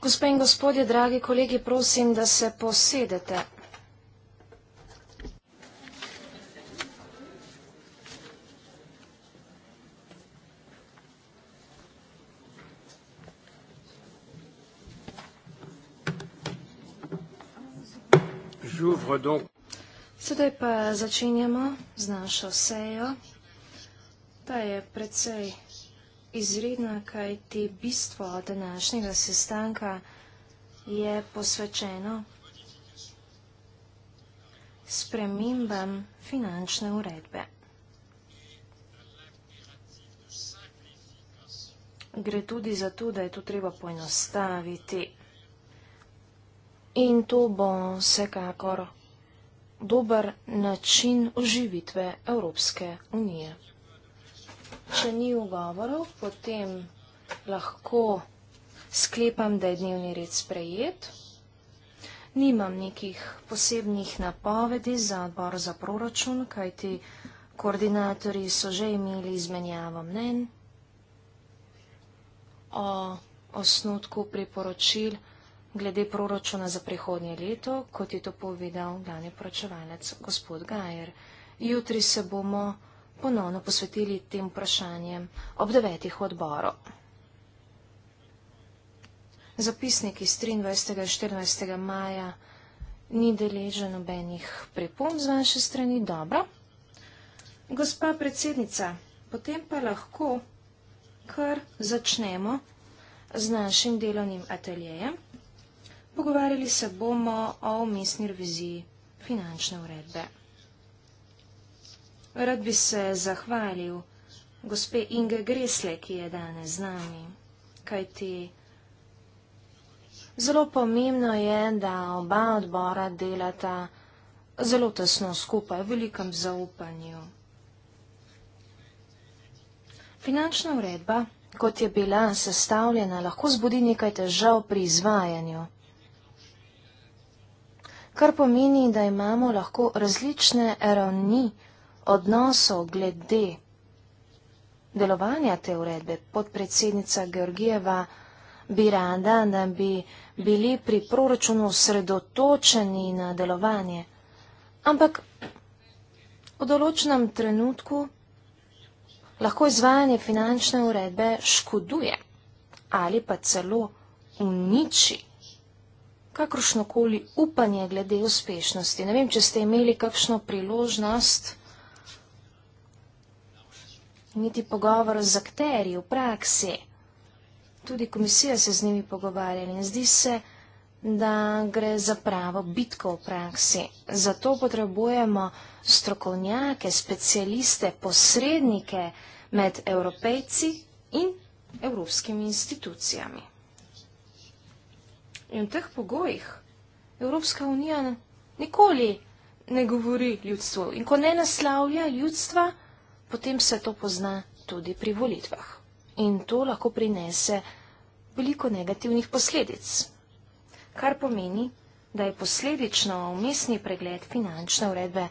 Gospe in gospodje, dragi kolegi, prosim, da se posedete. Sedaj pa začenjamo z našo sejo. Ta je precej izredna, kaj ti bistvo današnjega sestanka je posvečeno spremembam finančne uredbe. Gre tudi za to, da je to treba poenostaviti. In to bo vsekakor dober način oživitve Evropske unije. Če ni ugovorov, potem lahko sklepam, da je dnevni red sprejet. Nimam nekih posebnih napovedi za odbor za proračun, kajti koordinatori so že imeli izmenjavo mnen o osnutku priporočil glede proračuna za prihodnje leto, kot je to povedal glavni proračevalec gospod Gajer. Jutri se bomo ponovno posvetili tem vprašanjem ob devetih odboro. Zapisnik iz 23. in 14. maja ni deležen obenih pripom z vaše strani. Dobro. Gospa predsednica, potem pa lahko kar začnemo z našim delovnim ateljejem. Pogovarjali se bomo o umestni reviziji finančne uredbe. Rad bi se zahvalil gospe Inge Gresle, ki je danes z nami, kajti zelo pomembno je, da oba odbora delata zelo tesno skupaj, v velikem zaupanju. Finančna uredba, kot je bila sestavljena, lahko zbudi nekaj težav pri izvajanju. Kar pomeni, da imamo lahko različne ravni odnosov glede delovanja te uredbe, podpredsednica Georgijeva bi rada, da bi bili pri proračunu sredotočeni na delovanje. Ampak v določenem trenutku lahko izvajanje finančne uredbe škoduje ali pa celo uniči kakršnokoli upanje glede uspešnosti. Ne vem, če ste imeli kakšno priložnost niti pogovor z akterji v praksi. Tudi komisija se z njimi pogovarja in zdi se, da gre za pravo bitko v praksi. Zato potrebujemo strokovnjake, specialiste, posrednike med evropejci in evropskimi institucijami. In v teh pogojih Evropska unija nikoli ne govori ljudstvu. In ko ne naslavlja ljudstva, potem se to pozna tudi pri volitvah. In to lahko prinese veliko negativnih posledic. Kar pomeni, da je posledično umestni pregled finančne uredbe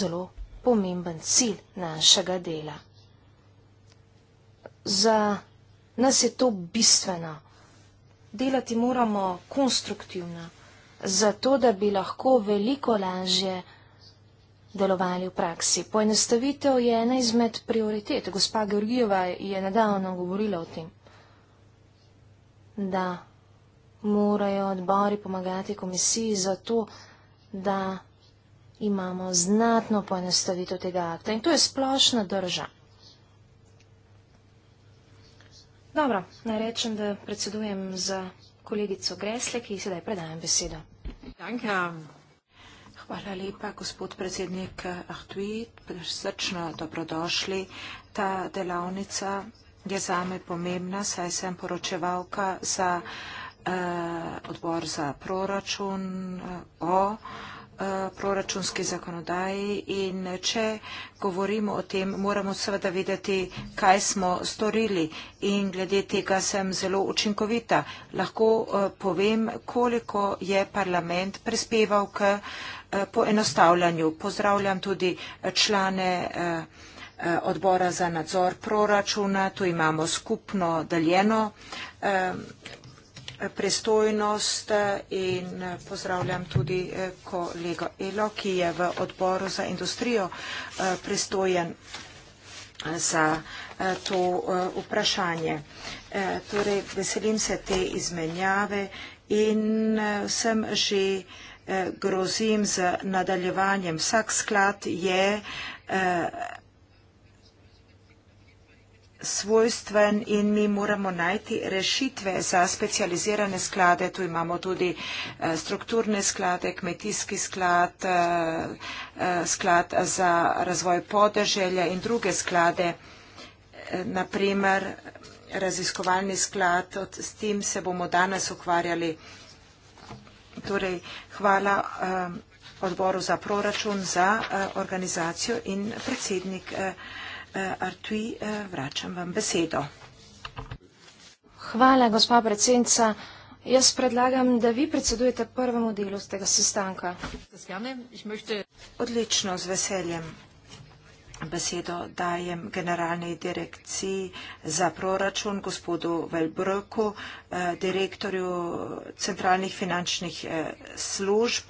zelo pomemben cilj našega dela. Za nas je to bistveno. Delati moramo konstruktivno, zato da bi lahko veliko lažje delovali v praksi. Poenostavitev je ena izmed prioritet. Gospa Georgijeva je nedavno govorila o tem, da morajo odbori pomagati komisiji za to, da imamo znatno poenostavitev tega akta. In to je splošna drža. Dobro, naj rečem, da predsedujem za kolegico Gresle, ki sedaj predajam besedo. Danke. Hvala lepa, gospod predsednik Ahtui, srčno dobrodošli. Ta delavnica je zame pomembna, saj sem poročevalka za eh, odbor za proračun eh, o eh, proračunski zakonodaji in če govorimo o tem, moramo seveda videti, kaj smo storili in glede tega sem zelo učinkovita. Lahko eh, povem, koliko je parlament prispeval k Eh, poenostavljanju. Pozdravljam tudi eh, člane eh, odbora za nadzor proračuna. Tu imamo skupno deljeno pristojnost in pozdravljam tudi kolego Elo, ki je v odboru za industrijo pristojen za to vprašanje. Torej, veselim se te izmenjave in sem že Eh, grozim z nadaljevanjem. Vsak sklad je eh, svojstven in mi moramo najti rešitve za specializirane sklade. Tu imamo tudi eh, strukturne sklade, kmetijski sklad, sklad za razvoj podeželja in druge sklade, naprimer raziskovalni sklad, s tem se bomo danes ukvarjali torej hvala eh, odboru za proračun, za eh, organizacijo in predsednik eh, Artui, vračam vam besedo. Hvala, gospa predsednica. Jaz predlagam, da vi predsedujete prvemu delu z tega sestanka. Odlično, z veseljem. Besedo dajem generalni direkciji za proračun gospodu Velbrku, eh, direktorju centralnih finančnih eh, služb.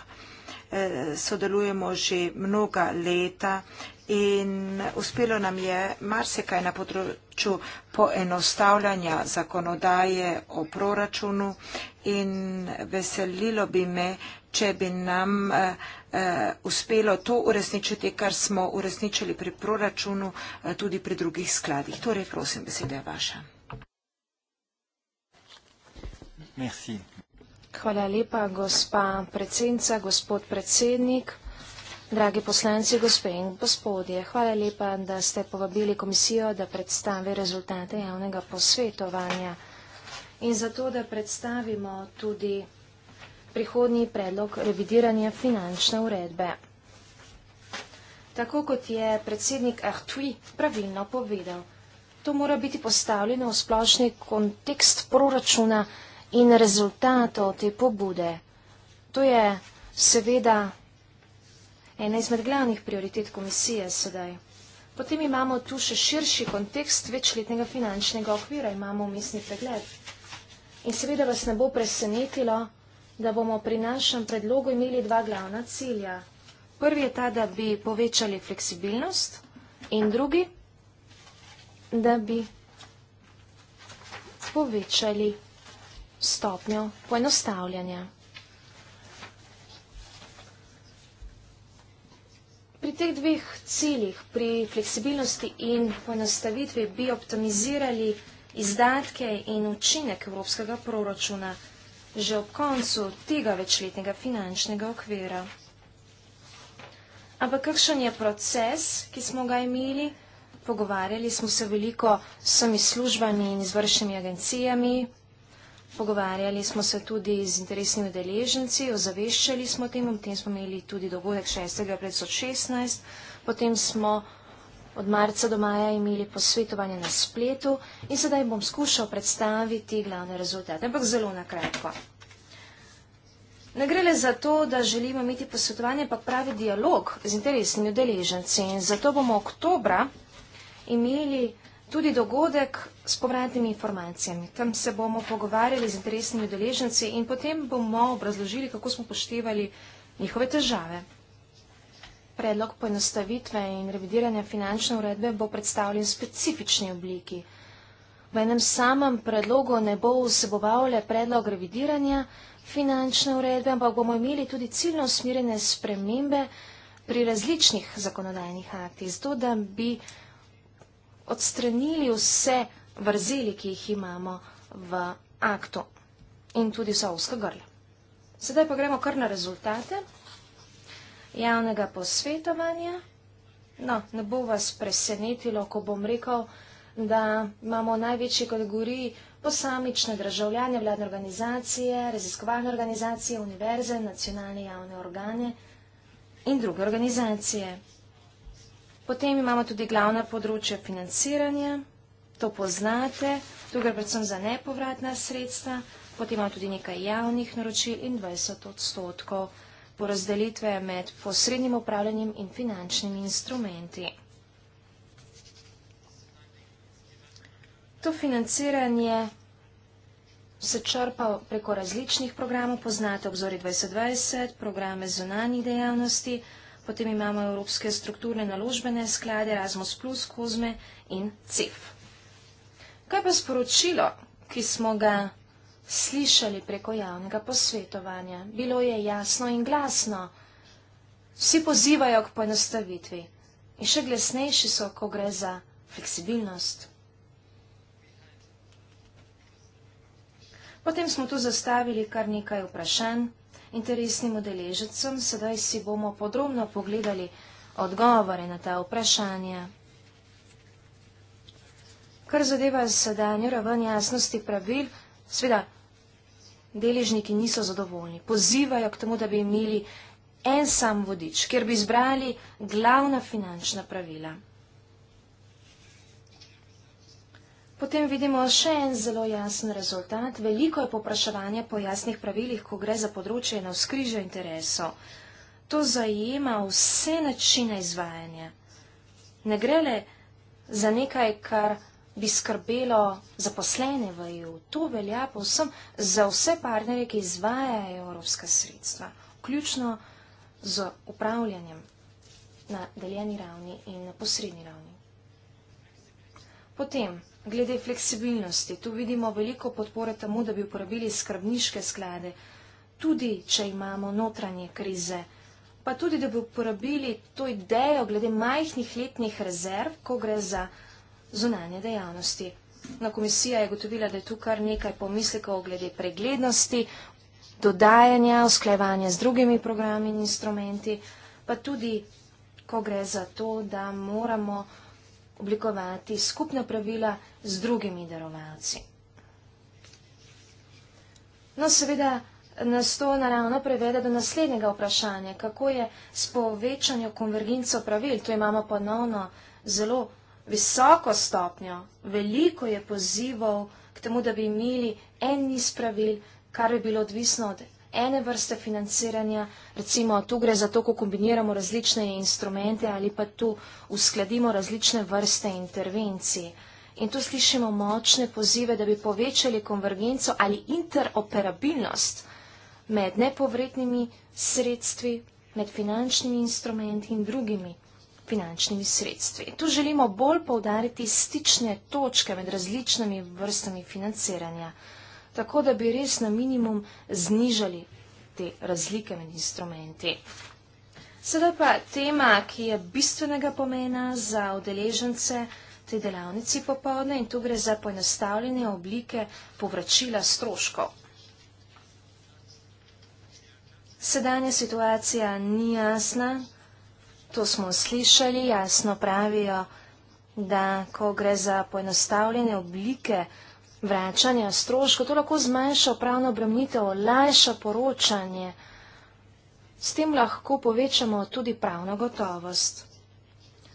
Eh, sodelujemo že mnoga leta in uspelo nam je marsikaj na področju poenostavljanja zakonodaje o proračunu in veselilo bi me, če bi nam uh, uh, uspelo to uresničiti, kar smo uresničili pri proračunu, uh, tudi pri drugih skladih. Torej, prosim, beseda je vaša. Merci. Hvala lepa, gospa predsednica, gospod predsednik. Dragi poslanci, gospe in gospodje, hvala lepa, da ste povabili komisijo, da predstavi rezultate javnega posvetovanja in zato, da predstavimo tudi prihodnji predlog revidiranja finančne uredbe. Tako kot je predsednik Artui pravilno povedal, to mora biti postavljeno v splošni kontekst proračuna in rezultatov te pobude. To je seveda ena izmed glavnih prioritet komisije sedaj. Potem imamo tu še širši kontekst večletnega finančnega okvira, imamo umestni pregled. In seveda vas ne bo presenetilo, da bomo pri našem predlogu imeli dva glavna cilja. Prvi je ta, da bi povečali fleksibilnost in drugi, da bi povečali stopnjo poenostavljanja. pri teh dveh ciljih, pri fleksibilnosti in poenostavitvi, bi optimizirali izdatke in učinek evropskega proračuna že ob koncu tega večletnega finančnega okvira. Ampak kakšen je proces, ki smo ga imeli? Pogovarjali smo se veliko s vsemi službami in izvršnimi agencijami, Pogovarjali smo se tudi z interesnimi deleženci, ozaveščali smo tem, v tem smo imeli tudi dogodek 6. april 2016, potem smo od marca do maja imeli posvetovanje na spletu in sedaj bom skušal predstaviti glavne rezultate, ampak zelo nakratko. Ne gre le za to, da želimo imeti posvetovanje, pa pravi dialog z interesnimi deleženci in zato bomo oktobra imeli tudi dogodek s povratnimi informacijami. Tam se bomo pogovarjali z interesnimi deležnici in potem bomo obrazložili, kako smo poštevali njihove težave. Predlog poenostavitve in revidiranja finančne uredbe bo predstavljen v specifični obliki. V enem samem predlogu ne bo vseboval le predlog revidiranja finančne uredbe, ampak bomo imeli tudi ciljno usmirjene spremembe pri različnih zakonodajnih aktih, zato da bi odstranili vse vrzeli, ki jih imamo v aktu in tudi so uska grla. Sedaj pa gremo kar na rezultate javnega posvetovanja. No, ne bo vas presenetilo, ko bom rekel, da imamo v največji kategoriji posamične državljane, vladne organizacije, raziskovalne organizacije, univerze, nacionalne javne organe in druge organizacije. Potem imamo tudi glavna področja financiranja, to poznate, tukaj predvsem za nepovratna sredstva, potem imamo tudi nekaj javnih naročil in 20 odstotkov porazdelitve med posrednjim upravljanjem in finančnimi instrumenti. To financiranje se črpa preko različnih programov, poznate obzori 2020, programe zunanjih dejavnosti, Potem imamo Evropske strukturne naložbene sklade Erasmus Plus, Kozme in CEF. Kaj pa sporočilo, ki smo ga slišali preko javnega posvetovanja? Bilo je jasno in glasno. Vsi pozivajo k poenostavitvi in še glasnejši so, ko gre za fleksibilnost. Potem smo tu zastavili kar nekaj vprašanj interesnim udeležicam, sedaj si bomo podrobno pogledali odgovore na ta vprašanja. Kar zadeva sedanjo raven jasnosti pravil, sveda deležniki niso zadovoljni, pozivajo k temu, da bi imeli en sam vodič, kjer bi izbrali glavna finančna pravila. Potem vidimo še en zelo jasen rezultat. Veliko je popraševanja po jasnih pravilih, ko gre za področje na vzkrižju interesov. To zajema vse načine izvajanja. Ne gre le za nekaj, kar bi skrbelo zaposlene v EU. To velja povsem za vse partnerje, ki izvajajo evropska sredstva, vključno z upravljanjem na deljeni ravni in na posrednji ravni. Potem Glede fleksibilnosti, tu vidimo veliko podpore temu, da bi uporabili skrbniške sklade, tudi če imamo notranje krize, pa tudi, da bi uporabili to idejo glede majhnih letnih rezerv, ko gre za zunanje dejavnosti. Na no, komisija je gotovila, da je tu kar nekaj pomislekov glede preglednosti, dodajanja, usklajevanja z drugimi programi in instrumenti, pa tudi, ko gre za to, da moramo oblikovati skupna pravila z drugimi darovalci. No, seveda nas to naravno prevede do naslednjega vprašanja, kako je s povečanjem konvergenco pravil. Tu imamo ponovno zelo visoko stopnjo. Veliko je pozivov k temu, da bi imeli en iz pravil, kar bi bilo odvisno od ene vrste financiranja, recimo tu gre za to, ko kombiniramo različne instrumente ali pa tu uskladimo različne vrste intervencij. In tu slišimo močne pozive, da bi povečali konvergenco ali interoperabilnost med nepovretnimi sredstvi, med finančnimi instrumenti in drugimi finančnimi sredstvi. Tu želimo bolj povdariti stične točke med različnimi vrstami financiranja tako da bi res na minimum znižali te razlike med instrumenti. Sedaj pa tema, ki je bistvenega pomena za udeležence te delavnici popovdne in tu gre za poenostavljene oblike povračila stroškov. Sedanja situacija ni jasna, to smo slišali, jasno pravijo, da ko gre za poenostavljene oblike povračila stroškov, vračanja stroškov, to lahko zmanjša pravno obremenitev, lajša poročanje. S tem lahko povečamo tudi pravno gotovost.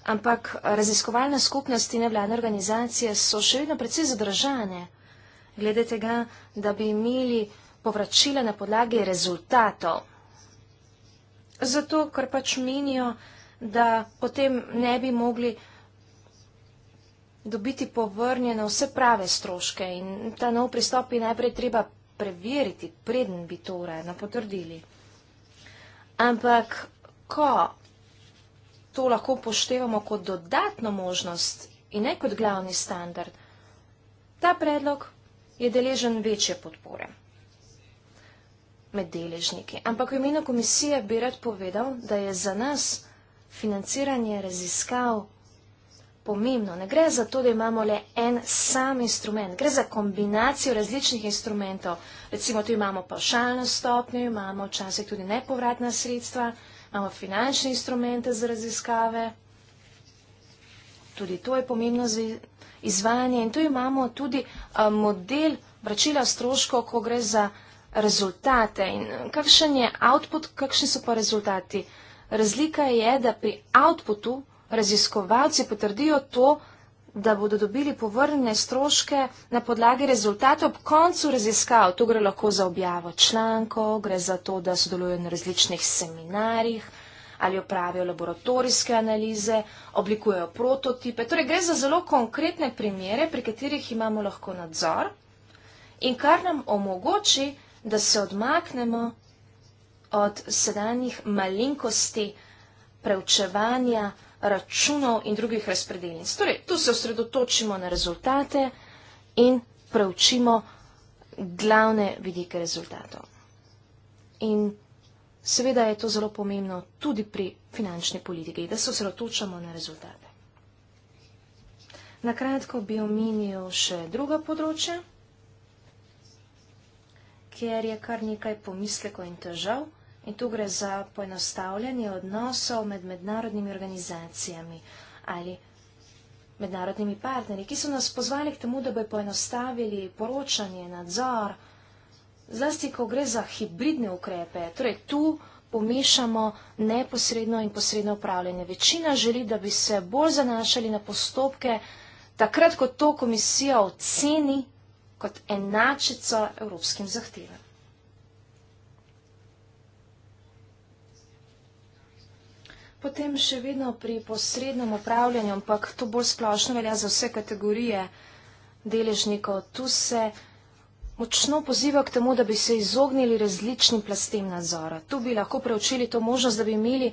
Ampak raziskovalne skupnosti in nevladne organizacije so še vedno precej zadržane, glede tega, da bi imeli povračila na podlagi rezultatov. Zato, ker pač menijo, da potem ne bi mogli dobiti povrnjene vse prave stroške in ta nov pristop je najprej treba preveriti, preden bi to uredno potrdili. Ampak, ko to lahko poštevamo kot dodatno možnost in ne kot glavni standard, ta predlog je deležen večje podpore med deležniki. Ampak v imenu komisije bi rad povedal, da je za nas financiranje raziskav pomembno. Ne gre za to, da imamo le en sam instrument, gre za kombinacijo različnih instrumentov. Recimo tu imamo pašalno stopnjo, imamo včasih tudi nepovratna sredstva, imamo finančne instrumente za raziskave. Tudi to je pomembno za izvajanje in tu imamo tudi model vračila stroško, ko gre za rezultate. In kakšen je output, kakšni so pa rezultati? Razlika je, da pri outputu raziskovalci potrdijo to, da bodo dobili povrnjene stroške na podlagi rezultatov ob koncu raziskav. To gre lahko za objavo člankov, gre za to, da sodelujo na različnih seminarjih ali opravijo laboratorijske analize, oblikujejo prototipe. Torej gre za zelo konkretne primere, pri katerih imamo lahko nadzor in kar nam omogoči, da se odmaknemo od sedanjih malinkosti preučevanja računov in drugih razpredeljnic. Torej, tu se osredotočimo na rezultate in preučimo glavne vidike rezultatov. In seveda je to zelo pomembno tudi pri finančni politiki, da se osredotočamo na rezultate. Nakratko bi omenil še druga področja, kjer je kar nekaj pomislekov in težav. In tu gre za poenostavljanje odnosov med mednarodnimi organizacijami ali mednarodnimi partnerji, ki so nas pozvali k temu, da bi poenostavili poročanje, nadzor, zlasti, ko gre za hibridne ukrepe. Torej, tu pomešamo neposredno in posredno upravljanje. Večina želi, da bi se bolj zanašali na postopke, takrat, ko to komisija oceni kot enačico evropskim zahtevam. Potem še vedno pri posrednem upravljanju, ampak to bolj splošno velja za vse kategorije deležnikov. Tu se močno poziva k temu, da bi se izognili različnim plastem nadzora. Tu bi lahko preučili to možnost, da bi imeli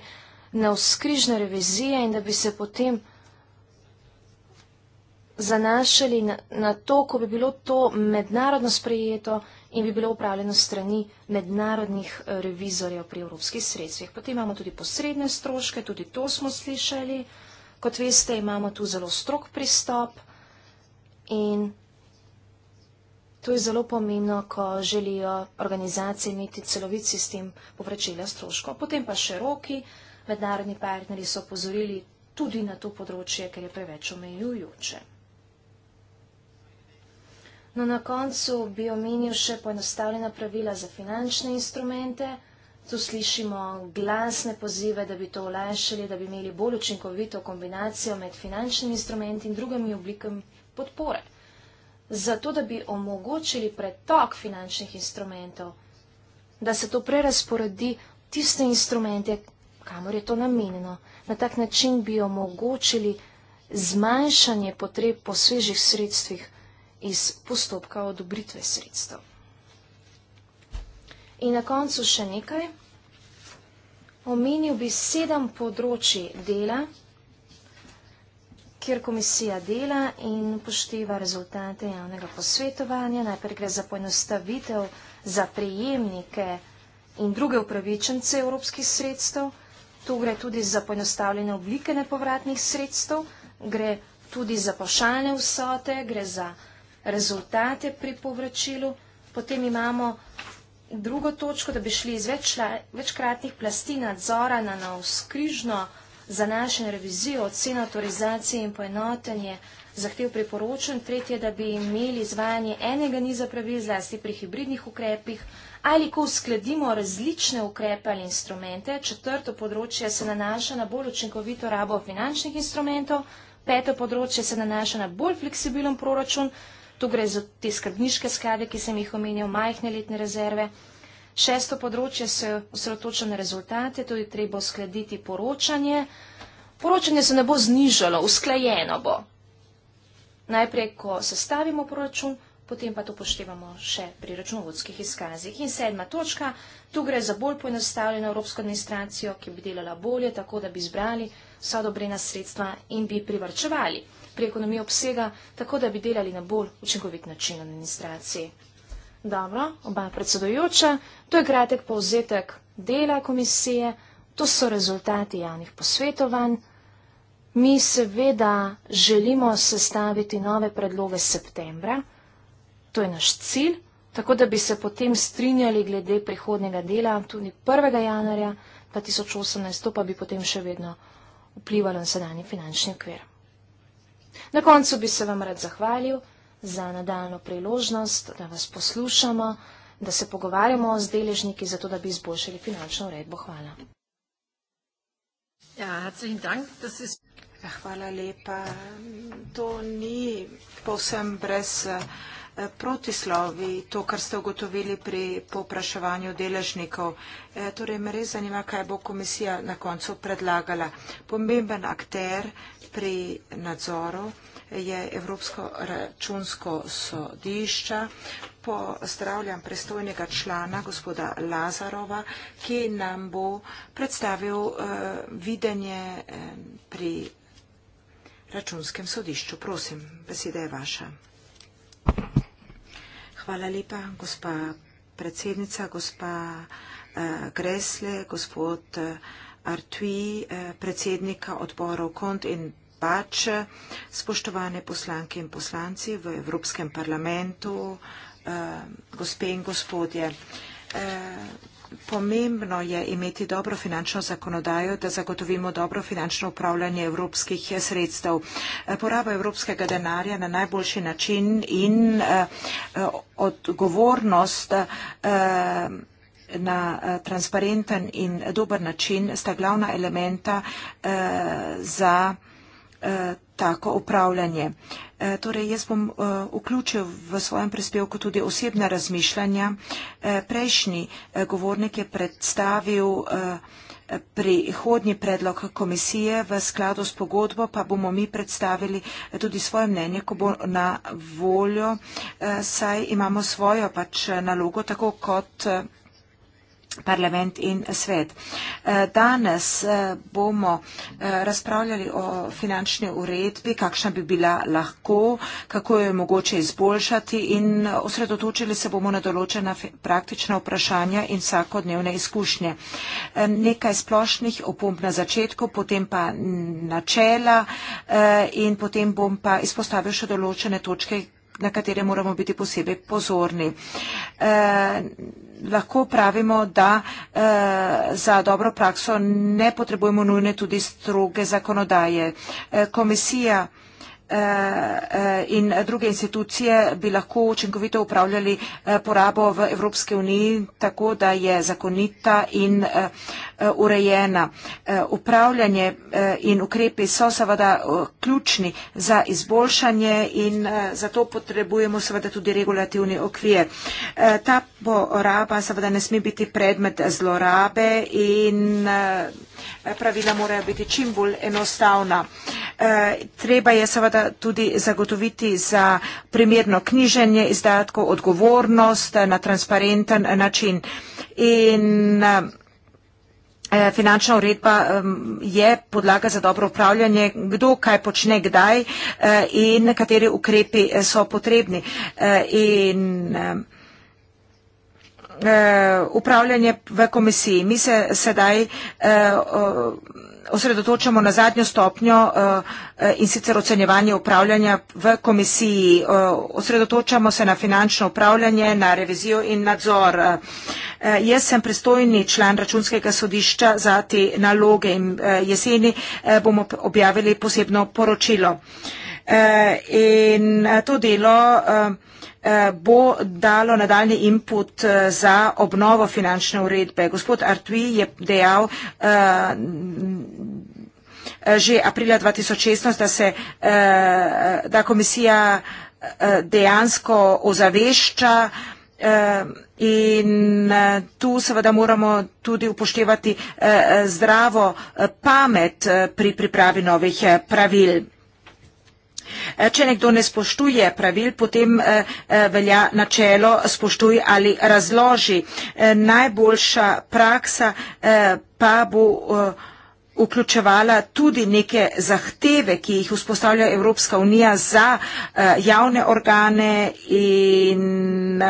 navskrižne revizije in da bi se potem zanašali na, na to, ko bi bilo to mednarodno sprejeto in bi bilo upravljeno strani mednarodnih eh, revizorjev pri evropskih sredstvih. Potem imamo tudi posredne stroške, tudi to smo slišali. Kot veste, imamo tu zelo strok pristop in to je zelo pomembno, ko želijo organizacije imeti celovit sistem povračila stroškov. Potem pa še roki, mednarodni partneri so opozorili tudi na to področje, ker je preveč omejujoče. No, na koncu bi omenil še poenostavljena pravila za finančne instrumente. Tu slišimo glasne pozive, da bi to olajšali, da bi imeli bolj učinkovito kombinacijo med finančnimi instrumenti in drugimi oblikami podpore. Zato, da bi omogočili pretok finančnih instrumentov, da se to prerasporedi tiste instrumente, kamor je to namenjeno. Na tak način bi omogočili zmanjšanje potreb po svežih sredstvih iz postopka odobritve sredstev. In na koncu še nekaj. Omenil bi sedem področji dela, kjer komisija dela in pošteva rezultate javnega posvetovanja. Najprej gre za poenostavitev za prejemnike in druge upravičence evropskih sredstev. Tu gre tudi za poenostavljene oblike nepovratnih sredstev, gre tudi za pošaljne vsote, gre za rezultate pri povračilu. Potem imamo drugo točko, da bi šli iz večkratnih več plasti nadzora na navskrižno za našo revizijo, oceno autorizacije in poenotenje zahtev priporočen. Tretje, da bi imeli izvajanje enega niza pravil, zlasti pri hibridnih ukrepih ali ko uskladimo različne ukrepe ali instrumente. Četrto področje se nanaša na bolj učinkovito rabo finančnih instrumentov. Peto področje se nanaša na bolj fleksibilen proračun. Tu gre za te skrbniške sklade, ki sem jih omenjal, majhne letne rezerve. Šesto področje se osredotoča na rezultate, tudi treba uskladiti poročanje. Poročanje se ne bo znižalo, usklajeno bo. Najprej, ko sestavimo proračun, potem pa to poštevamo še pri računovodskih izkazih. In sedma točka, tu gre za bolj poenostavljeno evropsko administracijo, ki bi delala bolje, tako da bi zbrali vsa dobrena sredstva in bi privrčevali pri ekonomiji obsega, tako da bi delali na bolj učinkovit način administracije. Dobro, oba predsedojoča, to je kratek povzetek dela komisije, to so rezultati javnih posvetovanj. Mi seveda želimo sestaviti nove predloge septembra to je naš cilj, tako da bi se potem strinjali glede prihodnega dela, tudi 1. januarja 2018, to pa bi potem še vedno vplivalo na sedanji finančni okvir. Na koncu bi se vam rad zahvalil za nadaljno priložnost, da vas poslušamo, da se pogovarjamo z deležniki, zato da bi izboljšali finančno uredbo. Hvala. Ja, dank, das ist... Ja, hvala lepa. To ni povsem brez. Uh protislovi, to, kar ste ugotovili pri popraševanju deležnikov. E, torej, me res zanima, kaj bo komisija na koncu predlagala. Pomemben akter pri nadzoru je Evropsko računsko sodišča. Pozdravljam predstojnega člana, gospoda Lazarova, ki nam bo predstavil uh, videnje um, pri računskem sodišču. Prosim, beseda je vaša. Hvala lepa, gospa predsednica, gospa uh, Gresle, gospod uh, Artui, uh, predsednika odborov Kont in Bač, spoštovane poslanke in poslanci v Evropskem parlamentu, uh, gospe in gospodje. Uh, Pomembno je imeti dobro finančno zakonodajo, da zagotovimo dobro finančno upravljanje evropskih eh, sredstev. Eh, poraba evropskega denarja na najboljši način in eh, odgovornost na transparenten in dober način sta glavna elementa za vsega. Eh, tako upravljanje. Eh, torej, jaz bom eh, vključil v svojem prispevku tudi osebna razmišljanja. Prejšnji govornik je predstavil prihodnji predlog komisije v skladu s pogodbo, pa bomo mi predstavili tudi svoje mnenje, ko bo na voljo, saj imamo svojo pač nalogo, tako kot parlament in svet. Eh, danes eh, bomo eh, razpravljali o finančni uredbi, kakšna bi bila lahko, kako jo je mogoče izboljšati in osredotočili se bomo na določena praktična vprašanja in vsakodnevne izkušnje. Nekaj splošnih opomp na začetku, potem pa načela in potem bom pa izpostavil še določene točke, na katere moramo biti posebej pozorni lahko pravimo, da eh, za dobro prakso ne potrebujemo nujne tudi stroge zakonodaje. Eh, komisija Eh, eh, in druge institucije bi lahko učinkovito upravljali eh, porabo v Evropske uniji tako, da je zakonita in urejena. Upravljanje in ukrepi so seveda ključni za izboljšanje in zato potrebujemo seveda tudi regulativni okvir. Ta poraba seveda ne sme biti predmet zlorabe in pravila morajo biti čim bolj enostavna. Treba je seveda seveda tudi zagotoviti za primerno knjiženje izdatkov, odgovornost na transparenten način. In eh, eh, finančna uredba je podlaga za dobro upravljanje, kdo kaj počne, kdaj eh, in kateri ukrepi so potrebni. In upravljanje v komisiji. Mi se sedaj osredotočamo na zadnjo stopnjo eh, in sicer ocenjevanje upravljanja v komisiji. Eh, osredotočamo se na finančno upravljanje, na revizijo in nadzor. Eh, jaz sem pristojni član računskega sodišča za te naloge in jeseni bomo objavili posebno poročilo. In to delo Eh, bo dalo nadaljni input eh, za obnovo finančne uredbe. Gospod Artui je dejal eh, že aprila 2016, da, se, da komisija dejansko ozavešča in tu seveda moramo tudi upoštevati zdravo pamet pri pripravi novih pravil. Eh, če nekdo ne spoštuje pravil, potem eh, eh, velja načelo spoštuj ali razloži. Najboljša praksa pa bo vključevala tudi neke zahteve, ki jih vzpostavlja Evropska unija za javne organe in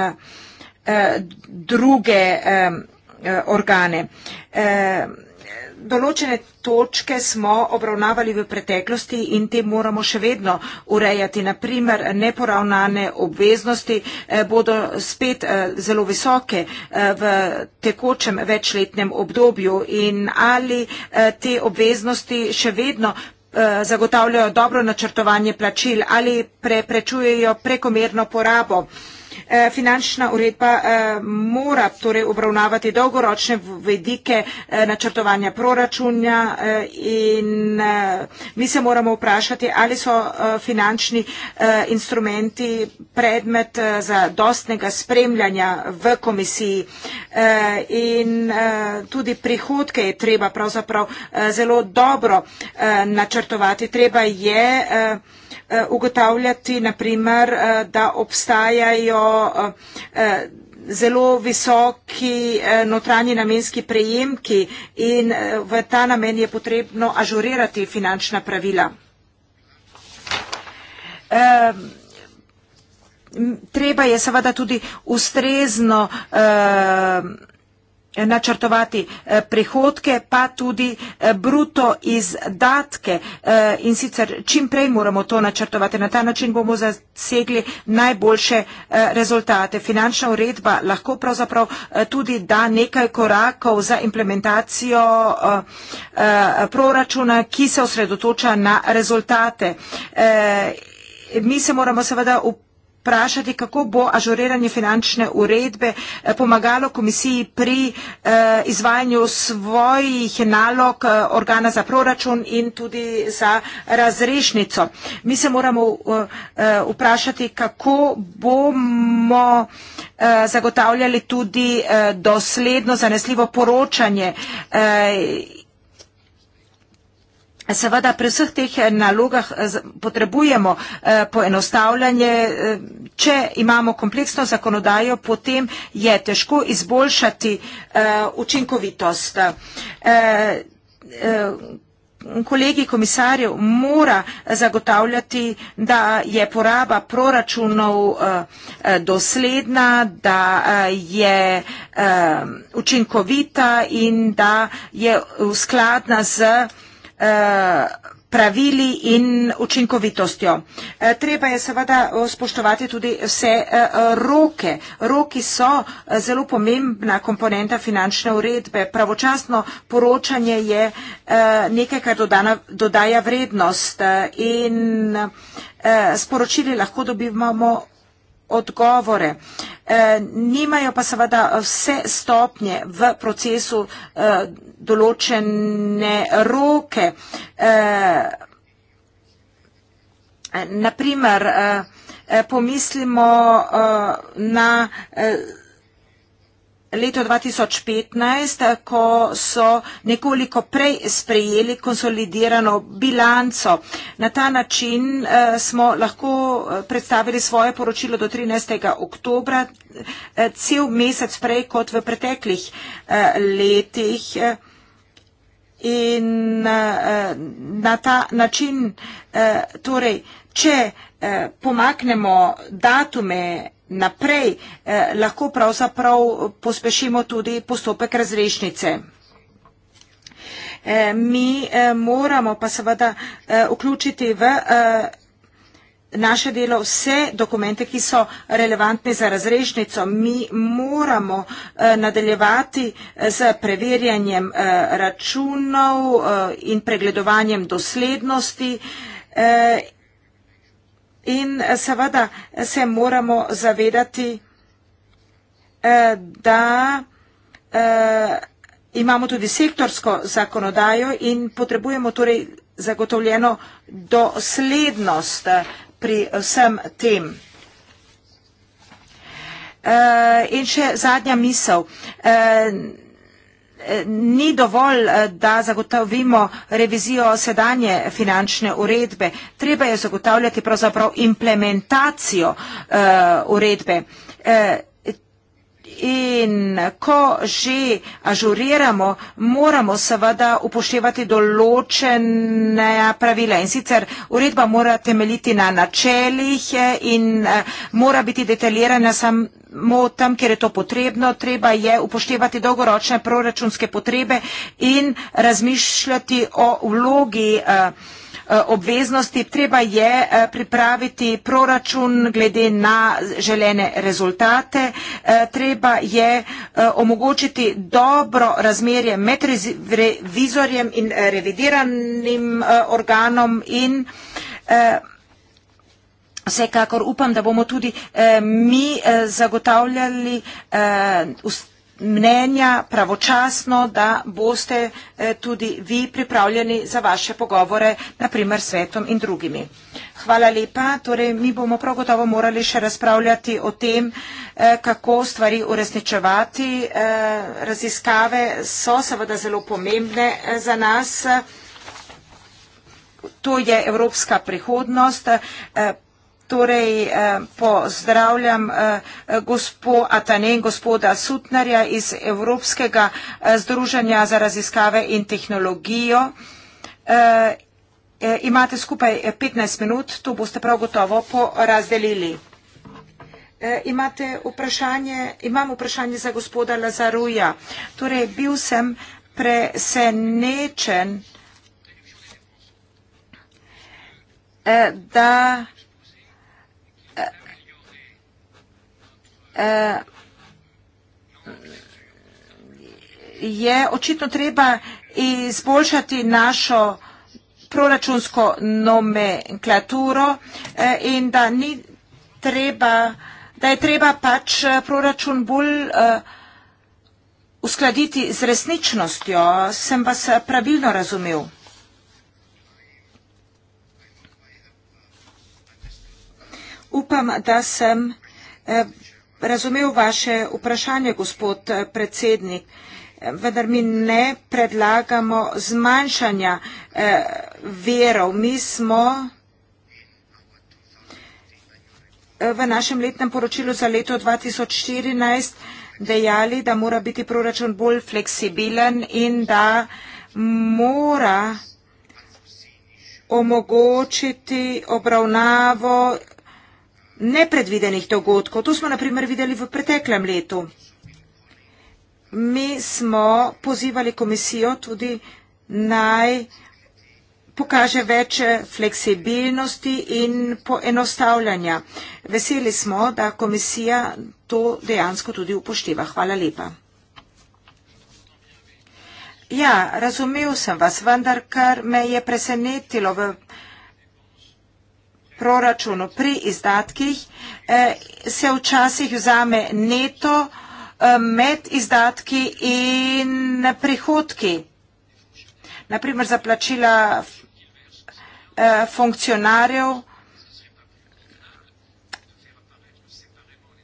druge organe določene točke smo obravnavali v preteklosti in te moramo še vedno urejati. Naprimer, neporavnane obveznosti eh, bodo spet eh, zelo visoke eh, v tekočem večletnem obdobju in ali te obveznosti še vedno zagotavljajo dobro načrtovanje plačil ali preprečujejo prekomerno porabo. Eh, finančna uredba eh, mora torej obravnavati dolgoročne vedike eh, načrtovanja proračunja in mi se moramo vprašati, ali so finančni instrumenti predmet za dostnega spremljanja v komisiji in tudi prihodke je treba pravzaprav zelo dobro načrtovati. Treba je vprašati, Eh, ugotavljati, naprimer, eh, da obstajajo eh, zelo visoki notranji namenski prejemki in v ta namen je potrebno ažurirati finančna pravila. Ehm, treba je seveda tudi ustrezno vsega, ehm, načrtovati eh, prihodke, pa tudi eh, bruto izdatke eh, in sicer čim prej moramo to načrtovati. Na ta način bomo zasegli najboljše rezultate. Finančna uredba lahko pravzaprav tudi da nekaj korakov za implementacijo proračuna, ki se osredotoča na rezultate. Mi se moramo seveda upraviti, vprašati, kako bo ažuriranje finančne uredbe eh, pomagalo komisiji pri eh, izvajanju svojih nalog eh, organa za proračun in tudi za razrešnico. Mi se moramo vprašati, kako bomo zagotavljali tudi dosledno zanesljivo poročanje Seveda pri vseh teh eh, nalogah eh, potrebujemo eh, poenostavljanje. Če imamo kompleksno zakonodajo, potem je težko izboljšati učinkovitost. Kolegi komisarjev mora zagotavljati, da je poraba proračunov dosledna, da je učinkovita in da je skladna z učinkovitost Eh, pravili in učinkovitostjo. Eh, treba je seveda eh, spoštovati tudi vse roke. Roki so zelo pomembna komponenta finančne uredbe. Pravočasno poročanje je nekaj, kar dodana, dodaja vrednost in sporočili lahko dobivamo odgovore. Uh, Eh, nimajo pa seveda vse stopnje v procesu eh, določene roke. Eh, Naprimer, pomislimo na leto 2015, ko so nekoliko prej sprejeli konsolidirano bilanco. Na ta način eh, smo lahko eh, predstavili svoje poročilo do 13. oktobra, eh, cel mesec prej kot v preteklih letih. In na ta način, torej, če pomaknemo datume naprej, eh, lahko pravzaprav pospešimo tudi postopek razrešnice. Eh, mi eh, moramo pa seveda vključiti v naše delo vse dokumente, ki so relevantni za razrešnico. Mi moramo nadaljevati z preverjanjem računov in pregledovanjem doslednosti In eh, seveda se moramo zavedati, eh, da eh, imamo tudi sektorsko zakonodajo in potrebujemo torej zagotovljeno doslednost pri vsem tem. In še zadnja misel ni dovolj, eh, da zagotovimo revizijo sedanje finančne uredbe. Treba je zagotavljati pravzaprav implementacijo eh, uredbe. Eh, in ko že ažuriramo, moramo seveda upoštevati določene pravila. In sicer uredba mora temeljiti na načelih in mora biti detaljirana sam tam, kjer je to potrebno. Treba je upoštevati dolgoročne proračunske potrebe in razmišljati o vlogi eh, eh, obveznosti. Treba je eh, pripraviti proračun glede na želene rezultate. Treba je omogočiti dobro razmerje med revizorjem in revidiranim organom in vsega, Vsekakor upam, da bomo tudi eh, mi eh, zagotavljali eh, mnenja pravočasno, da boste tudi vi pripravljeni za vaše pogovore, naprimer svetom in drugimi. Hvala lepa. Torej, mi bomo prav gotovo morali še razpravljati o tem, kako stvari uresničevati. Raziskave so seveda zelo pomembne za nas. To je evropska prihodnost. Torej, eh, pozdravljam eh, gospo Atane in gospoda Sutnarja iz Evropskega eh, združenja za raziskave in tehnologijo. Imate skupaj 15 minut, to boste prav gotovo porazdelili. Imate vprašanje, imam vprašanje za gospoda Lazaruja. Torej, bil sem presenečen, da je očitno treba izboljšati našo proračunsko nomenklaturo eh, in da ni treba, da je treba pač eh, proračun bolj eh, uskladiti z resničnostjo. Sem vas pravilno razumel. Upam, da sem razumel vaše vprašanje, gospod eh, predsednik, vendar mi ne predlagamo zmanjšanja eh, verov. Mi smo eh, v našem letnem poročilu za leto 2014 dejali, da mora biti proračun bolj fleksibilen in da mora omogočiti obravnavo nepredvidenih dogodkov. To smo na primer videli v preteklem letu. Mi smo pozivali komisijo tudi naj pokaže več fleksibilnosti in poenostavljanja. Veseli smo, da komisija to dejansko tudi upošteva. Hvala lepa. Ja, razumel sem vas, vendar kar me je presenetilo v proračunu. Pri izdatkih eh, se včasih vzame neto eh, med izdatki in prihodki. Naprimer za plačila eh, funkcionarjev,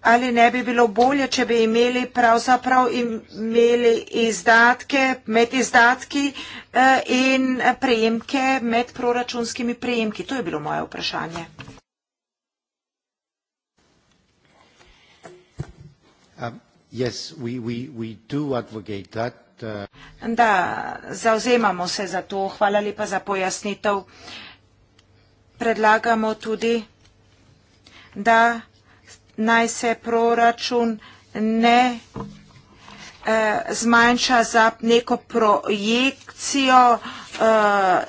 ali ne bi bilo bolje, če bi imeli pravzaprav imeli izdatke med izdatki eh, in prejemke med proračunskimi prejemki. To je bilo moje vprašanje. Um, yes, we, we, we do advocate that. Uh, da, zauzemamo se za to. Hvala lepa za pojasnitev. Predlagamo tudi, da naj se proračun ne eh, zmanjša za neko projekcijo eh,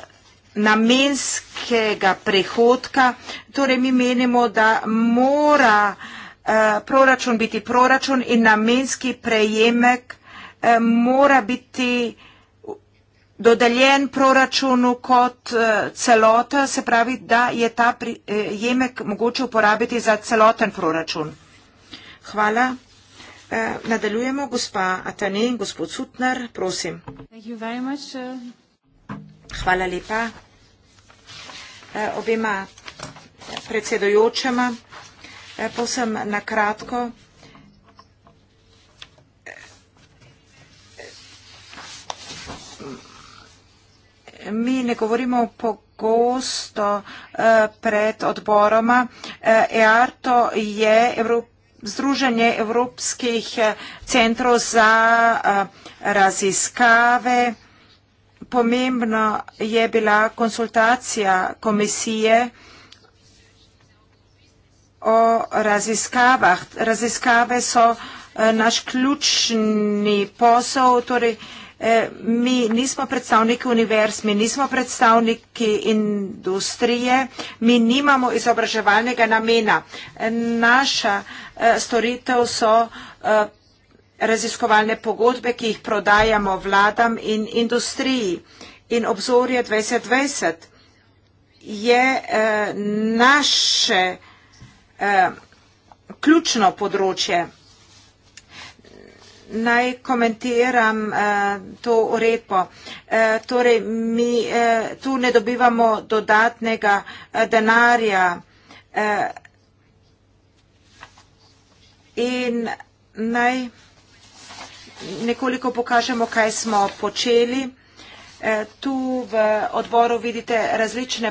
namenskega prihodka. Torej, mi menimo, da mora eh, proračun biti proračun in namenski prejemek eh, mora biti eh, dodeljen proračunu kot eh, celota, se pravi, da je ta eh, jemek mogoče uporabiti za celoten proračun. Hvala. Eh, nadaljujemo, gospa Atane in gospod Sutner, prosim. Hvala lepa obema predsedojočema. Posem na kratko. mi ne govorimo pogosto eh, pred odboroma. EARTO eh, e je Združenje evropskih eh, centrov za raziskave. Pomembna je bila konsultacija komisije o raziskavah. Raziskave so naš ključni posel, torej Eh, mi nismo predstavniki univerz, mi nismo predstavniki industrije, mi nimamo izobraževalnega namena. Naša eh, storitev so eh, raziskovalne pogodbe, ki jih prodajamo vladam in industriji. In obzorje 2020 je naše ključno področje naj komentiram eh, to uredbo. Eh, torej, mi eh, tu ne dobivamo dodatnega denarja in naj nekoliko pokažemo, kaj smo počeli. Tu v odboru vidite različne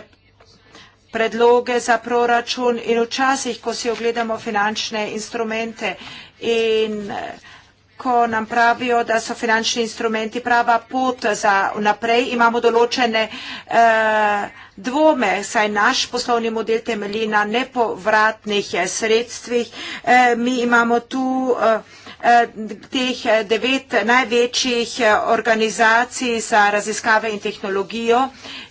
predloge za proračun in včasih, ko si ogledamo finančne instrumente in proračun, ko nam pravijo, da so finančni instrumenti prava pot za naprej, imamo določene eh, dvome, saj naš poslovni model temelji na nepovratnih eh, sredstvih. Eh, mi imamo tu eh, eh teh eh, devet največjih organizacij za raziskave in tehnologijo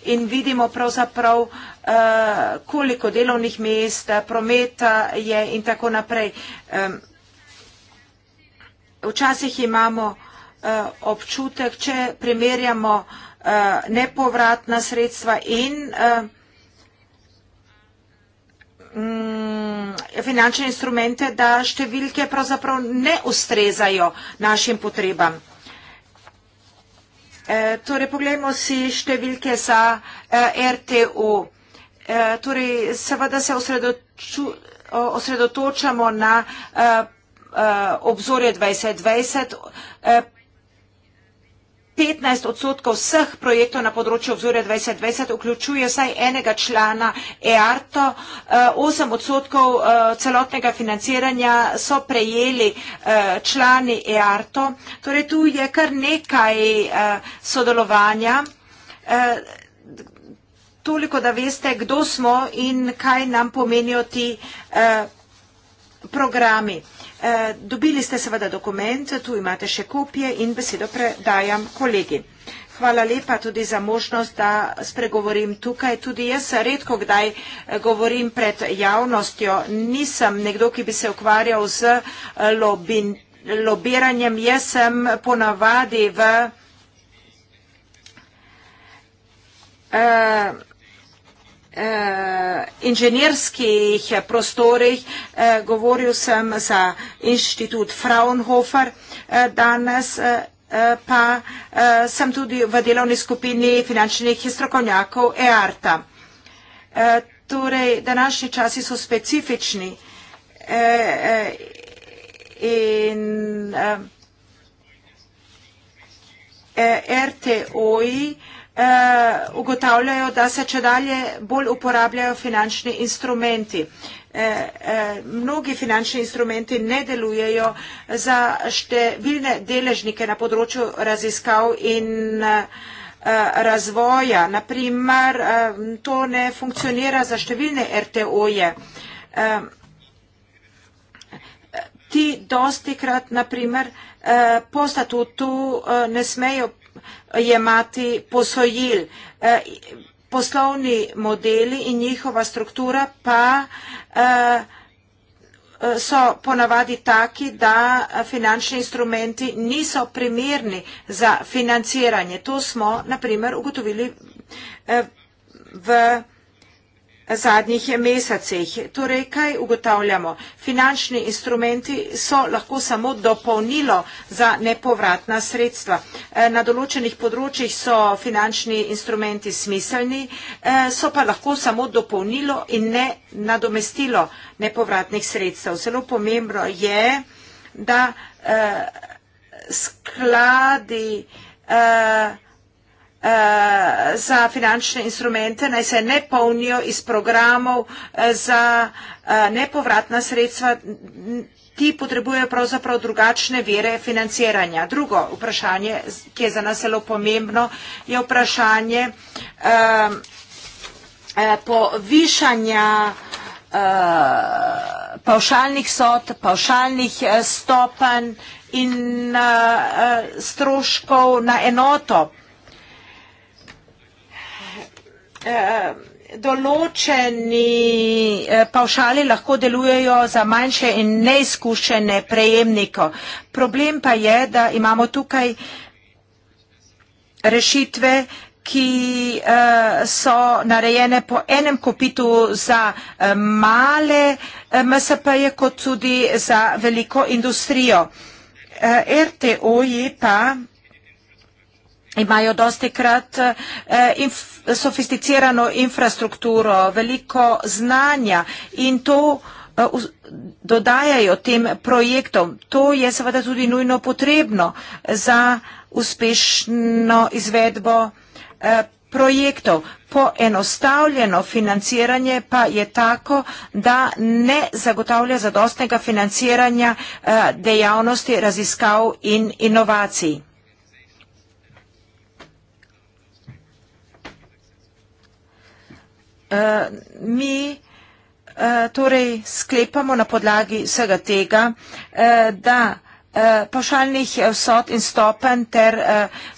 in vidimo pravzaprav, eh, koliko delovnih mest, prometa je in tako naprej. Eh, Včasih imamo eh, občutek, če primerjamo eh, nepovratna sredstva in eh, mm, finančne instrumente, da številke pravzaprav ne ustrezajo našim potrebam. Torej, pogledamo si številke za RTU. Torej, seveda se osredotočamo na potrebno, uh, obzorje 2020. Uh, 15 odstotkov vseh projektov na področju obzorja 2020 vključuje vsaj enega člana EARTO, 8 eh, odstotkov eh, celotnega financiranja so prejeli člani EARTO, torej tu je kar nekaj sodelovanja, toliko da veste, kdo smo in kaj nam pomenijo ti programi. Eh, dobili ste seveda dokument, tu imate še kopije in besedo predajam kolegi. Hvala lepa tudi za možnost, da spregovorim tukaj. Tudi jaz redko kdaj eh, govorim pred javnostjo. Nisem nekdo, ki bi se ukvarjal z eh, lobin, lobiranjem. Jaz sem ponavadi v. Uh, Eh, inženirskih prostorih. Eh, govoril sem za inštitut Fraunhofer eh, danes pa sem tudi v delovni skupini finančnih strokovnjakov EARTA. Torej, današnji časi so specifični in RTO-ji eh, ugotavljajo, da se če dalje bolj uporabljajo finančni instrumenti. Eh, eh, mnogi finančni instrumenti ne delujejo za številne deležnike na področju raziskav in eh, razvoja. Naprimer, eh, to ne funkcionira za številne RTO-je. Eh, ti dosti krat, naprimer, eh, po statutu eh, ne smejo jemati posojil. E, poslovni modeli in njihova struktura pa e, e, so ponavadi taki, da finančni instrumenti niso primerni za financiranje. To smo, na primer, ugotovili v zadnjih mesecih. Torej, kaj ugotavljamo? Finančni instrumenti so lahko samo dopolnilo za nepovratna sredstva. Eh, na določenih področjih so finančni instrumenti smiselni, eh, so pa lahko samo dopolnilo in ne nadomestilo nepovratnih sredstev. Zelo pomembno je, da eh, skladi Eh, za finančne instrumente naj se ne polnijo iz programov eh, za eh, nepovratna sredstva, ki potrebujejo pravzaprav drugačne vere financiranja. Drugo vprašanje, ki je za nas zelo pomembno, je vprašanje povišanja pavšalnih sod, pavšalnih stopanj in stroškov na enoto povšanja Eh, določeni eh, pavšali lahko delujejo za manjše in neizkušene prejemnike. Problem pa je, da imamo tukaj rešitve, ki eh, so narejene po enem kopitu za male MSP-je, kot tudi za veliko industrijo. RTO je pa imajo dosti krat eh, inf, sofisticirano infrastrukturo, veliko znanja in to eh, v, dodajajo tem projektom. To je seveda tudi nujno potrebno za uspešno izvedbo eh, projektov. Poenostavljeno financiranje pa je tako, da ne zagotavlja zadostnega financiranja eh, dejavnosti raziskav in inovacij. Eh, mi eh, torej sklepamo na podlagi vsega tega, eh, da pašalnih vsot in stopen ter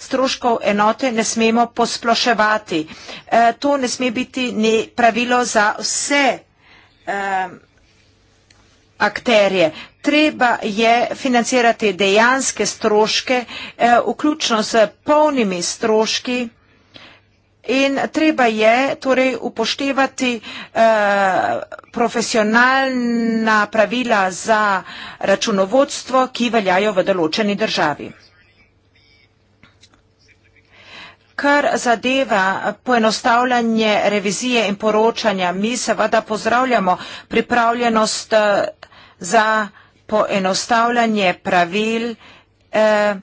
stroškov enote ne smemo posploševati. To ne sme biti ne pravilo za vse akterje. Treba je financirati dejanske stroške, vključno s polnimi stroški, In treba je torej upoštevati eh, profesionalna pravila za računovodstvo, ki veljajo v določeni državi. Kar zadeva poenostavljanje revizije in poročanja, mi seveda pozdravljamo pripravljenost eh, za poenostavljanje pravil. Eh,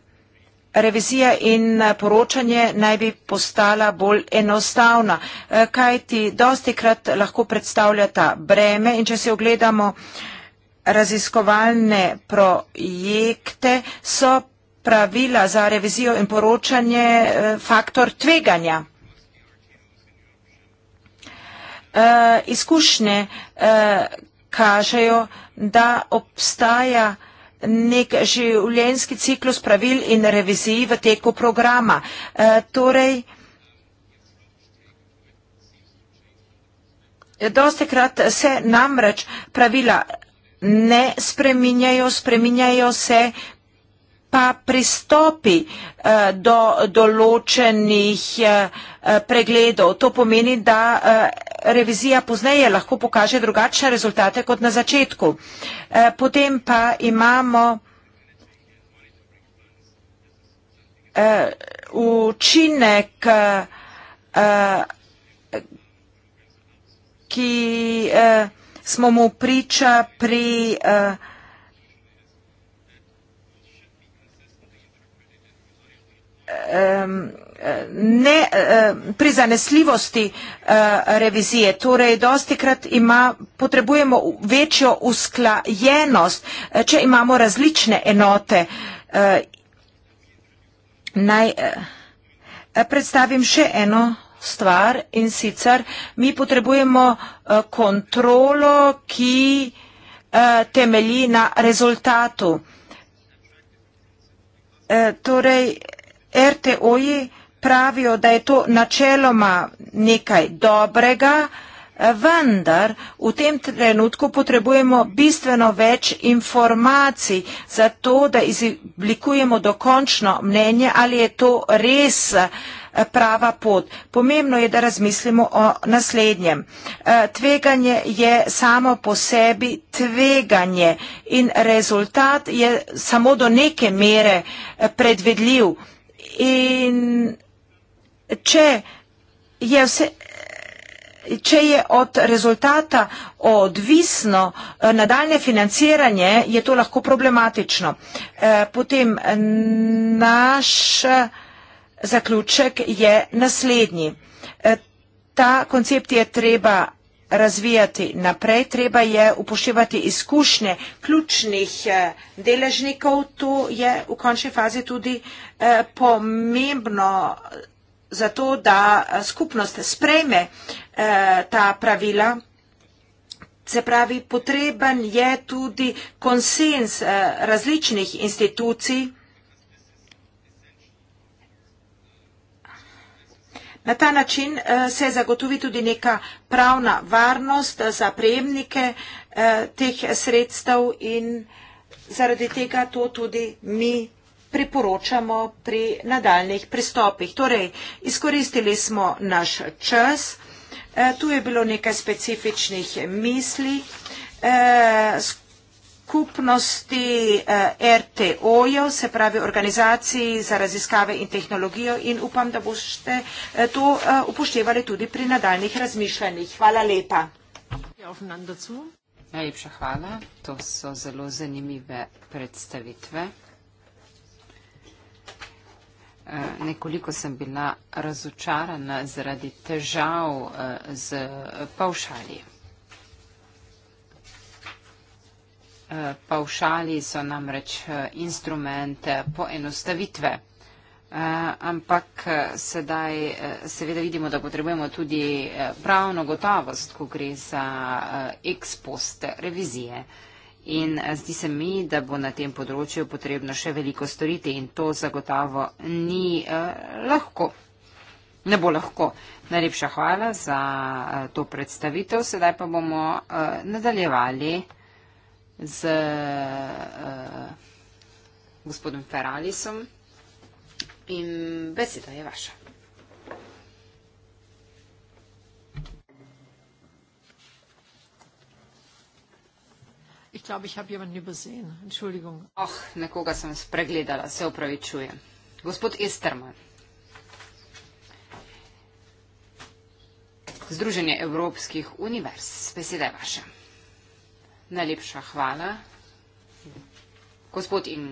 revizija in eh, poročanje naj bi postala bolj enostavna, eh, kaj ti dosti krat lahko predstavljata breme in če si ogledamo raziskovalne projekte, so pravila za revizijo in poročanje eh, faktor tveganja. Izkušnje kažejo, da obstaja tveganje, nek življenjski ciklus pravil in revizij v teku programa. E, torej, dosti krat se namreč pravila ne spreminjajo, spreminjajo se pa pristopi eh, do določenih eh, pregledov. To pomeni, da eh, revizija pozneje lahko pokaže drugačne rezultate kot na začetku. Potem pa imamo učinek, ki smo mu priča pri ne, prizanesljivosti eh, revizije. Torej, dosti krat ima, potrebujemo večjo usklajenost, eh, če imamo različne enote. Eh, naj predstavim še eno stvar in sicer mi potrebujemo kontrolo, ki temelji na rezultatu. Torej, RTO-ji pravijo, da je to načeloma nekaj dobrega, vendar v tem trenutku potrebujemo bistveno več informacij za to, da izoblikujemo dokončno mnenje, ali je to res eh, prava pot. Pomembno je, da razmislimo o naslednjem. Eh, tveganje je samo po sebi tveganje in rezultat je samo do neke mere eh, predvedljiv. In če je, vse, če je od rezultata odvisno eh, nadaljne financiranje, je to lahko problematično. Eh, potem naš eh, zaključek je naslednji. Ta koncept je treba razvijati naprej, treba je upoštevati izkušnje ključnih eh, deležnikov, to je v končni fazi tudi eh, pomembno eh, zato, da skupnost sprejme ta pravila. Se pravi, potreben je tudi konsens različnih institucij, Na ta način eh, se zagotovi tudi neka pravna varnost eh, za prejemnike eh, teh sredstev in zaradi tega to tudi mi priporočamo pri nadaljnih pristopih. Torej, izkoristili smo naš čas, tu je bilo nekaj specifičnih misli, skupaj skupnosti eh, RTO-jo, se pravi organizaciji za raziskave in tehnologijo in upam, da boste eh, to eh, upoštevali tudi pri nadaljnih razmišljanjih. Hvala lepa. Ja, Najlepša hvala. To so zelo zanimive predstavitve. Eh, nekoliko sem bila razočarana zaradi težav z eh, pavšaljem. Pavšali so namreč eh, instrument poenostavitve. Eh, ampak eh, sedaj seveda vidimo, da potrebujemo tudi pravno gotovost, ko gre za ex post revizije. In zdi se mi, da bo na tem področju potrebno še veliko storiti in to zagotovo ni lahko. Ne bo lahko. Najlepša hvala za to predstavitev. Sedaj pa bomo nadaljevali z uh, gospodom Feralisom in beseda je vaša. Ich glaube, ich habe jemanden übersehen. Entschuldigung. Ach, oh, nekoga sem spregledala, se opravičujem. Gospod Estermann. Združenje evropskih univerz. Beseda je vaša. Najlepša hvala. Gospod in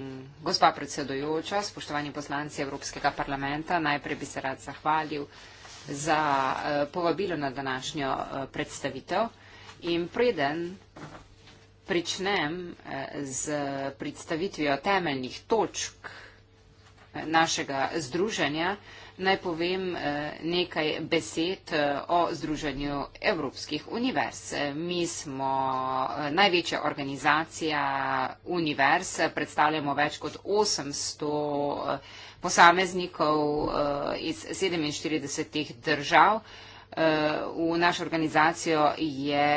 gospa predsedojoča, spoštovani poslanci Evropskega parlamenta, najprej bi se rad zahvalil za eh, povabilo na današnjo eh, predstavitev in preden pričnem eh, z predstavitvijo temeljnih točk našega združenja, naj povem eh, nekaj besed eh, o Združenju Evropskih univerz. Eh, mi smo največja organizacija univerz, predstavljamo več kot 800 posameznikov iz 47 držav. V našo organizacijo je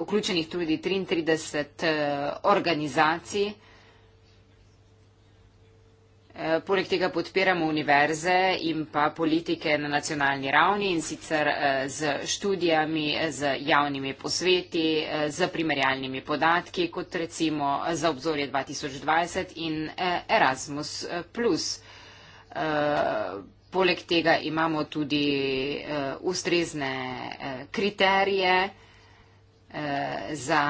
vključenih tudi 33 organizacij, Eh, poleg tega podpiramo univerze in pa politike na nacionalni ravni in sicer eh, z študijami, z javnimi posveti, eh, z primerjalnimi podatki, kot recimo za obzorje 2020 in Erasmus+. Poleg tega imamo tudi ustrezne kriterije za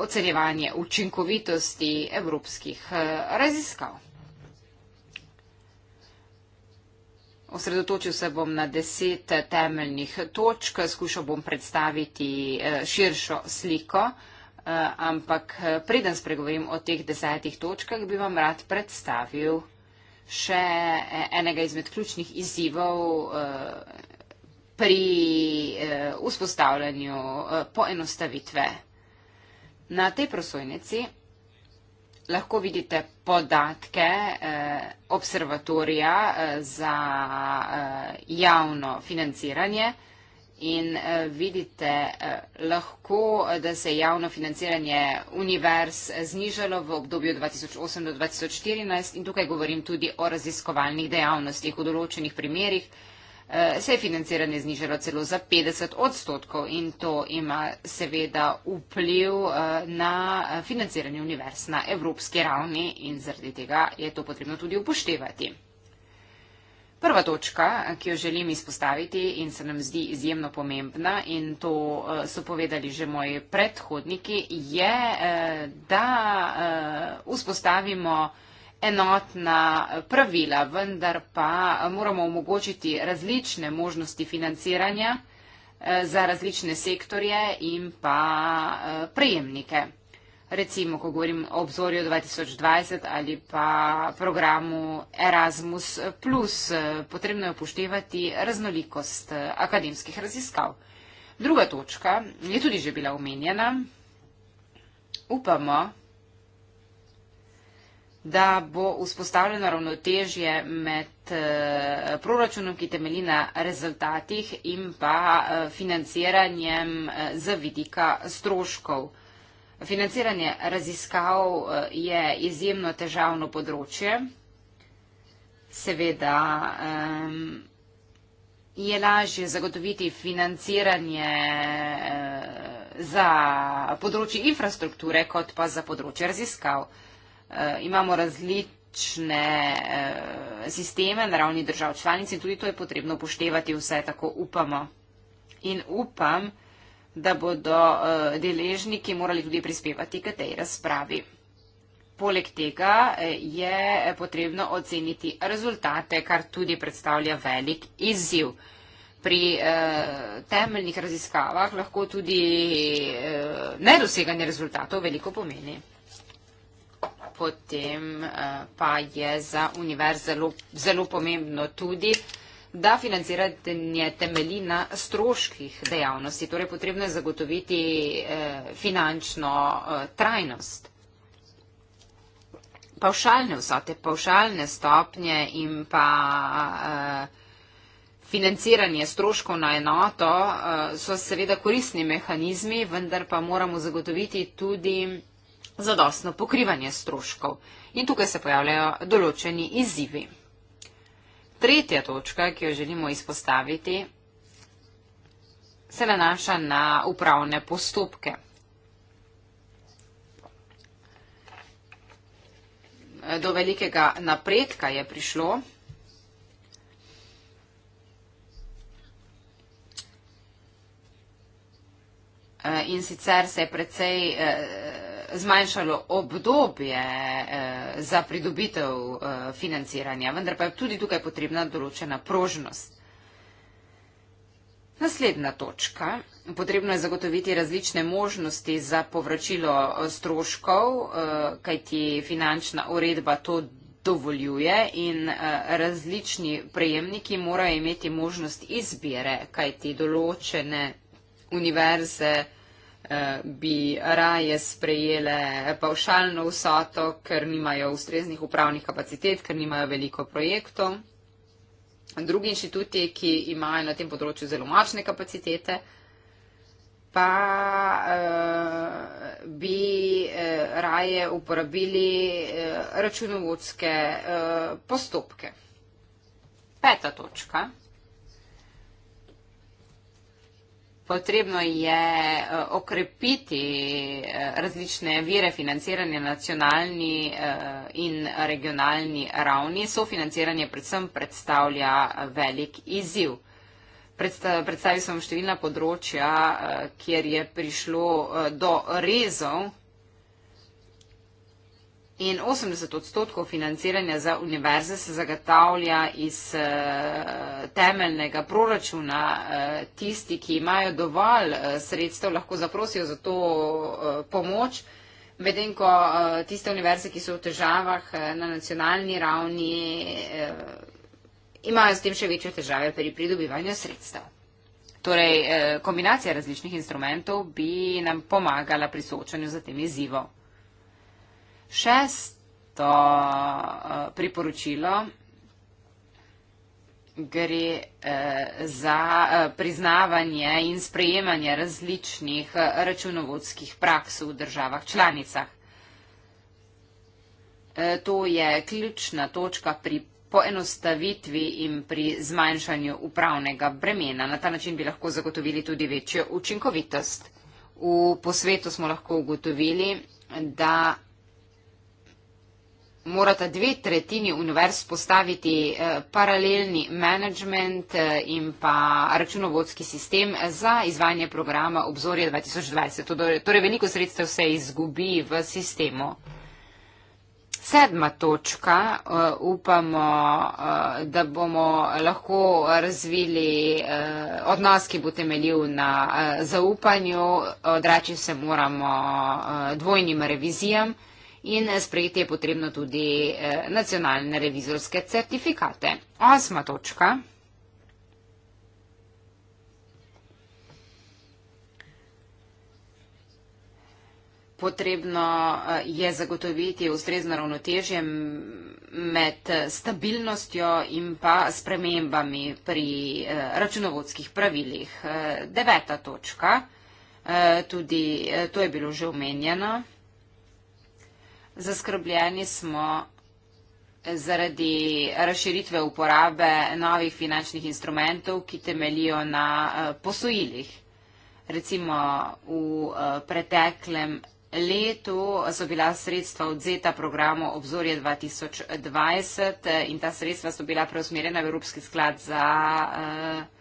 ocenjevanje učinkovitosti evropskih raziskav. Osredotočil se bom na deset temeljnih točk, skušal bom predstaviti eh, širšo sliko, eh, ampak eh, preden spregovorim o teh desetih točkah, bi vam rad predstavil še enega izmed ključnih izzivov pri vzpostavljanju poenostavitve. Na tej prosojnici lahko vidite podatke eh, observatorija eh, za eh, javno financiranje in eh, vidite eh, lahko, eh, da se je javno financiranje univerz eh, znižalo v obdobju 2008 do 2014 in tukaj govorim tudi o raziskovalnih dejavnostih v določenih primerjih. Eh, se je financiranje znižalo celo za 50 odstotkov in to ima seveda vpliv eh, na financiranje univerz na evropski ravni in zaradi tega je to potrebno tudi upoštevati. Prva točka, eh, ki jo želim izpostaviti in se nam zdi izjemno pomembna in to so povedali že moji predhodniki, je, da vzpostavimo uh, enotna eh, pravila, vendar pa eh, moramo omogočiti različne možnosti financiranja eh, za različne sektorje in pa prejemnike. Recimo, ko govorim o obzorju 2020 ali pa programu Erasmus, potrebno je upoštevati raznolikost akademskih raziskav. Druga točka je tudi že bila omenjena. Upamo, da bo vzpostavljeno ravnotežje med eh, proračunom, ki temelji na rezultatih in pa eh, financiranjem eh, z vidika stroškov. Financiranje raziskav je izjemno težavno področje. Seveda je lažje zagotoviti financiranje za področje infrastrukture kot pa za področje raziskav. Eh, imamo različne eh, sisteme na ravni držav članic in tudi to je potrebno upoštevati vse, tako upamo. In upam, da bodo eh, deležniki morali tudi prispevati k tej razpravi. Poleg tega je potrebno oceniti rezultate, kar tudi predstavlja velik izziv. Pri temeljnih raziskavah lahko tudi nedoseganje rezultatov veliko pomeni potem eh, pa je za univerz zelo, zelo pomembno tudi, da financiranje temelji na stroških dejavnosti, torej potrebno je zagotoviti eh, finančno eh, trajnost. Pavšalne vsote, pavšalne stopnje in pa financiranje stroškov na enoto so seveda koristni mehanizmi, vendar pa moramo zagotoviti tudi zadostno pokrivanje stroškov. In tukaj se pojavljajo določeni izzivi. Tretja točka, ki jo želimo izpostaviti, se nanaša na upravne postopke. Do velikega napredka je prišlo. In sicer se je precej eh, zmanjšalo obdobje eh, za pridobitev eh, financiranja, vendar pa je tudi tukaj potrebna določena prožnost. Naslednja točka. Potrebno je zagotoviti različne možnosti za povračilo eh, stroškov, eh, kajti finančna uredba to dovoljuje in eh, različni prejemniki morajo imeti možnost izbire, kajti določene univerze eh, Eh, bi raje sprejele pavšalno vsoto, ker nimajo ustreznih upravnih kapacitet, ker nimajo veliko projektov. Drugi inštituti, ki imajo na tem področju zelo močne kapacitete, pa uh, bi uh, raje uporabili uh, računovodske uh, postopke. Peta točka. Potrebno je eh, okrepiti eh, različne vire financiranja nacionalni eh, in regionalni ravni. Sofinanciranje predvsem predstavlja velik izziv. Predstavil sem številna področja, kjer je prišlo do rezov In 80 odstotkov financiranja za univerze se zagotavlja iz eh, temeljnega proračuna. Eh, tisti, ki imajo dovolj eh, sredstev, lahko zaprosijo za to eh, pomoč, medtem ko eh, tiste univerze, ki so v težavah eh, na nacionalni ravni, eh, imajo s tem še večje težave pri pridobivanju sredstev. Torej, eh, kombinacija različnih instrumentov bi nam pomagala pri soočanju za tem izzivom. Šesto eh, priporočilo gre eh, za eh, priznavanje in sprejemanje različnih računovodskih praks v državah članicah. To je ključna točka pri poenostavitvi in pri zmanjšanju upravnega bremena. Na ta način bi lahko zagotovili tudi večjo učinkovitost. V posvetu smo lahko ugotovili, da morata dve tretjini univerz postaviti eh, paralelni management eh, in pa računovodski sistem za izvajanje programa obzorje 2020. Torej veliko sredstev se izgubi v sistemu. Sedma točka, eh, upamo, da bomo lahko razvili odnos, ki bo temeljil na zaupanju, odrači se moramo dvojnim revizijam in eh, sprejeti je potrebno tudi eh, nacionalne revizorske certifikate. Osma točka. Potrebno eh, je zagotoviti ustrezno ravnotežje med stabilnostjo in pa spremembami pri računovodskih pravilih. Deveta točka, tudi to je bilo že omenjeno. Zaskrbljeni smo zaradi razširitve uporabe novih finančnih instrumentov, ki temelijo na eh, posojilih. Recimo v eh, preteklem letu so bila sredstva odzeta programu Obzorje 2020 eh, in ta sredstva so bila preusmerjena v Evropski sklad za uh,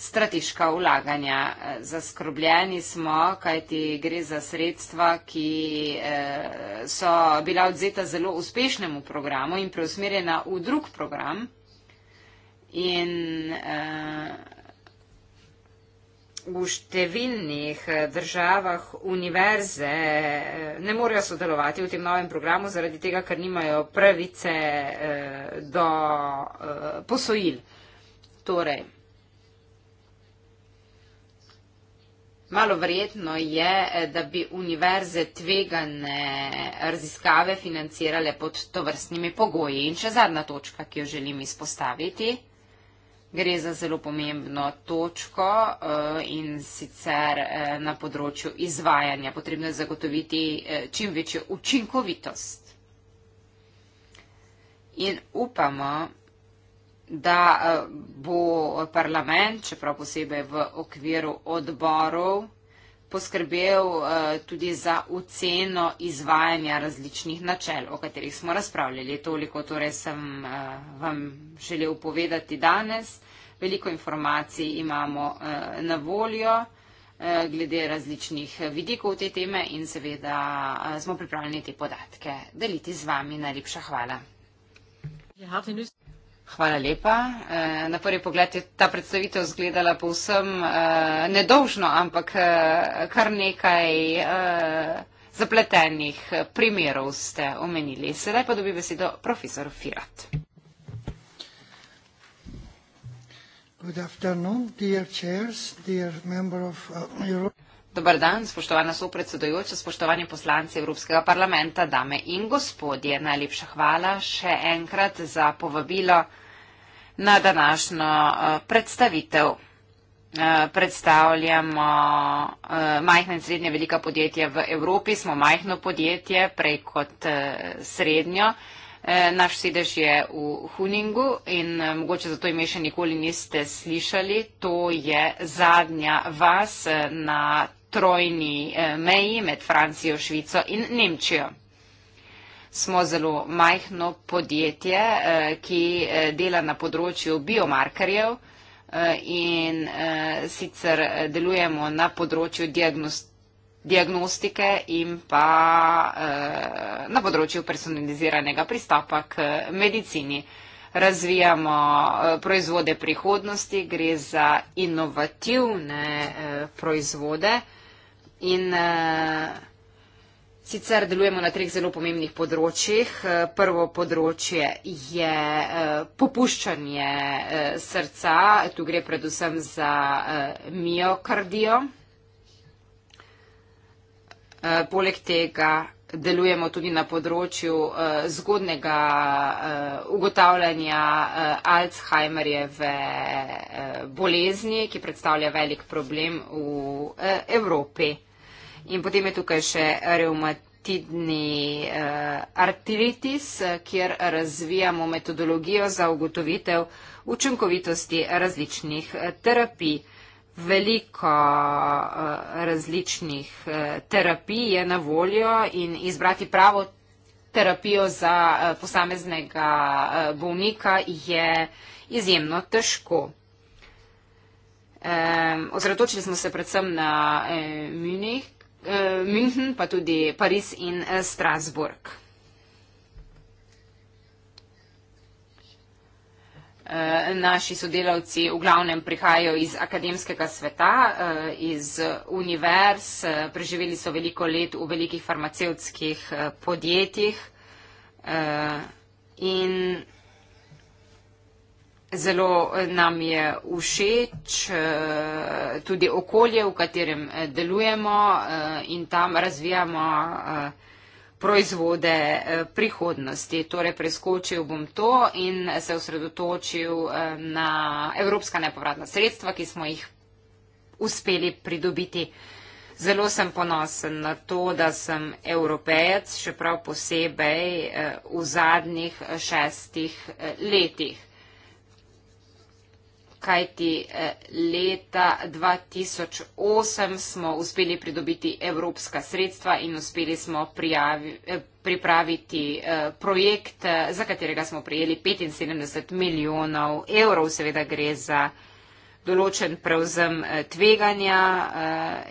strateška vlaganja. Zaskrbljeni smo, kajti gre za sredstva, ki eh, so bila odzeta zelo uspešnemu programu in preusmerjena v drug program. In eh, v številnih eh, državah univerze ne morejo sodelovati v tem novem programu zaradi tega, ker nimajo pravice do posojil. Torej, Malo verjetno je, eh, da bi univerze tvegane raziskave financirale pod tovrstnimi pogoji. In še zadnja točka, ki jo želim izpostaviti, gre za zelo pomembno točko eh, in sicer eh, na področju izvajanja. Potrebno je zagotoviti čim večjo učinkovitost. In upamo, da eh, bo parlament, čeprav posebej v okviru odborov, poskrbel eh, tudi za oceno izvajanja različnih načel, o katerih smo razpravljali. Toliko torej sem eh, vam želel povedati danes. Veliko informacij imamo na voljo glede različnih vidikov te teme in seveda smo pripravljeni te podatke deliti z vami. Najlepša hvala. Ja, Hvala lepa. Eh, na prvi pogled je ta predstavitev izgledala povsem eh, nedolžno, ampak eh, kar nekaj zapletenih primerov ste omenili. Sedaj pa dobi besedo profesor Firat. Good afternoon, dear chairs, dear member of uh, Europe. Dobar dan, spoštovana sopredsedujoča, spoštovani poslanci Evropskega parlamenta, dame in gospodje. Najlepša hvala še enkrat za povabilo na današnjo eh, predstavitev. Eh, predstavljamo eh, majhna in srednja velika podjetja v Evropi, smo majhno podjetje, prej kot srednjo. Naš sedež je v Huningu in mogoče zato ime še nikoli niste slišali. To je zadnja vas na trojni meji med Francijo, Švico in Nemčijo smo zelo majhno podjetje, eh, ki eh, dela na področju biomarkerjev eh, in sicer delujemo na področju diagnostike in pa na področju personaliziranega pristopa k medicini. Razvijamo proizvode prihodnosti, gre za inovativne proizvode in proizvode. Sicer delujemo na treh zelo pomembnih področjih. Eh, prvo področje je eh, popuščanje eh, srca, tu gre predvsem za miokardijo. Poleg tega delujemo tudi na področju zgodnega ugotavljanja Alzheimerjeve bolezni, ki predstavlja velik problem v Evropi. In potem je tukaj še reumatidni uh, eh, artritis, eh, kjer razvijamo metodologijo za ugotovitev učinkovitosti različnih eh, terapij. Veliko uh, različnih uh, terapij je na voljo in izbrati pravo terapijo za uh, posameznega uh, bolnika je izjemno težko. Um, Ozratočili smo se predvsem na uh, Munich, eh, München, pa tudi Pariz in eh, Strasburg. Eh, naši sodelavci v glavnem prihajajo iz akademskega sveta, eh, iz univerz, eh, preživeli so veliko let v velikih farmacevtskih podjetjih in Zelo eh, nam je všeč eh, tudi okolje, v katerem eh, delujemo in tam razvijamo proizvode prihodnosti. Torej, preskočil bom to in se osredotočil na evropska nepovratna sredstva, ki smo jih uspeli pridobiti. Zelo sem ponosen na to, da sem evropejec, še prav posebej v zadnjih šestih letih kajti eh, leta 2008 smo uspeli pridobiti evropska sredstva in uspeli smo prijavi, eh, pripraviti eh, projekt, za katerega smo prijeli 75 milijonov evrov. Seveda gre za določen prevzem tveganja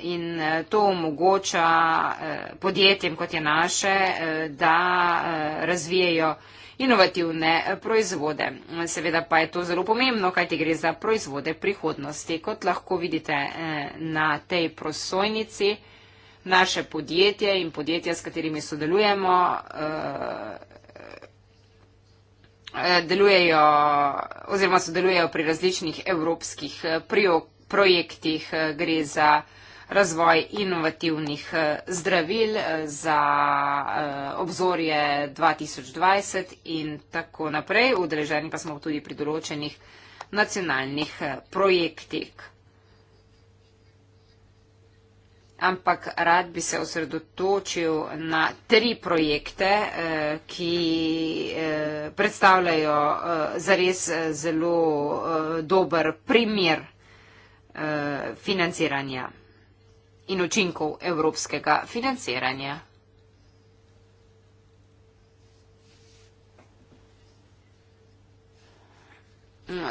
in to omogoča podjetjem, kot je naše, da razvijajo inovativne eh, proizvode. Seveda pa je to zelo pomembno, kajti gre za proizvode prihodnosti. Kot lahko vidite eh, na tej prosojnici, naše podjetje in podjetja, s katerimi sodelujemo, eh, delujejo oziroma sodelujejo pri različnih evropskih projektih. Gre za proizvode razvoj inovativnih eh, zdravil eh, za eh, obzorje 2020 in tako naprej. Udeleženi pa smo tudi pri določenih nacionalnih projektih. Ampak rad bi se osredotočil na tri projekte, ki predstavljajo zares zelo dober primer financiranja in učinkov evropskega financiranja.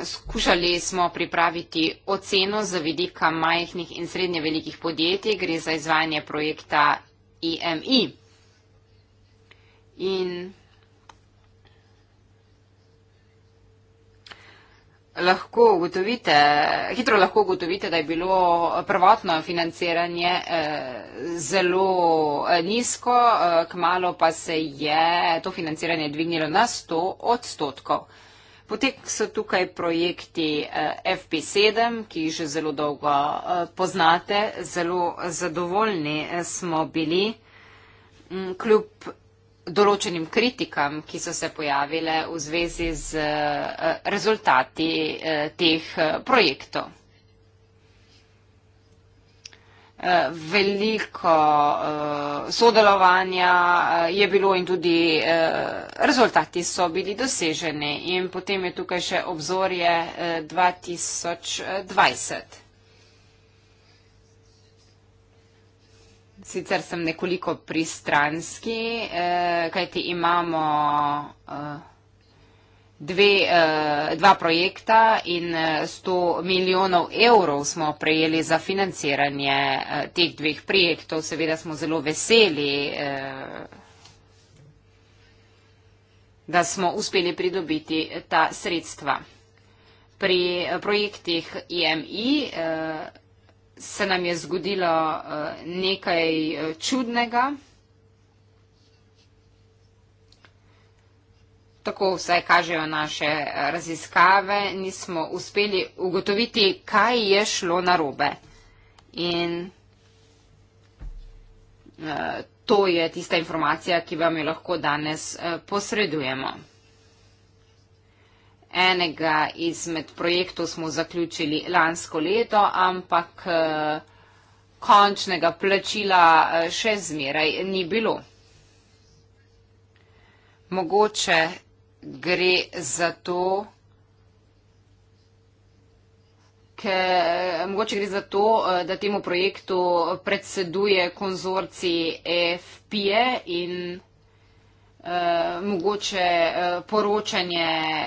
Skušali smo pripraviti oceno za vidika majhnih in srednje velikih podjetij, gre za izvajanje projekta IMI. In lahko ugotovite, hitro lahko ugotovite, da je bilo prvotno financiranje eh, zelo eh, nizko, eh, kmalo pa se je to financiranje dvignilo na 100 odstotkov. Potek so tukaj projekti FP7, ki jih že zelo dolgo poznate, zelo zadovoljni smo bili. Mm, kljub določenim kritikam, ki so se pojavile v zvezi z eh, rezultati eh, teh eh, projektov. Veliko sodelovanja je bilo in tudi rezultati so bili doseženi. In potem je tukaj še obzorje 2020. sicer sem nekoliko pristranski, eh, kajti imamo eh, dve, eh, dva projekta in 100 eh, milijonov evrov smo prejeli za financiranje eh, teh dveh projektov. Seveda smo zelo veseli, eh, da smo uspeli pridobiti ta sredstva. Pri eh, projektih IMI eh, se nam je zgodilo eh, nekaj eh, čudnega. Tako vsaj kažejo naše eh, raziskave, nismo uspeli ugotoviti, kaj je šlo narobe. In to je tista informacija, ki vam jo lahko danes posredujemo enega izmed projektov smo zaključili lansko leto, ampak eh, končnega plačila eh, še zmeraj ni bilo. Mogoče gre za to, Ker, mogoče gre za to, eh, da temu projektu predseduje konzorci e FPE in Eh, mogoče eh, poročanje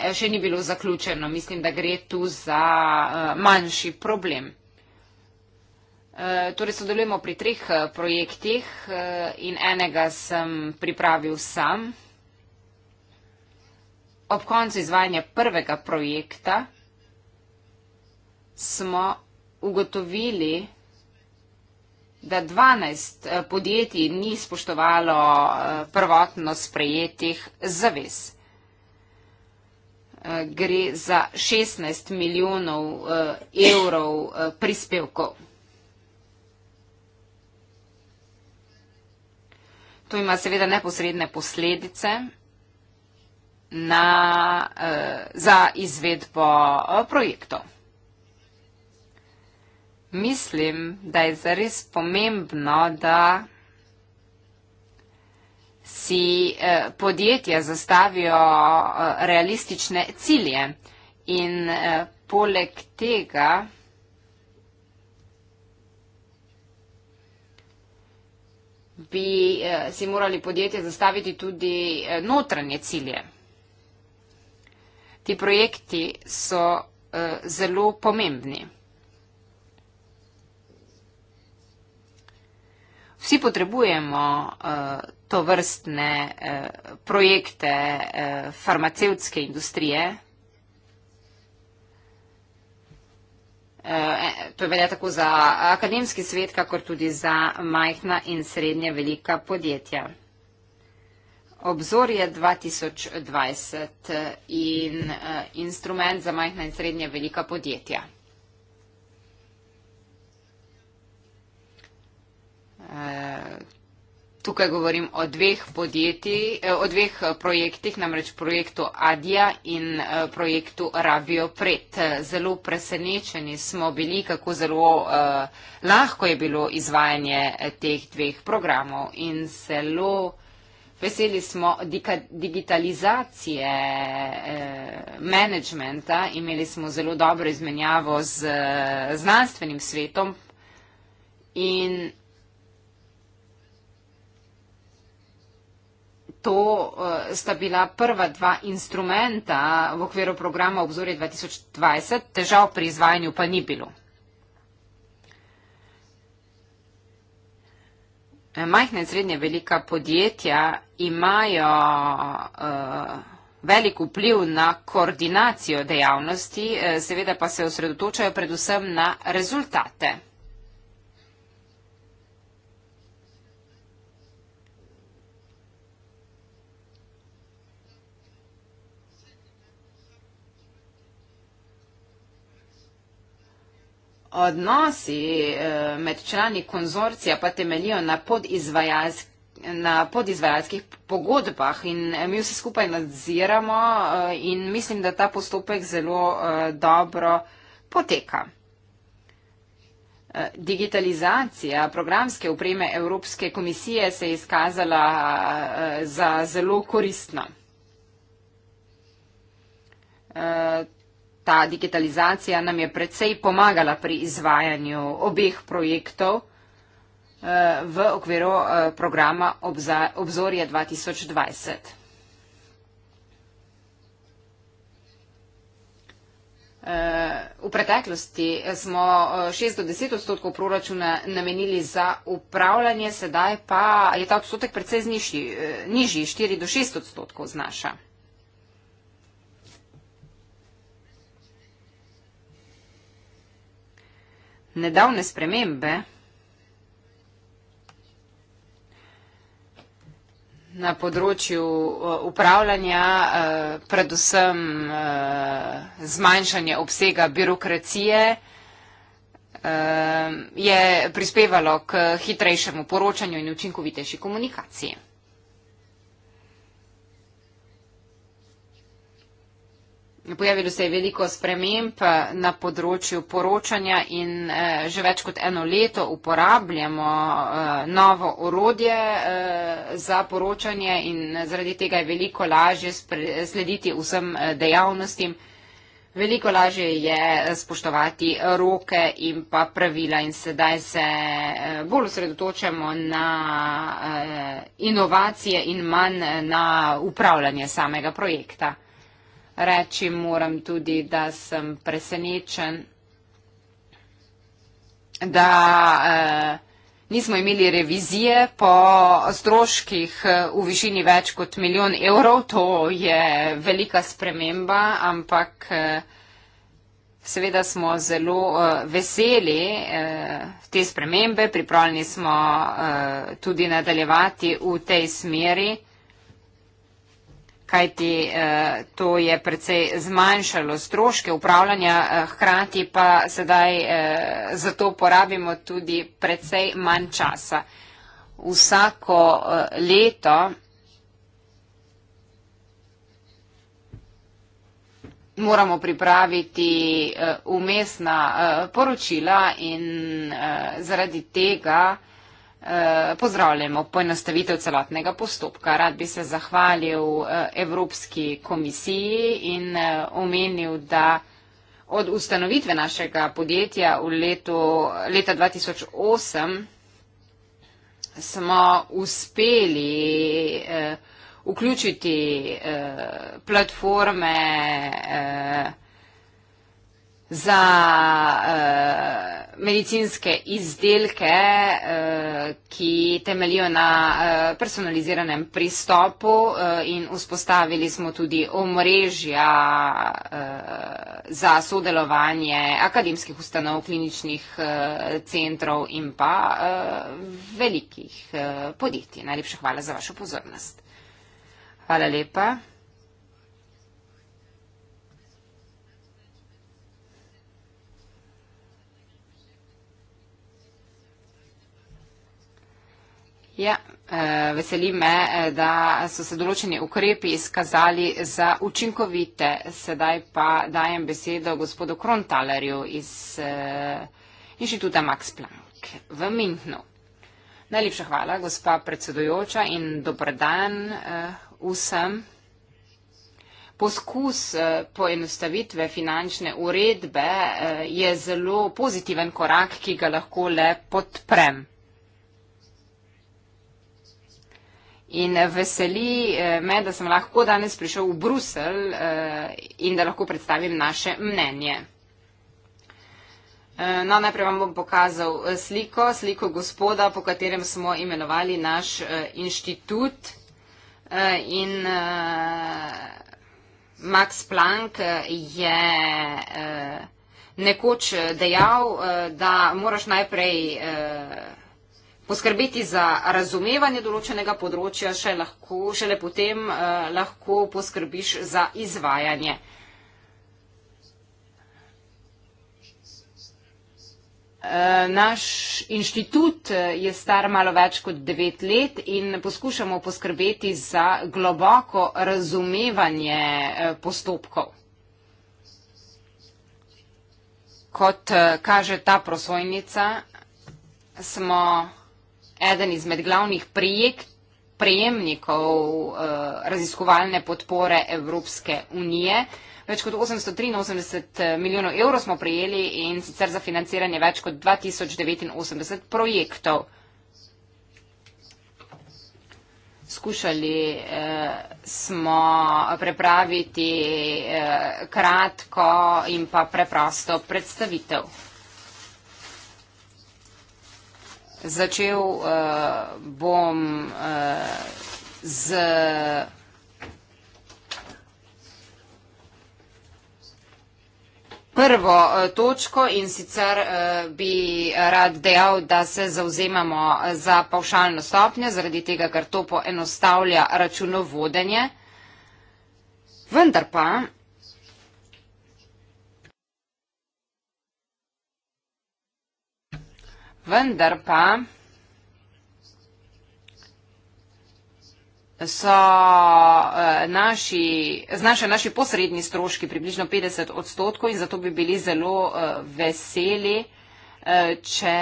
eh, še ni bilo zaključeno. Mislim, da gre tu za manjši problem. Torej sodelujemo pri treh projektih in enega sem pripravil sam. Ob koncu izvajanja prvega projekta smo ugotovili, da 12 eh, podjetij ni spoštovalo eh, prvotno sprejetih zavez. Eh, gre za 16 milijonov evrov prispevkov. To ima seveda neposredne posledice na, za izvedbo projektov mislim, da je zares pomembno, da si eh, podjetja zastavijo eh, realistične cilje in eh, poleg tega bi eh, si morali podjetje zastaviti tudi eh, notranje cilje. Ti projekti so eh, zelo pomembni. vsi potrebujemo uh, eh, to vrstne uh, eh, projekte uh, farmacevtske industrije. To je velja tako za akademski svet, kakor tudi za majhna in srednja velika podjetja. Obzor je 2020 in instrument za majhna in srednja velika podjetja. Eh, tukaj govorim o dveh, podjetij, eh, o dveh eh, projektih, namreč projektu Adja in projektu Rabijo Pred. Zelo presenečeni smo bili, kako zelo uh, lahko je bilo izvajanje teh dveh programov in zelo veseli smo digitalizacije uh, menedžmenta. Imeli smo zelo dobro izmenjavo z uh, znanstvenim svetom. In to eh, sta bila prva dva instrumenta v okviru programa obzorje 2020, težav pri izvajanju pa ni bilo. Eh, Majhne in srednje velika podjetja imajo uh, velik vpliv na koordinacijo dejavnosti, seveda pa se osredotočajo predvsem na rezultate. odnosi eh, med člani konzorcija pa temeljijo na podizvajalskih na podizvajalskih pogodbah in eh, mi vse skupaj nadziramo eh, in mislim, da ta postopek zelo dobro poteka. Digitalizacija programske upreme Evropske komisije se je izkazala za zelo koristno ta digitalizacija nam je precej pomagala pri izvajanju obeh projektov eh, v okviru eh, programa Obzorje 2020. Eh, v preteklosti smo 6 do 10 odstotkov proračuna namenili za upravljanje, sedaj pa je ta odstotek precej nižji, 4 do 6 odstotkov znaša. nedavne spremembe na področju eh, upravljanja, eh, predvsem eh, zmanjšanje obsega birokracije, je prispevalo k hitrejšemu poročanju in učinkovitejši komunikaciji. Pojavilo se je veliko sprememb eh, na področju poročanja in eh, že več kot eno leto uporabljamo eh, novo orodje za poročanje in zaradi tega je veliko lažje slediti vsem dejavnostim. Veliko lažje je spoštovati roke in pa pravila in sedaj se bolj osredotočamo na inovacije in manj na upravljanje samega projekta. Reči moram tudi, da sem presenečen, da eh, nismo imeli revizije po stroških eh, v višini več kot milijon evrov. To je velika sprememba, ampak eh, seveda smo zelo veseli te spremembe. Pripravljeni smo tudi nadaljevati v tej smeri kajti eh, to je predvsej zmanjšalo stroške upravljanja, eh, hkrati pa sedaj eh, zato porabimo tudi predvsej manj časa. Vsako leto moramo pripraviti umestna poročila in zaradi tega, Eh, pozdravljamo poenostavitev celotnega postopka. Rad bi se zahvalil eh, Evropski komisiji in eh, omenil, da od ustanovitve našega podjetja v letu, leta 2008 smo uspeli vključiti platforme za uh, medicinske izdelke, uh, ki temelijo na uh, personaliziranem pristopu uh, in vzpostavili smo tudi omrežja uh, za sodelovanje akademskih ustanov, kliničnih uh, centrov in pa uh, velikih uh, podjetij. Najlepša hvala za vašo pozornost. Hvala lepa. Ja, eh, veseli me, eh, da so se določeni ukrepi izkazali za učinkovite. Sedaj pa dajem besedo gospodu Krontalerju iz eh, inštituta Max Planck v Minhnu. Najlepša hvala, gospa predsedujoča in dobr dan vsem. Poskus poenostavitve finančne uredbe je zelo pozitiven korak, ki ga lahko le podprem. In eh, veseli eh, me, da sem lahko danes prišel v Brusel eh, in da lahko predstavim naše mnenje. No, najprej vam bom pokazal sliko, sliko gospoda, po katerem smo imenovali naš inštitut. In Max Planck je nekoč dejal, da moraš najprej poskrbeti za razumevanje določenega področja, še lahko, šele potem eh, lahko poskrbiš za izvajanje. Eh, naš inštitut eh, je star malo več kot devet let in poskušamo poskrbeti za globoko razumevanje eh, postopkov. Kot kaže ta prosojnica, smo eden izmed glavnih projekt, prejemnikov eh, raziskovalne podpore Evropske unije. Več kot 883 eh, milijonov evrov smo prejeli in sicer za financiranje več kot 2089 projektov. Skušali eh, smo prepraviti eh, kratko in pa preprosto predstavitev. začel uh, bom uh, z prvo uh, točko in sicer uh, bi rad dejal, da se zauzemamo za pavšalno stopnjo, zaradi tega, ker to poenostavlja računovodenje. Vendar pa vendar pa so eh, naši, znaša naši posredni stroški približno 50 odstotkov in zato bi bili zelo eh, veseli, eh, če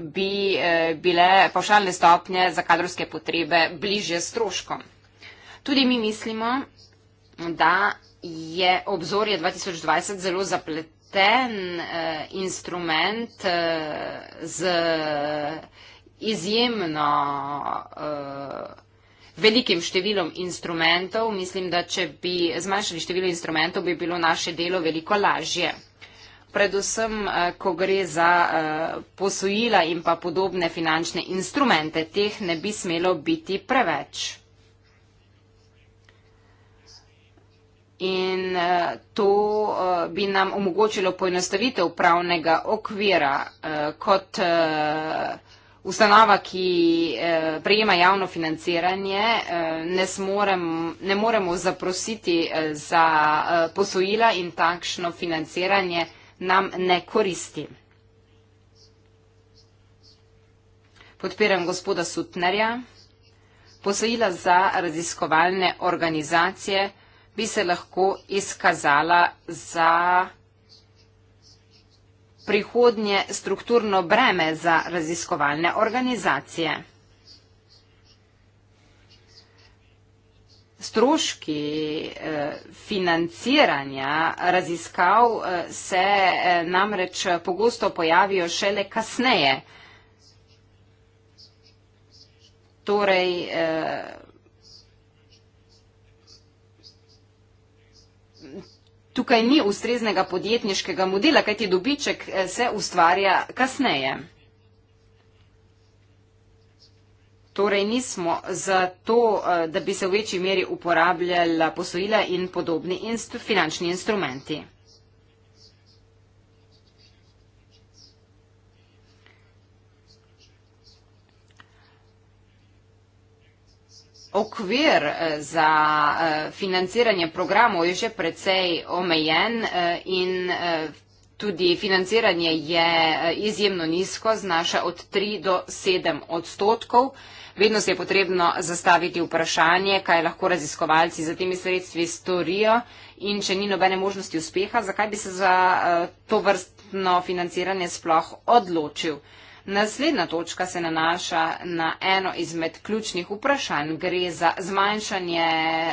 bi bile pavšalne stopnje za kadrovske potrebe bliže stroškom. Tudi mi mislimo, da je obzorje 2020 zelo zapletno pošten uh, eh, instrument uh, z izjemno uh, velikim številom instrumentov. Mislim, da če bi zmanjšali število instrumentov, bi bilo naše delo veliko lažje. Predvsem, uh, ko gre za uh, posojila in pa podobne finančne instrumente, teh ne bi smelo biti preveč. in eh, to eh, bi nam omogočilo poenostavitev pravnega okvira eh, kot ustanova, ki prejema javno financiranje, ne, smorem, ne moremo zaprositi za posojila in takšno financiranje nam ne koristi. Podpiram gospoda Sutnerja, posojila za raziskovalne organizacije, bi se lahko izkazala za prihodnje strukturno breme za raziskovalne organizacije. Stroški eh, financiranja raziskav eh, se eh, namreč pogosto pojavijo šele kasneje. Torej, tukaj ni ustreznega podjetniškega modela, kajti dobiček eh, se ustvarja kasneje. Torej nismo za to, eh, da bi se v večji meri uporabljala posojila in podobni inst finančni instrumenti. okvir eh, za eh, financiranje programov je že precej omejen eh, in tudi financiranje je izjemno nizko, znaša od 3 do 7 odstotkov. Vedno se je potrebno zastaviti vprašanje, kaj lahko raziskovalci za temi sredstvi storijo in če ni nobene možnosti uspeha, zakaj bi se za to vrstno financiranje sploh odločil. Naslednja točka se nanaša na eno izmed ključnih vprašanj. Gre za zmanjšanje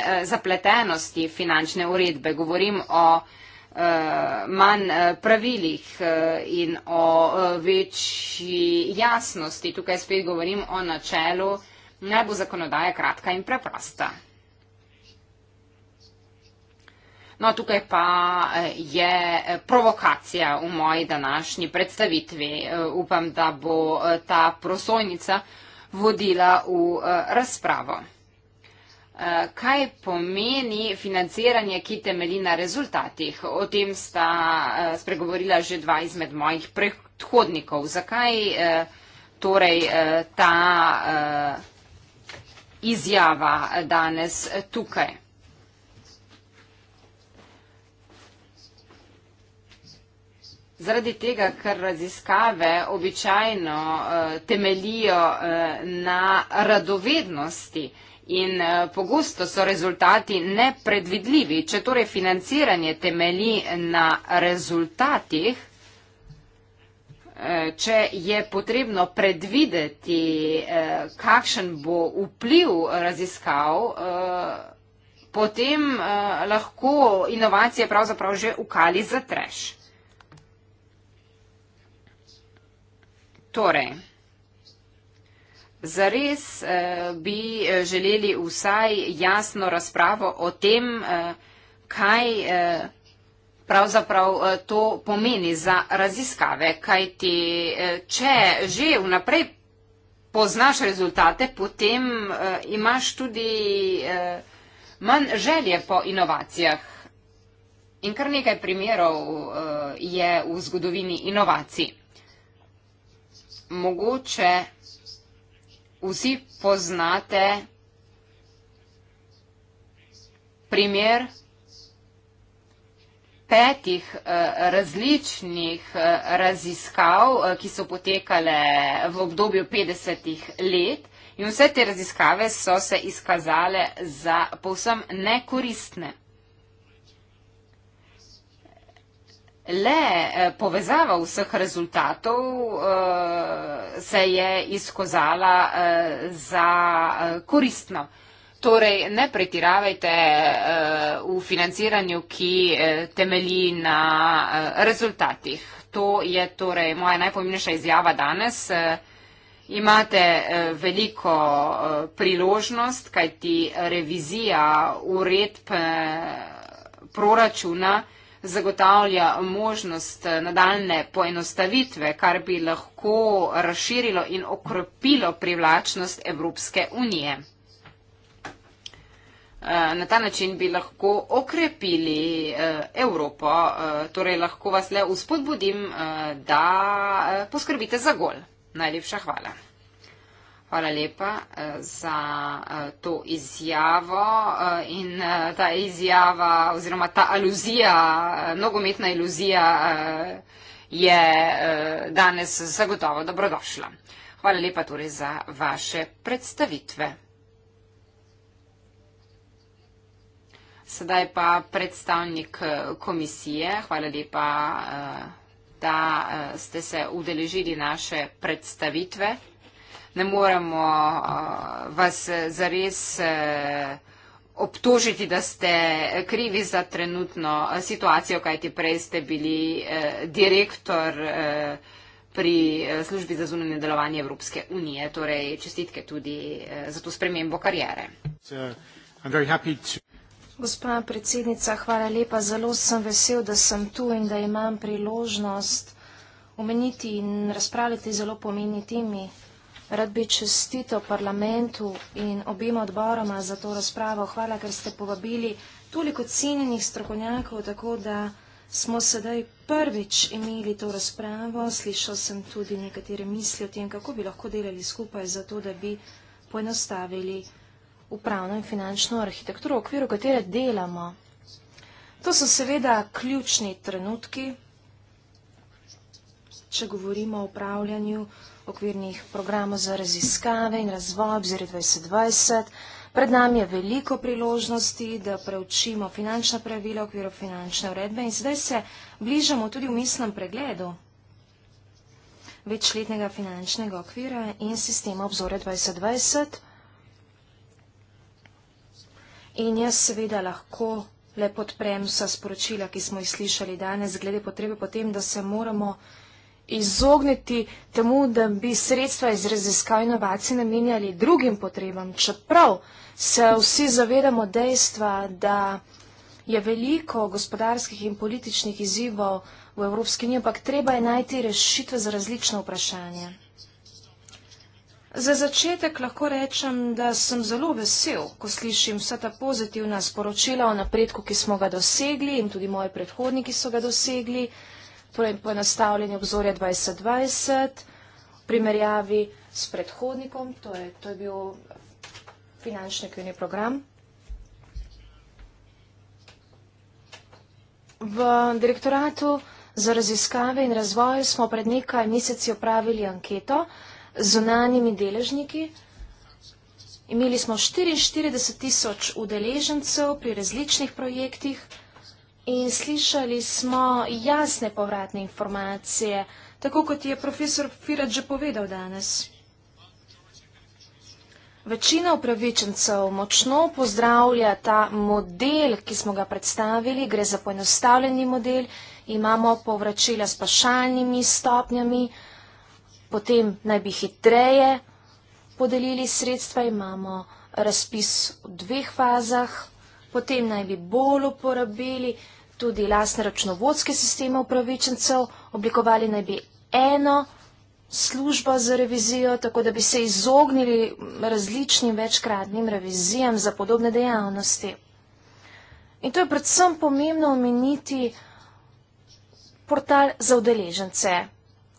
eh, zapletenosti finančne uredbe. Govorim o eh, manj eh, pravilih in o večji jasnosti. Tukaj spet govorim o načelu, naj bo zakonodaja kratka in preprosta. No, tukaj pa eh, je eh, provokacija v moji današnji predstavitvi. Eh, upam, da bo ta prosojnica vodila v razpravo. Kaj pomeni financiranje, ki temelji na rezultatih? O tem sta spregovorila že dva izmed mojih predhodnikov. Zakaj torej ta izjava danes tukaj? Zaradi tega, ker raziskave običajno uh, temelijo uh, na radovednosti in uh, pogosto so rezultati nepredvidljivi. Če torej financiranje temeli na rezultatih, uh, če je potrebno predvideti, uh, kakšen bo vpliv raziskav, uh, potem uh, lahko inovacije pravzaprav že ukali za treš. Torej, zares eh, bi eh, želeli vsaj jasno razpravo o tem, eh, kaj eh, pravzaprav eh, to pomeni za raziskave, kaj ti, eh, če že vnaprej poznaš rezultate, potem eh, imaš tudi eh, manj želje po inovacijah. In kar nekaj primerov eh, je v zgodovini inovacij mogoče vsi poznate primer petih eh, različnih eh, raziskav, eh, ki so potekale v obdobju 50 let in vse te raziskave so se izkazale za povsem nekoristne. le eh, povezava vseh rezultatov eh, se je izkozala eh, za koristno. Torej, ne pretiravajte v financiranju, ki temelji na rezultatih. To je torej moja najpomembnejša izjava danes. Imate veliko priložnost, kajti revizija uredb proračuna zagotavlja možnost nadaljne poenostavitve, kar bi lahko razširilo in okropilo privlačnost Evropske unije. Eh, na ta način bi lahko okrepili eh, Evropo, eh, torej lahko vas le uspodbudim, da poskrbite za gol. Najlepša hvala. Hvala lepa eh, za eh, to izjavo eh, in ta izjava oziroma ta aluzija, nogometna iluzija je danes zagotovo dobrodošla. Hvala lepa torej za vaše predstavitve. Sedaj pa predstavnik komisije. Hvala lepa, da ste se udeležili naše predstavitve ne moremo uh, vas eh, zares uh, obtožiti, da ste krivi za trenutno situacijo, kajti prej ste bili uh, direktor uh, pri službi za zunanje delovanje Evropske unije. Torej, čestitke tudi uh, za to spremembo karijere. Gospa predsednica, hvala lepa. Zelo sem vesel, da sem tu in da imam priložnost omeniti in razpravljati zelo pomeni temi. Rad bi čestito parlamentu in obima odboroma za to razpravo. Hvala, ker ste povabili toliko cenjenih strokovnjakov, tako da smo sedaj prvič imeli to razpravo. Slišal sem tudi nekatere misli o tem, kako bi lahko delali skupaj za to, da bi poenostavili upravno in finančno arhitekturo, v okviru katere delamo. To so seveda ključni trenutki, če govorimo o upravljanju arhitekturo okvirnih programov za raziskave in razvoj obziri 2020. Pred nami je veliko priložnosti, da preučimo finančna pravila v okviru finančne uredbe in zdaj se bližamo tudi v mislnem pregledu večletnega finančnega okvira in sistema obzore 2020. In jaz seveda lahko le podprem vsa sporočila, ki smo jih slišali danes, glede potrebe potem, da se moramo vsega, izogniti temu, da bi sredstva iz raziskav in inovacij namenjali drugim potrebam, čeprav se vsi zavedamo dejstva, da je veliko gospodarskih in političnih izzivov v Evropski uniji, ampak treba je najti rešitve za različno vprašanje. Za začetek lahko rečem, da sem zelo vesel, ko slišim vsa ta pozitivna sporočila o napredku, ki smo ga dosegli in tudi moji predhodniki so ga dosegli torej poenostavljeni obzorje 2020 v primerjavi s predhodnikom, torej to je bil finančni kvini program. V direktoratu za raziskave in razvoj smo pred nekaj meseci opravili anketo z zunanjimi deležniki. Imeli smo 44 tisoč udeležencev pri različnih projektih, In slišali smo jasne povratne informacije, tako kot je profesor Firat že povedal danes. Večina upravičencev močno pozdravlja ta model, ki smo ga predstavili, gre za poenostavljeni model, imamo povračila s pašalnimi stopnjami, potem naj bi hitreje podelili sredstva, imamo razpis v dveh fazah. Potem naj bi bolj uporabili tudi lastne računovodske sisteme upravičencev, oblikovali naj bi eno službo za revizijo, tako da bi se izognili različnim večkratnim revizijam za podobne dejavnosti. In to je predvsem pomembno omeniti portal za udeležence,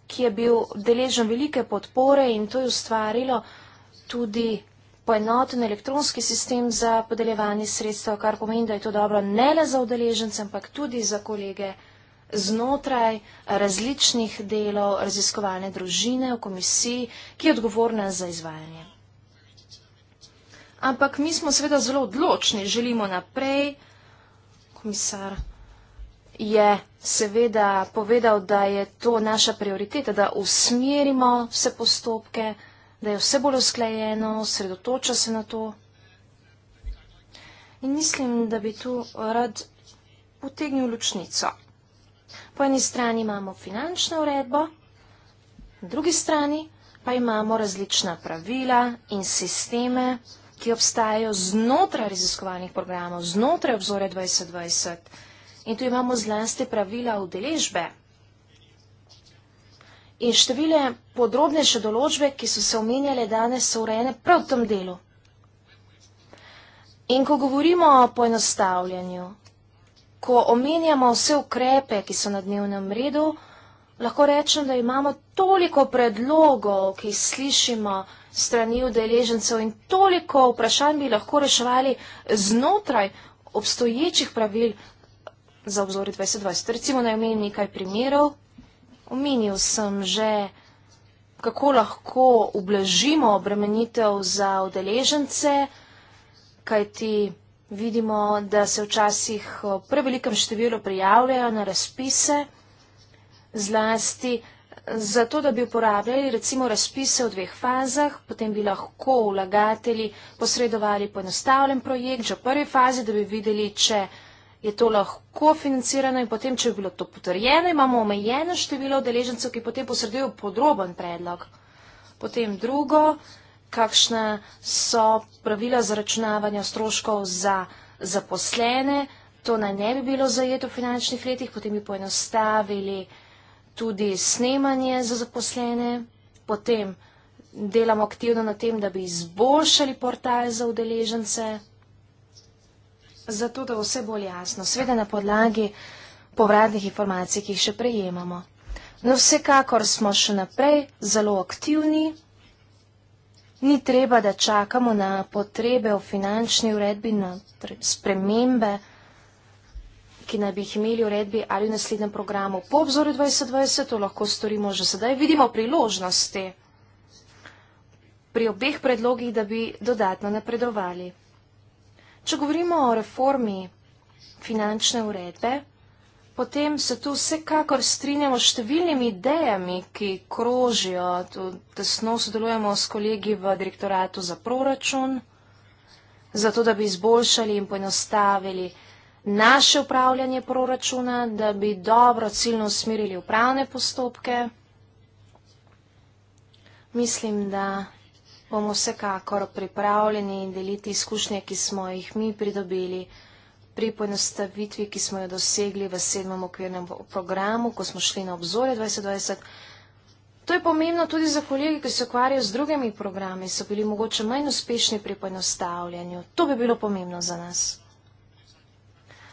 ki je bil deležen velike podpore in to je ustvarilo tudi poenoten elektronski sistem za podeljevanje sredstev, kar pomeni, da je to dobro ne le za udeležence, ampak tudi za kolege znotraj različnih delov raziskovalne družine v komisiji, ki je odgovorna za izvajanje. Ampak mi smo seveda zelo odločni, želimo naprej. Komisar je seveda povedal, da je to naša prioriteta, da usmerimo vse postopke, da je vse bolj usklajeno, sredotoča se na to. In mislim, da bi tu rad potegnil ločnico. Po eni strani imamo finančno uredbo, na drugi strani pa imamo različna pravila in sisteme, ki obstajajo znotraj raziskovalnih programov, znotraj obzore 2020. In tu imamo zlasti pravila udeležbe in številne podrobnejše določbe, ki so se omenjale danes, so urejene prav v tem delu. In ko govorimo o poenostavljanju, ko omenjamo vse ukrepe, ki so na dnevnem redu, lahko rečem, da imamo toliko predlogov, ki jih slišimo strani udeležencev in toliko vprašanj bi lahko reševali znotraj obstoječih pravil za obzori 2020. Recimo naj omenim nekaj primerov, Omenil sem že, kako lahko ublažimo obremenitev za udeležence, kajti vidimo, da se včasih v prevelikem številu prijavljajo na razpise, zlasti e, zato, da bi uporabljali recimo razpise v dveh fazah, potem bi lahko vlagatelji posredovali poenostavljen projekt že v prvi fazi, da bi videli, če je to lahko financirano in potem, če je bilo to potrjeno, imamo omejeno število deležencev, ki potem posredujo podroben predlog. Potem drugo, kakšne so pravila za računavanje stroškov za zaposlene, to naj ne bi bilo zajeto v finančnih letih, potem bi poenostavili tudi snemanje za zaposlene, potem delamo aktivno na tem, da bi izboljšali portal za udeležence. Zato, da vse bolj jasno, sveda na podlagi povratnih informacij, ki jih še prejemamo. No, vsekakor smo še naprej zelo aktivni. Ni treba, da čakamo na potrebe v finančni uredbi, na spremembe, ki naj bi jih imeli uredbi ali v naslednjem programu. Po obzoru 2020 to lahko storimo že sedaj. Vidimo priložnosti pri obeh predlogih, da bi dodatno napredovali. Če govorimo o reformi finančne uredbe, potem se tu vsekakor strinjamo s številnimi idejami, ki krožijo. Tesno sodelujemo s kolegi v direktoratu za proračun, zato da bi izboljšali in poenostavili naše upravljanje proračuna, da bi dobro ciljno usmerili upravne postopke. Mislim, da bomo vsekakor pripravljeni deliti izkušnje, ki smo jih mi pridobili pri poenostavitvi, ki smo jo dosegli v sedmem okvirnem programu, ko smo šli na obzorje 2020. To je pomembno tudi za kolegi, ki se ukvarjajo z drugimi programi, so bili mogoče manj uspešni pri poenostavljanju. To bi bilo pomembno za nas.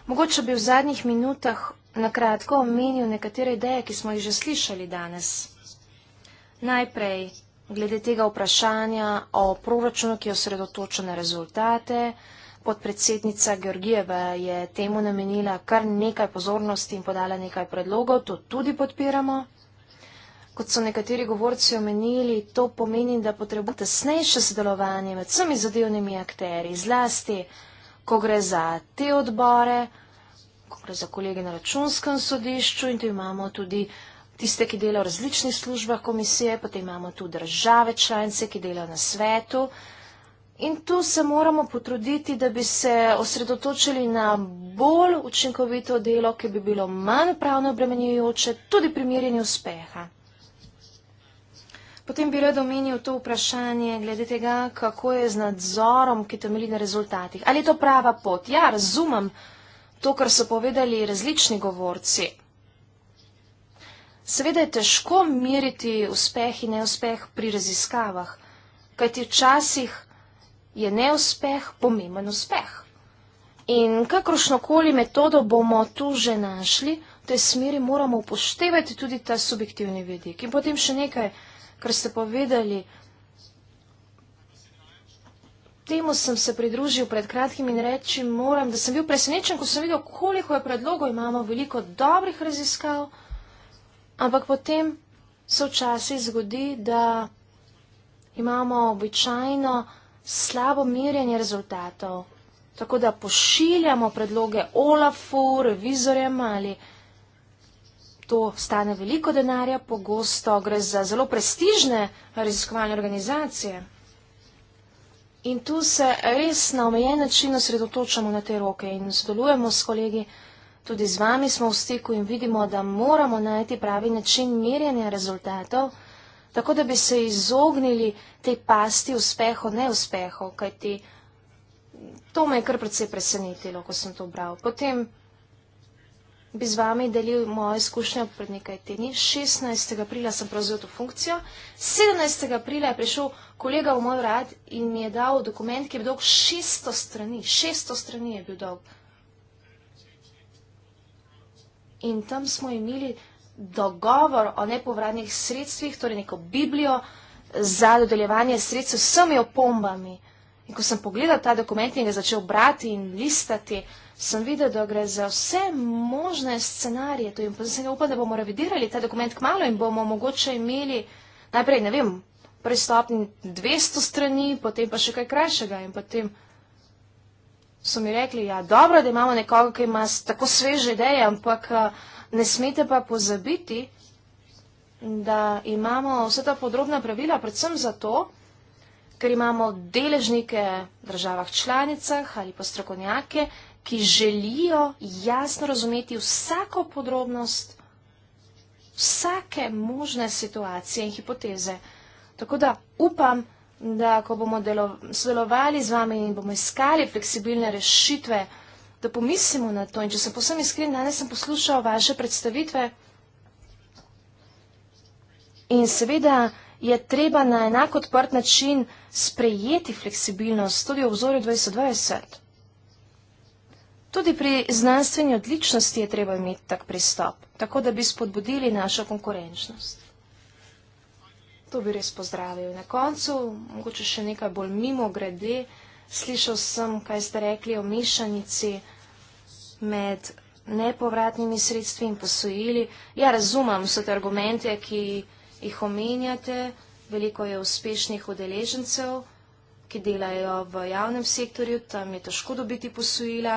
Mogoče bi v zadnjih minutah nakratko omenil nekatere ideje, ki smo jih že slišali danes. Najprej glede tega vprašanja o proračunu, ki osredotoča na rezultate. Podpredsednica Georgijeva je temu namenila kar nekaj pozornosti in podala nekaj predlogov, to tudi podpiramo. Kot so nekateri govorci omenili, to pomeni, da potrebujete tesnejše sodelovanje med vsemi zadevnimi akteri, zlasti, ko gre za te odbore, ko gre za kolege na računskem sodišču in tu imamo tudi uh, tiste, ki delajo v različnih službah komisije, potem imamo tudi države članice, ki delajo na svetu. In tu se moramo potruditi, da bi se osredotočili na bolj učinkovito delo, ki bi bilo manj pravno obremenjujoče, tudi pri mirjenju uspeha. Potem bi rad omenil to vprašanje glede tega, kako je z nadzorom, ki temelji na rezultatih. Ali je to prava pot? Ja, razumem to, kar so povedali različni govorci, Seveda je težko meriti uspeh in neuspeh pri raziskavah, kajti včasih je neuspeh pomemben uspeh. In kakršnokoli metodo bomo tu že našli, v tej smeri moramo upoštevati tudi ta subjektivni vidik. In potem še nekaj, kar ste povedali. Temu sem se pridružil pred kratkim in reči moram, da sem bil presenečen, ko sem videl, koliko je predlogov. Imamo veliko dobrih raziskav. Ampak potem se včasih zgodi, da imamo običajno slabo merjenje rezultatov. Tako da pošiljamo predloge Olafu, revizorjem ali to stane veliko denarja, pogosto gre za zelo prestižne raziskovalne organizacije. In tu se res na omejen način osredotočamo na te roke in sodelujemo s kolegi. Tudi z vami smo v stiku in vidimo, da moramo najti pravi način merjanja rezultatov, tako da bi se izognili tej pasti uspehov, neuspehov, kajti to me je kar precej presenetilo, ko sem to bral. Potem bi z vami delil moje izkušnje pred nekaj tedni. 16. aprila sem prevzel to funkcijo. 17. aprila je prišel kolega v moj rad in mi je dal dokument, ki je dolg 600 strani. 600 strani je bil dolg in tam smo imeli dogovor o nepovratnih sredstvih, torej neko biblijo za dodeljevanje sredstv s vsemi opombami. In ko sem pogledal ta dokument in ga začel brati in listati, sem videl, da gre za vse možne scenarije. To in potem sem upal, da bomo revidirali ta dokument kmalo in bomo mogoče imeli najprej, ne vem, prestopni 200 strani, potem pa še kaj krajšega in potem so mi rekli, ja, dobro, da imamo nekoga, ki ima tako sveže ideje, ampak eh, ne smete pa pozabiti, da imamo vse ta podrobna pravila, predvsem zato, ker imamo deležnike v državah članicah ali pa strokovnjake, ki želijo jasno razumeti vsako podrobnost, vsake možne situacije in hipoteze. Tako da upam, da da ko bomo delo, sodelovali z vami in bomo iskali fleksibilne rešitve, da pomislimo na to. In če sem posebno iskren, danes sem poslušal vaše predstavitve in seveda je treba na enako odprt način sprejeti fleksibilnost tudi v obzorju 2020. Tudi pri znanstveni odličnosti je treba imeti tak pristop, tako da bi spodbudili našo konkurenčnost. To bi res pozdravil. Na koncu, mogoče še nekaj bolj mimo grede, slišal sem, kaj ste rekli o mešanici med nepovratnimi sredstvi in posojili. Ja, razumem vse te argumente, ki jih omenjate. Veliko je uspešnih udeležencev, ki delajo v javnem sektorju, tam je težko dobiti posojila.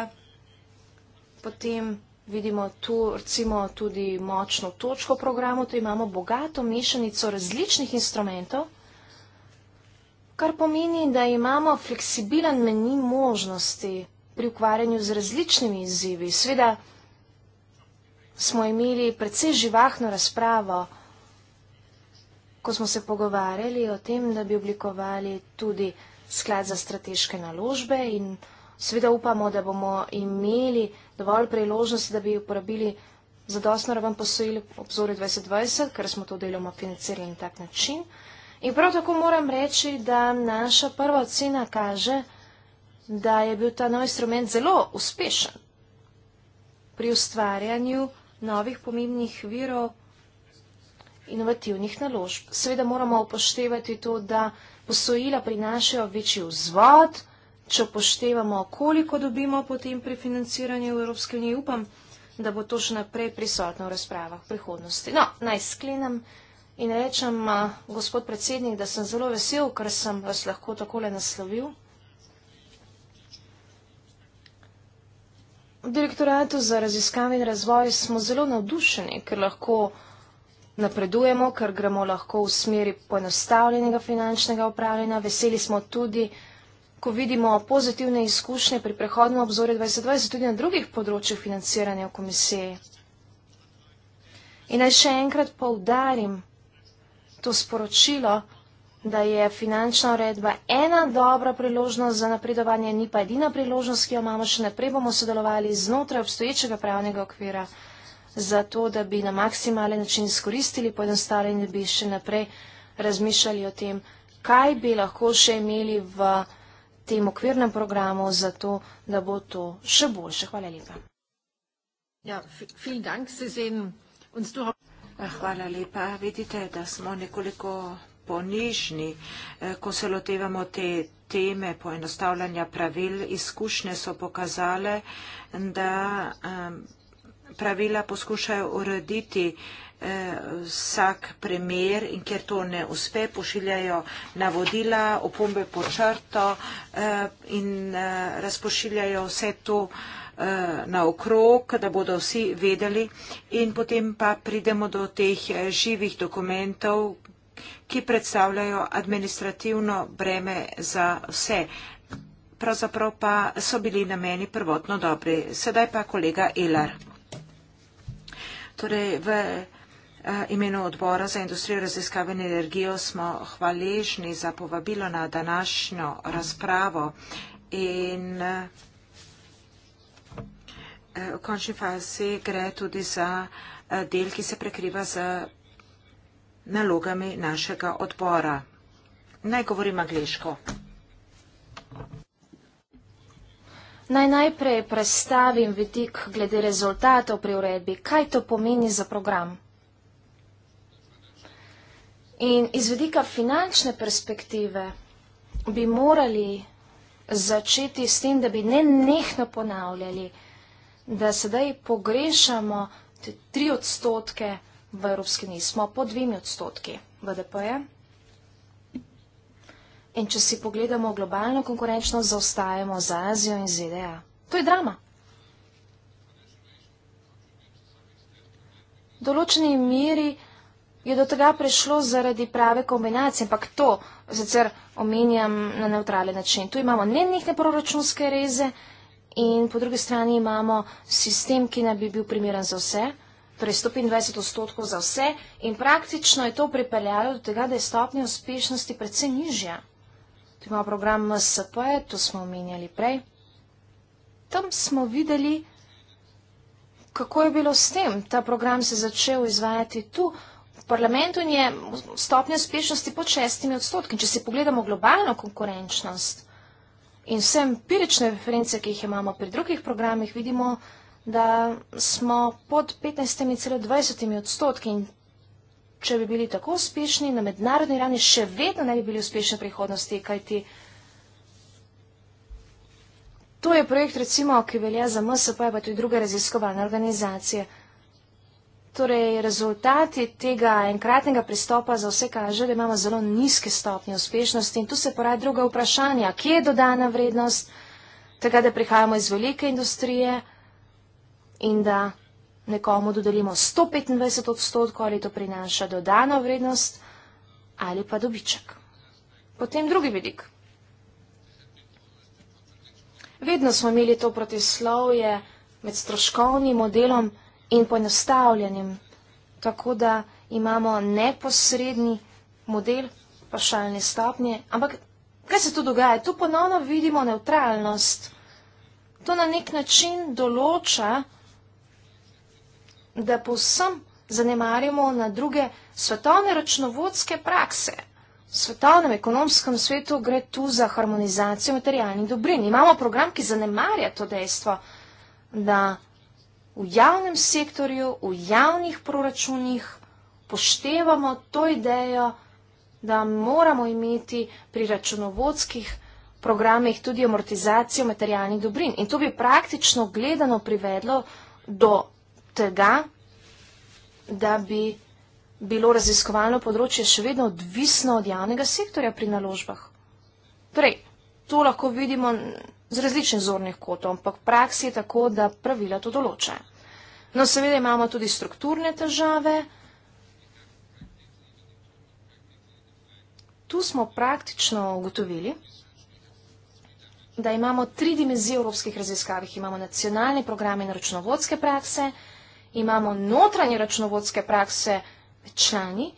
Potem Vidimo tu recimo tudi močno točko programu, tu imamo bogato mešanico različnih instrumentov, kar pomeni, da imamo fleksibilen meni možnosti pri ukvarjanju z različnimi izzivi. Sveda smo imeli precej živahno razpravo, ko smo se pogovarjali o tem, da bi oblikovali tudi sklad za strateške naložbe in vsega. Seveda upamo, da bomo imeli dovolj priložnosti, da bi uporabili zadostno raven posojil obzore 2020, ker smo to deloma financirali na tak način. In prav tako moram reči, da naša prva ocena kaže, da je bil ta nov instrument zelo uspešen pri ustvarjanju novih pomembnih virov inovativnih naložb. Seveda moramo upoštevati to, da posojila prinašajo večji vzvod, če upoštevamo, koliko dobimo potem pri financiranju Evropske unije, upam, da bo to še naprej prisotno v razpravah v prihodnosti. No, naj sklenem in rečem, a, gospod predsednik, da sem zelo vesel, ker sem vas lahko takole naslovil. V direktoratu za raziskave in razvoj smo zelo navdušeni, ker lahko napredujemo, ker gremo lahko v smeri poenostavljenega finančnega upravljanja. Veseli smo tudi, ko vidimo pozitivne izkušnje pri prehodnem obzorju 2020 tudi na drugih področjih financiranja v komisiji. In naj še enkrat poudarim to sporočilo, da je finančna uredba ena dobra priložnost za napredovanje, ni pa edina priložnost, ki jo imamo, še naprej bomo sodelovali znotraj obstoječega pravnega okvira za to, da bi na maksimalen način izkoristili poenostavljanje in da bi še naprej razmišljali o tem, kaj bi lahko še imeli v tem okvirnem programu, zato da bo to še boljše. Hvala lepa. Ja, dank, eh, Hvala lepa. Vidite, da smo nekoliko ponižni, eh, ko se lotevamo te teme poenostavljanja pravil. Izkušnje so pokazale, da eh, pravila poskušajo urediti vsak primer in kjer to ne uspe, pošiljajo navodila, opombe po črto eh, in eh, razpošiljajo vse to eh, na okrog, da bodo vsi vedeli. In potem pa pridemo do teh živih dokumentov, ki predstavljajo administrativno breme za vse. Pravzaprav pa so bili na meni prvotno dobri. Sedaj pa kolega Ilar. Torej, v Eh, imenu odbora za industrijo raziskave in energijo smo hvaležni za povabilo na današnjo razpravo in eh, v končni fazi gre tudi za eh, del, ki se prekriva z nalogami našega odbora. Naj govorim angliško. Naj najprej predstavim vidik glede rezultatov pri uredbi. Kaj to pomeni za program? In izvedika finančne perspektive bi morali začeti s tem, da bi ne nehno ponavljali, da sedaj pogrešamo tri odstotke v Evropski uniji. Smo po dvimi odstotki BDP-ja. In če si pogledamo globalno konkurenčnost, zaostajamo za Azijo in ZDA. To je drama. določeni meri je do tega prišlo zaradi prave kombinacije, ampak to sicer omenjam na neutralen način. Tu imamo nenehne proračunske reze in po drugi strani imamo sistem, ki naj bi bil primeren za vse, torej 125 odstotkov za vse in praktično je to pripeljalo do tega, da je stopnja uspešnosti predvsem nižja. Tu imamo program MSP, to smo omenjali prej. Tam smo videli, kako je bilo s tem. Ta program se je začel izvajati tu v parlamentu in je stopnja uspešnosti pod šestimi odstotki. Če si pogledamo globalno konkurenčnost in vse empirične reference, ki jih imamo pri drugih programih, vidimo, da smo pod 15,20 odstotki in če bi bili tako uspešni na mednarodni ravni, še vedno ne bi bili uspešni v prihodnosti, kajti to je projekt recimo, ki velja za MSP, pa tudi druge raziskovalne organizacije. Torej, rezultati tega enkratnega pristopa za vse kaže, da imamo zelo nizke stopnje uspešnosti in tu se poraja druga vprašanja. Kje je dodana vrednost tega, da prihajamo iz velike industrije in da nekomu dodelimo 125 odstotkov, ali to prinaša dodano vrednost ali pa dobiček. Potem drugi vidik. Vedno smo imeli to protislovje med stroškovnim modelom, in poenostavljenim, tako da imamo neposredni model pašalne stopnje. Ampak kaj se tu dogaja? Tu ponovno vidimo neutralnost. To na nek način določa, da povsem zanemarjamo na druge svetovne računovodske prakse. V svetovnem ekonomskem svetu gre tu za harmonizacijo materialnih dobrin. Imamo program, ki zanemarja to dejstvo, da v javnem sektorju, v javnih proračunih poštevamo to idejo, da moramo imeti pri računovodskih programih tudi amortizacijo materialnih dobrin. In to bi praktično gledano privedlo do tega, da bi bilo raziskovalno področje še vedno odvisno od javnega sektorja pri naložbah. Torej, to lahko vidimo z različnih zornih kotov, ampak praksi je tako, da pravila to določa. No, seveda imamo tudi strukturne težave. Tu smo praktično ugotovili, da imamo tri dimenzije v evropskih raziskavih. Imamo nacionalne programe in računovodske prakse, imamo notranje računovodske prakse člani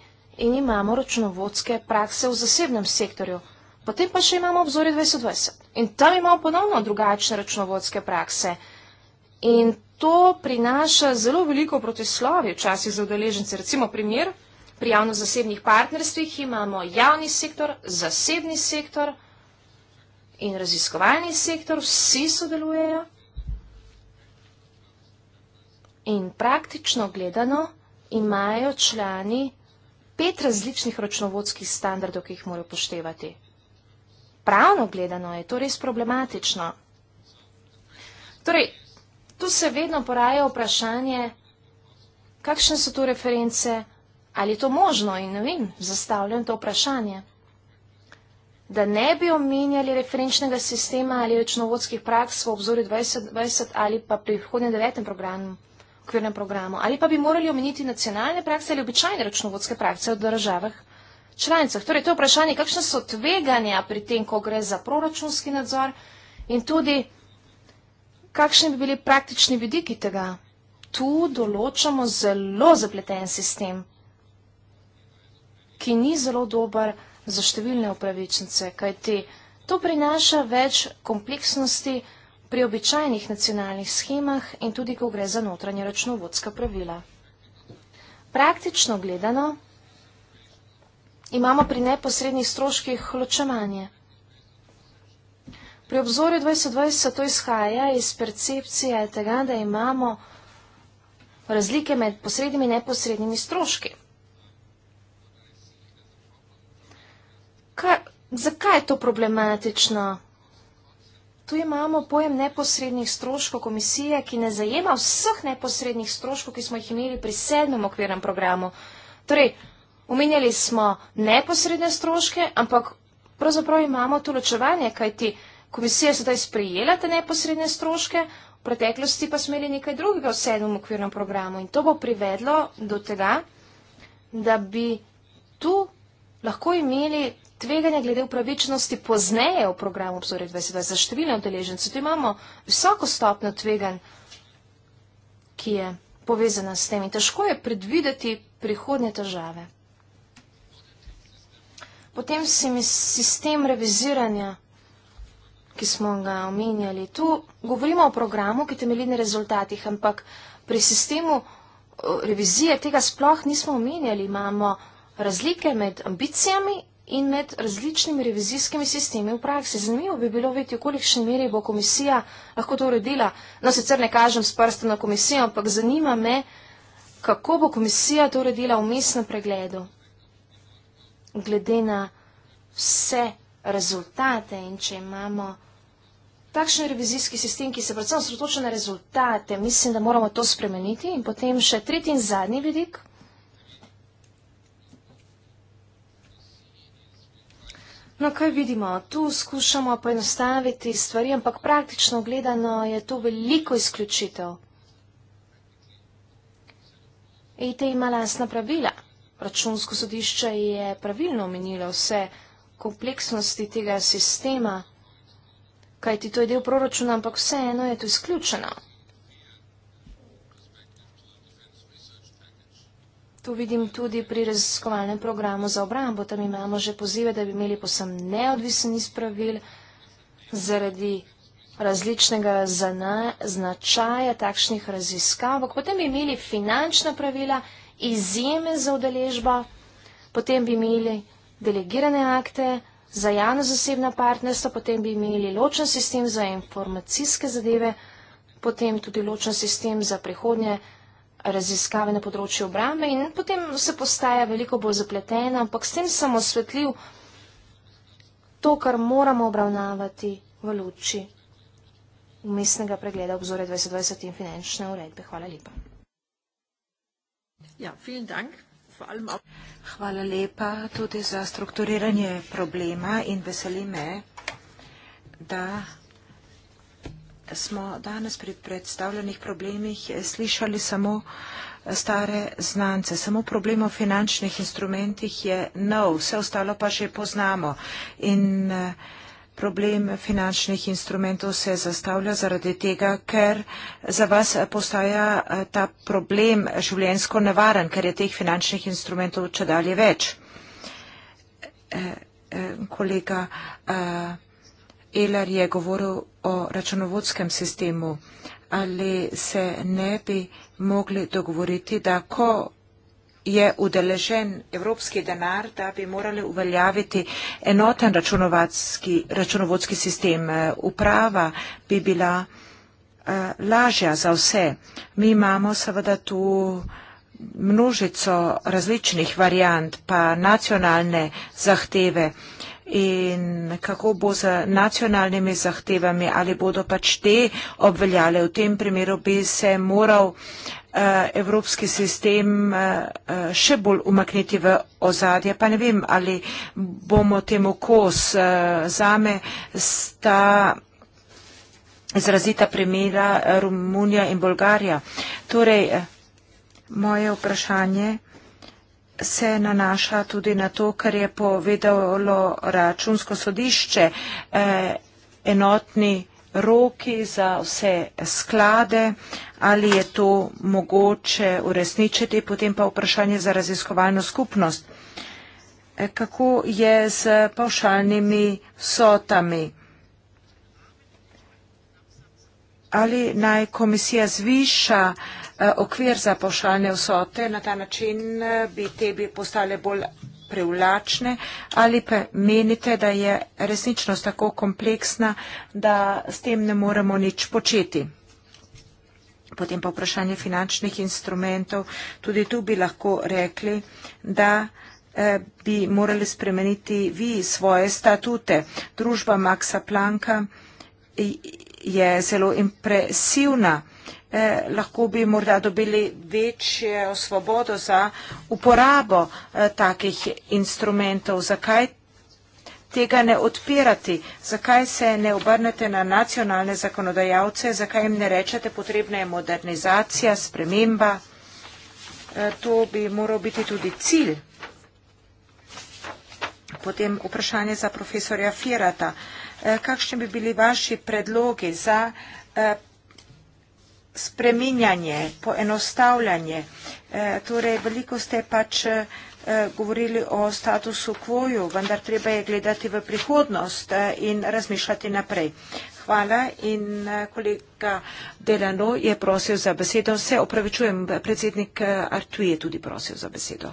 in imamo računovodske prakse v zasebnem sektorju. Potem pa še imamo obzorje 2020 in tam imamo ponovno drugačne računovodske prakse. In to prinaša zelo veliko protislovi včasih za udeležence. Recimo primer, pri javno-zasebnih partnerstvih imamo javni sektor, zasebni sektor in raziskovalni sektor, vsi sodelujejo. In praktično gledano imajo člani pet različnih računovodskih standardov, ki jih morajo poštevati pravno gledano je to res problematično. Torej, tu se vedno poraja vprašanje, kakšne so tu reference, ali je to možno in ne vem, zastavljam to vprašanje. Da ne bi omenjali referenčnega sistema ali računovodskih praks v obzorju 2020 ali pa pri vhodnem devetem programu, okvirnem programu, ali pa bi morali omeniti nacionalne prakse ali običajne računovodske prakse v državah članicah. Torej, to je vprašanje, kakšne so tveganja pri tem, ko gre za proračunski nadzor in tudi kakšni bi bili praktični vidiki tega. Tu določamo zelo zapleten sistem, ki ni zelo dober za številne upravičence, kajti to prinaša več kompleksnosti pri običajnih nacionalnih schemah in tudi, ko gre za notranje računovodska pravila. Praktično gledano, imamo pri neposrednih stroških ločevanje. Pri obzorju 2020 to izhaja iz percepcije tega, da imamo razlike med posrednimi in neposrednimi stroški. Kar, zakaj je to problematično? Tu imamo pojem neposrednih stroškov komisije, ki ne zajema vseh neposrednih stroškov, ki smo jih imeli pri sedmem okvirnem programu. Torej, Omenjali smo neposredne stroške, ampak pravzaprav imamo to ločevanje, kajti komisija sedaj sprejela te neposredne stroške, v preteklosti pa smo imeli nekaj drugega v sedmem okvirnem programu in to bo privedlo do tega, da bi tu lahko imeli tveganje glede upravičnosti pozneje v programu obzorja 2020 za številne odeležence. Tu imamo visoko stopno tvegan, ki je povezana s tem in težko je predvideti prihodnje težave. Potem se mi sistem reviziranja, ki smo ga omenjali, tu govorimo o programu, ki temelji na rezultatih, ampak pri sistemu uh, revizije tega sploh nismo omenjali. Imamo razlike med ambicijami in med različnimi revizijskimi sistemi v praksi. Zanimivo bi bilo vedeti, v kolikšni meri bo komisija lahko to uredila. No, sicer ne kažem s prstom na komisijo, ampak zanima me, kako bo komisija to uredila v mestnem pregledu glede na vse rezultate in če imamo takšen revizijski sistem, ki se predvsem osredotoča na rezultate, mislim, da moramo to spremeniti in potem še tretji in zadnji vidik. No, kaj vidimo? Tu skušamo poenostaviti stvari, ampak praktično gledano je to veliko izključitev. EIT ima lasna pravila. Računsko sodišče je pravilno omenilo vse kompleksnosti tega sistema, kajti to je del proračuna, ampak vseeno je to izključeno. Tu vidim tudi pri raziskovalnem programu za obrambo, tam imamo že pozive, da bi imeli posem neodvisen izpravil zaradi različnega značaja takšnih raziskav, potem bi imeli finančna pravila in izjeme za udeležbo, potem bi imeli delegirane akte za javno zasebna partnerstva, potem bi imeli ločen sistem za informacijske zadeve, potem tudi ločen sistem za prihodnje raziskave na področju obrambe in potem se postaja veliko bolj zapletena, ampak s tem sem osvetljiv to, kar moramo obravnavati v luči umestnega pregleda obzore 2020 in finančne uredbe. Hvala lepa. Ja, vielen Dank. Hvala lepa tudi za strukturiranje problema in veseli me, da smo danes pri predstavljenih problemih slišali samo stare znance. Samo problem o finančnih instrumentih je nov, vse ostalo pa že poznamo. In, uh, problem finančnih instrumentov se zastavlja zaradi tega, ker za vas postaja eh, ta problem življensko nevaren, ker je teh finančnih instrumentov če dalje več. Eh, eh, kolega Elar je govoril o računovodskem sistemu. Ali se ne bi mogli dogovoriti, da ko je udeležen evropski denar, da bi morali uveljaviti enoten računovodski sistem. Uprava bi bila eh, lažja za vse. Mi imamo seveda tu množico različnih variant, pa nacionalne zahteve in kako bo z nacionalnimi zahtevami, ali bodo pač te obveljale. V tem primeru bi se moral uh, evropski sistem uh, še bolj umakniti v ozadje, pa ne vem, ali bomo temu kos uh, zame sta. Zrazita primera Romunija in Bolgarija. Torej, moje vprašanje se nanaša tudi na to, kar je povedalo računsko sodišče. Eh, enotni roki za vse sklade, ali je to mogoče uresničiti, potem pa vprašanje za raziskovalno skupnost. Eh, kako je z pavšalnimi sotami? Ali naj komisija zviša eh, Eh, okvir za pošaljne vsote, na ta način eh, bi te bi postale bolj privlačne ali pa menite, da je resničnost tako kompleksna, da s tem ne moremo nič početi. Potem pa vprašanje finančnih instrumentov. Tudi tu bi lahko rekli, da eh, bi morali spremeniti vi svoje statute. Družba Maxa Planka je zelo impresivna. Eh, lahko bi morda dobili večjo svobodo za uporabo eh, takih instrumentov. Zakaj tega ne odpirati? Zakaj se ne obrnete na nacionalne zakonodajalce? Zakaj jim ne rečete, potrebna je modernizacija, sprememba? Eh, to bi moral biti tudi cilj. Potem vprašanje za profesorja Firata. Kakšni bi bili vaši predlogi za spreminjanje, poenostavljanje. E, torej, veliko ste pač e, govorili o statusu kvoju, vendar treba je gledati v prihodnost e, in razmišljati naprej. Hvala in kolega Delano je prosil za besedo. Se opravičujem, predsednik Artui je tudi prosil za besedo.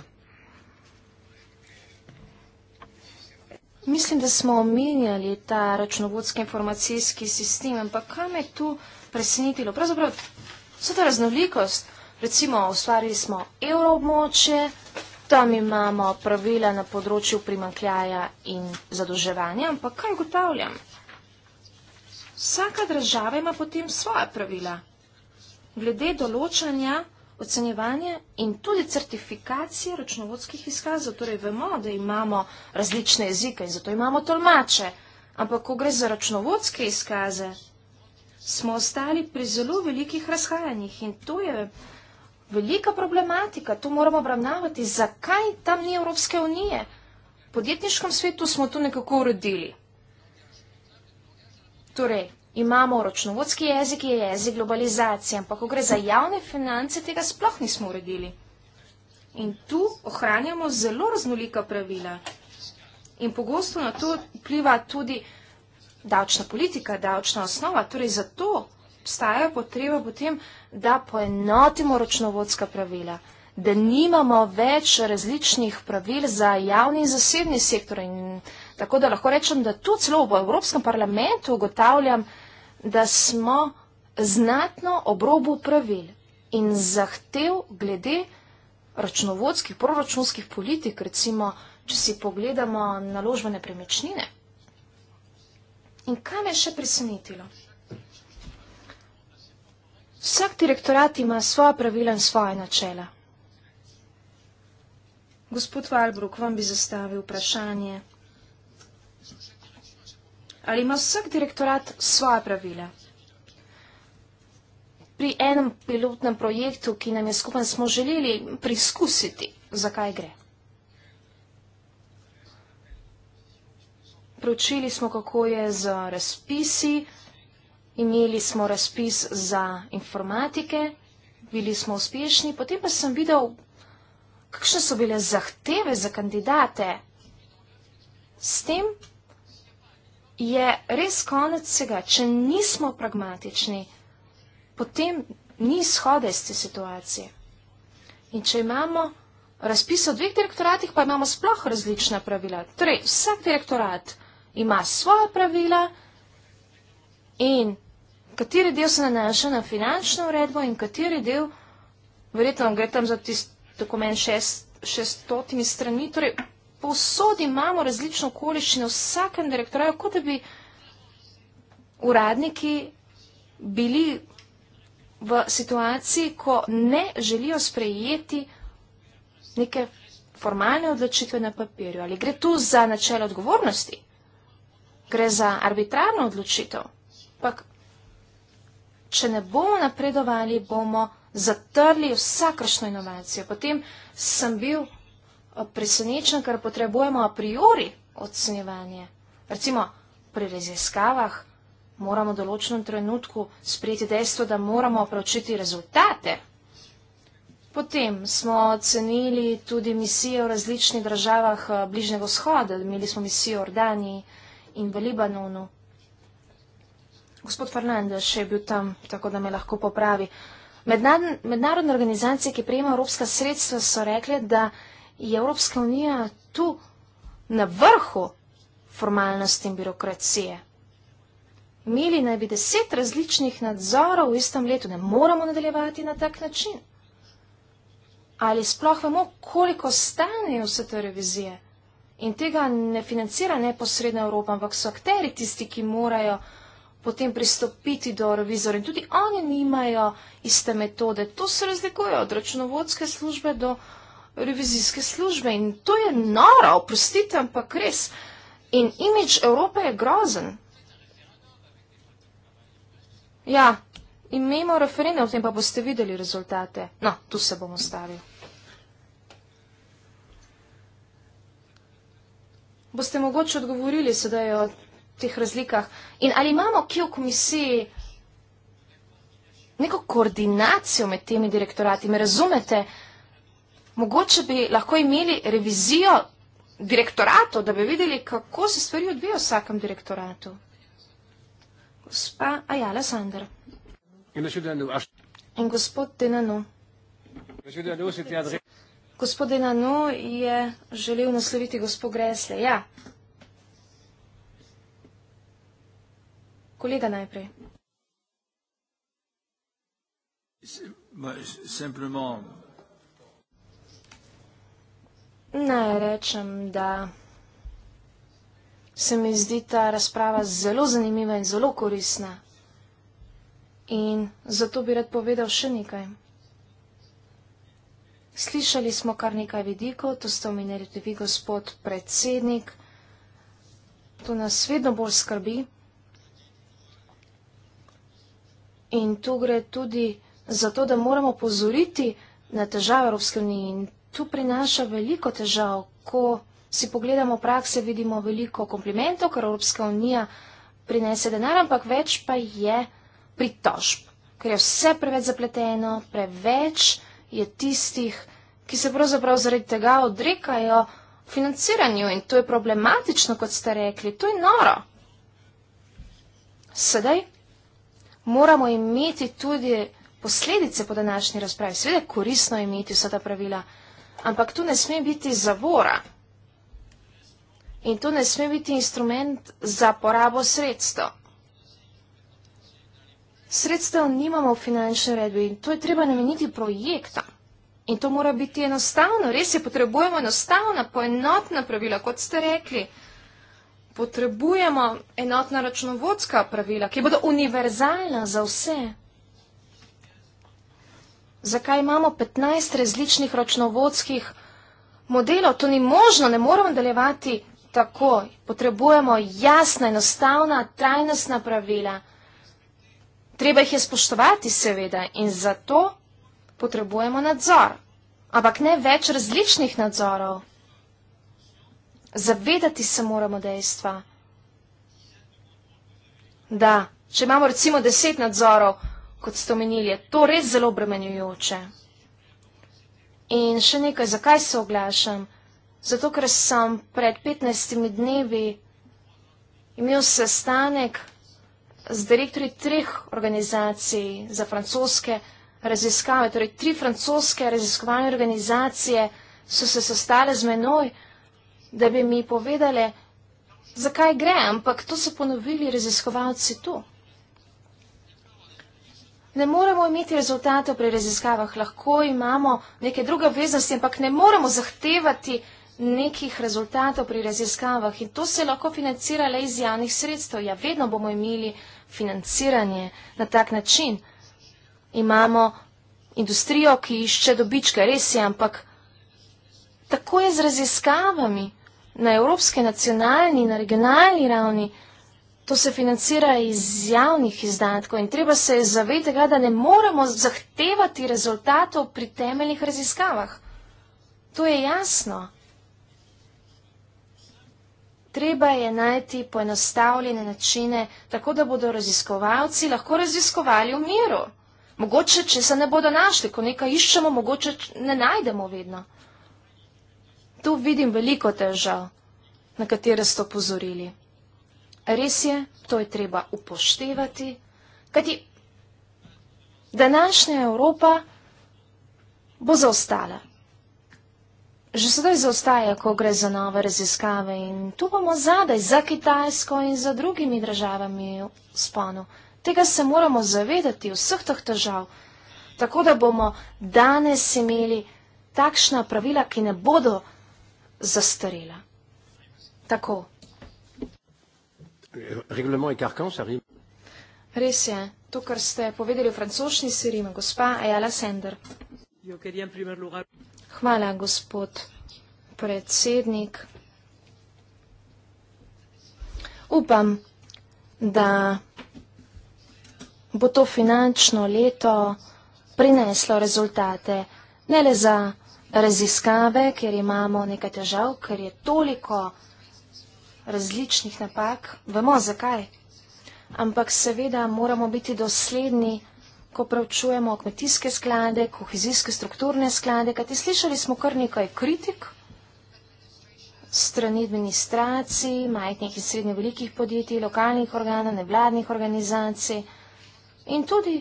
Mislim, da smo omenjali ta računovodski informacijski sistem, ampak kam je tu presenetilo. Pravzaprav vsa ta raznolikost, recimo ustvarili smo evroobmoče, tam imamo pravila na področju primankljaja in zadolževanja, ampak kaj ugotavljam? Vsaka država ima potem svoje pravila. Glede določanja, ocenjevanja in tudi certifikacije računovodskih izkazov, torej vemo, da imamo različne jezike in zato imamo tolmače. Ampak, ko gre za računovodske izkaze, smo ostali pri zelo velikih razhajanjih in to je velika problematika, to moramo obravnavati. Zakaj tam ni Evropske unije? V podjetniškem svetu smo to nekako uredili. Torej, imamo ročnovodski jezik, je jezik globalizacije, ampak ko gre za javne finance, tega sploh nismo uredili. In tu ohranjamo zelo raznolika pravila. In pogosto na to vpliva tudi davčna politika, davčna osnova, torej zato obstaja potreba potem, da poenotimo računovodska pravila, da nimamo več različnih pravil za javni in zasebni sektor. In tako da lahko rečem, da tu celo v Evropskem parlamentu ugotavljam, da smo znatno obrobu pravil in zahtev glede računovodskih, proračunskih politik, recimo, če si pogledamo naložbene premečnine. In kaj me je še presenetilo? Vsak direktorat ima svoja pravila in svoje načela. Gospod Valbrok, vam bi zastavil vprašanje. Ali ima vsak direktorat svoja pravila? Pri enem pilotnem projektu, ki nam je skupaj smo želeli priskusiti, zakaj gre? Pročili smo, kako je z razpisi. Imeli smo razpis za informatike, bili smo uspešni. Potem pa sem videl, kakšne so bile zahteve za kandidate. S tem je res konec vsega. Če nismo pragmatični, potem ni izhode iz te situacije. In če imamo razpis v dveh direktoratih, pa imamo sploh različna pravila. Torej, vsak direktorat ima svoja pravila in kateri del se nanaša na finančno uredbo in kateri del, verjetno gre tam za tisti dokument šest, šestotimi strani, torej posod imamo različno okoliščino v vsakem direktorju, kot da bi uradniki bili v situaciji, ko ne želijo sprejeti neke formalne odločitve na papirju. Ali gre tu za načelo odgovornosti? gre za arbitrarno odločitev. Pak, če ne bomo napredovali, bomo zatrli vsakršno inovacijo. Potem sem bil eh, presenečen, ker potrebujemo a priori ocenjevanje. Recimo pri raziskavah moramo v določenem trenutku sprejeti dejstvo, da moramo preučiti rezultate. Potem smo ocenili tudi misije v različnih državah eh, bližnjega vzhoda. Imeli smo misijo v Jordaniji, in v Libanonu. Gospod Fernandez še je bil tam, tako da me lahko popravi. Mednarodne organizacije, ki prejemajo evropska sredstva, so rekle, da je Evropska unija tu na vrhu formalnosti in birokracije. Imeli naj bi deset različnih nadzorov v istem letu, ne moramo nadaljevati na tak način. Ali sploh vemo, koliko stanejo vse te revizije? In tega ne financira neposredna Evropa, ampak so akteri tisti, ki morajo potem pristopiti do revizora. In tudi oni nimajo iste metode. To se razlikuje od računovodske službe do revizijske službe. In to je nora, oprostite, ampak res. In imič Evrope je grozen. Ja, imemo referendum, potem pa boste videli rezultate. No, tu se bomo stavili. boste mogoče odgovorili sedaj o teh razlikah. In ali imamo ki v komisiji neko koordinacijo med temi direktorati? Me razumete? Mogoče bi lahko imeli revizijo direktorato, da bi videli, kako se stvari odvijajo v vsakem direktoratu. Gospa Ajala Sander. In gospod Denano. Gospod Enano je želel nasloviti gospod Gresle. Ja. Kolega najprej. Naj rečem, da se mi zdi ta razprava zelo zanimiva in zelo korisna. In zato bi rad povedal še nekaj. Slišali smo kar nekaj vidikov, to ste omenili tudi vi, gospod predsednik. To nas vedno bolj skrbi. In tu gre tudi za to, da moramo pozoriti na težave Evropske unije. In tu prinaša veliko težav. Ko si pogledamo prakse, vidimo veliko komplimentov, kar Evropska unija prinese denar, ampak več pa je pritožb, ker je vse preveč zapleteno, preveč je tistih, ki se pravzaprav zaradi tega odrekajo financiranju in to je problematično, kot ste rekli, to je noro. Sedaj moramo imeti tudi posledice po današnji razpravi. Sveda je korisno imeti vsa ta pravila, ampak tu ne sme biti zavora. In to ne sme biti instrument za porabo sredstva sredstev nimamo v finančni redbi in to je treba nameniti projektom. In to mora biti enostavno, res je, potrebujemo enostavna, poenotna pravila, kot ste rekli. Potrebujemo enotna računovodska pravila, ki bodo univerzalna za vse. Zakaj imamo 15 različnih računovodskih modelov? To ni možno, ne moramo delovati takoj. Potrebujemo jasna, enostavna, trajnostna pravila. Treba jih je spoštovati, seveda, in zato potrebujemo nadzor, ampak ne več različnih nadzorov. Zavedati se moramo dejstva, da če imamo recimo deset nadzorov, kot ste omenili, je to res zelo obremenjujoče. In še nekaj, zakaj se oglašam? Zato, ker sem pred 15 dnevi imel sestanek z direktori treh organizacij za francoske raziskave, torej tri francoske raziskovalne organizacije so se sestale z menoj, da bi mi povedali, zakaj gre, ampak to so ponovili raziskovalci tu. Ne moremo imeti rezultatov pri raziskavah, lahko imamo neke druge obveznosti, ampak ne moremo zahtevati nekih rezultatov pri raziskavah. In to se lahko financira le iz javnih sredstev. Ja, vedno bomo imeli uh, financiranje na tak način. Imamo industrijo, ki išče dobičke, res je, ampak tako je z raziskavami na evropske, nacionalni, na regionalni ravni. To se financira iz javnih izdatkov in treba se zavedati, da ne moremo zahtevati rezultatov pri temeljnih raziskavah. To je jasno. Treba je najti poenostavljene načine, tako da bodo raziskovalci lahko raziskovali v miru. Mogoče, če se ne bodo našli, ko nekaj iščemo, mogoče ne najdemo vedno. Tu vidim veliko težav, na katere ste opozorili. Res je, to je treba upoštevati, kajti današnja Evropa bo zaostala že sedaj zaostaja, ko gre za nove raziskave in tu bomo zadaj za Kitajsko in za drugimi državami v sponu. Tega se moramo zavedati vseh teh držav, tako da bomo danes imeli takšna pravila, ki ne bodo zastarela. Tako. Reglement je karkan, Sarim. Res je, to, kar ste povedali v francoščini, Sirima, gospa Ejala Sender. Hvala, gospod predsednik. Upam, da bo to finančno leto prineslo rezultate, ne le za raziskave, ker imamo nekaj težav, ker je toliko različnih napak, vemo zakaj, ampak seveda moramo biti dosledni ko pravčujemo kmetijske sklade, kohezijske strukturne sklade, kajti slišali smo kar nekaj kritik strani administracij, majhnih in srednje velikih podjetij, lokalnih organov, nevladnih organizacij in tudi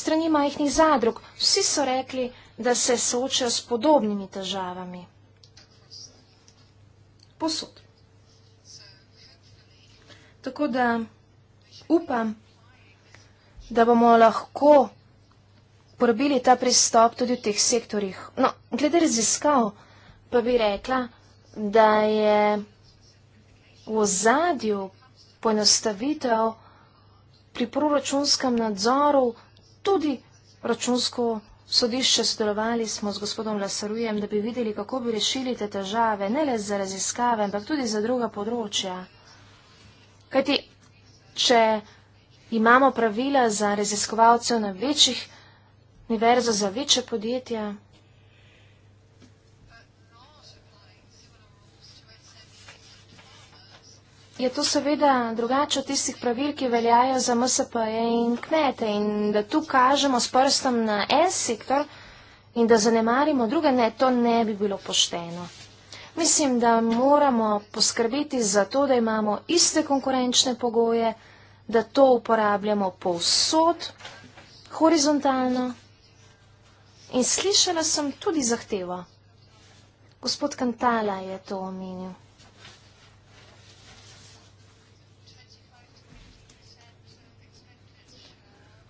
strani majhnih zadrug. Vsi so rekli, da se soočajo s podobnimi težavami. Posod. Tako da upam, da bomo lahko porabili ta pristop tudi v teh sektorjih. No, glede raziskav pa bi rekla, da je v ozadju poenostavitev pri proračunskem nadzoru tudi računsko sodišče sodelovali smo z gospodom Lasarujem, da bi videli, kako bi rešili te težave, ne le za raziskave, ampak tudi za druga področja. Kajti, če imamo pravila za raziskovalce na večjih univerzah, za večje podjetja. Je to seveda drugače od tistih pravil, ki veljajo za MSP-je in kmete in da tu kažemo s prstom na en sektor in da zanemarimo druge, ne, to ne bi bilo pošteno. Mislim, da moramo poskrbiti za to, da imamo iste konkurenčne pogoje, da to uporabljamo povsod, horizontalno. In slišala sem tudi zahtevo. Gospod Kantala je to omenil.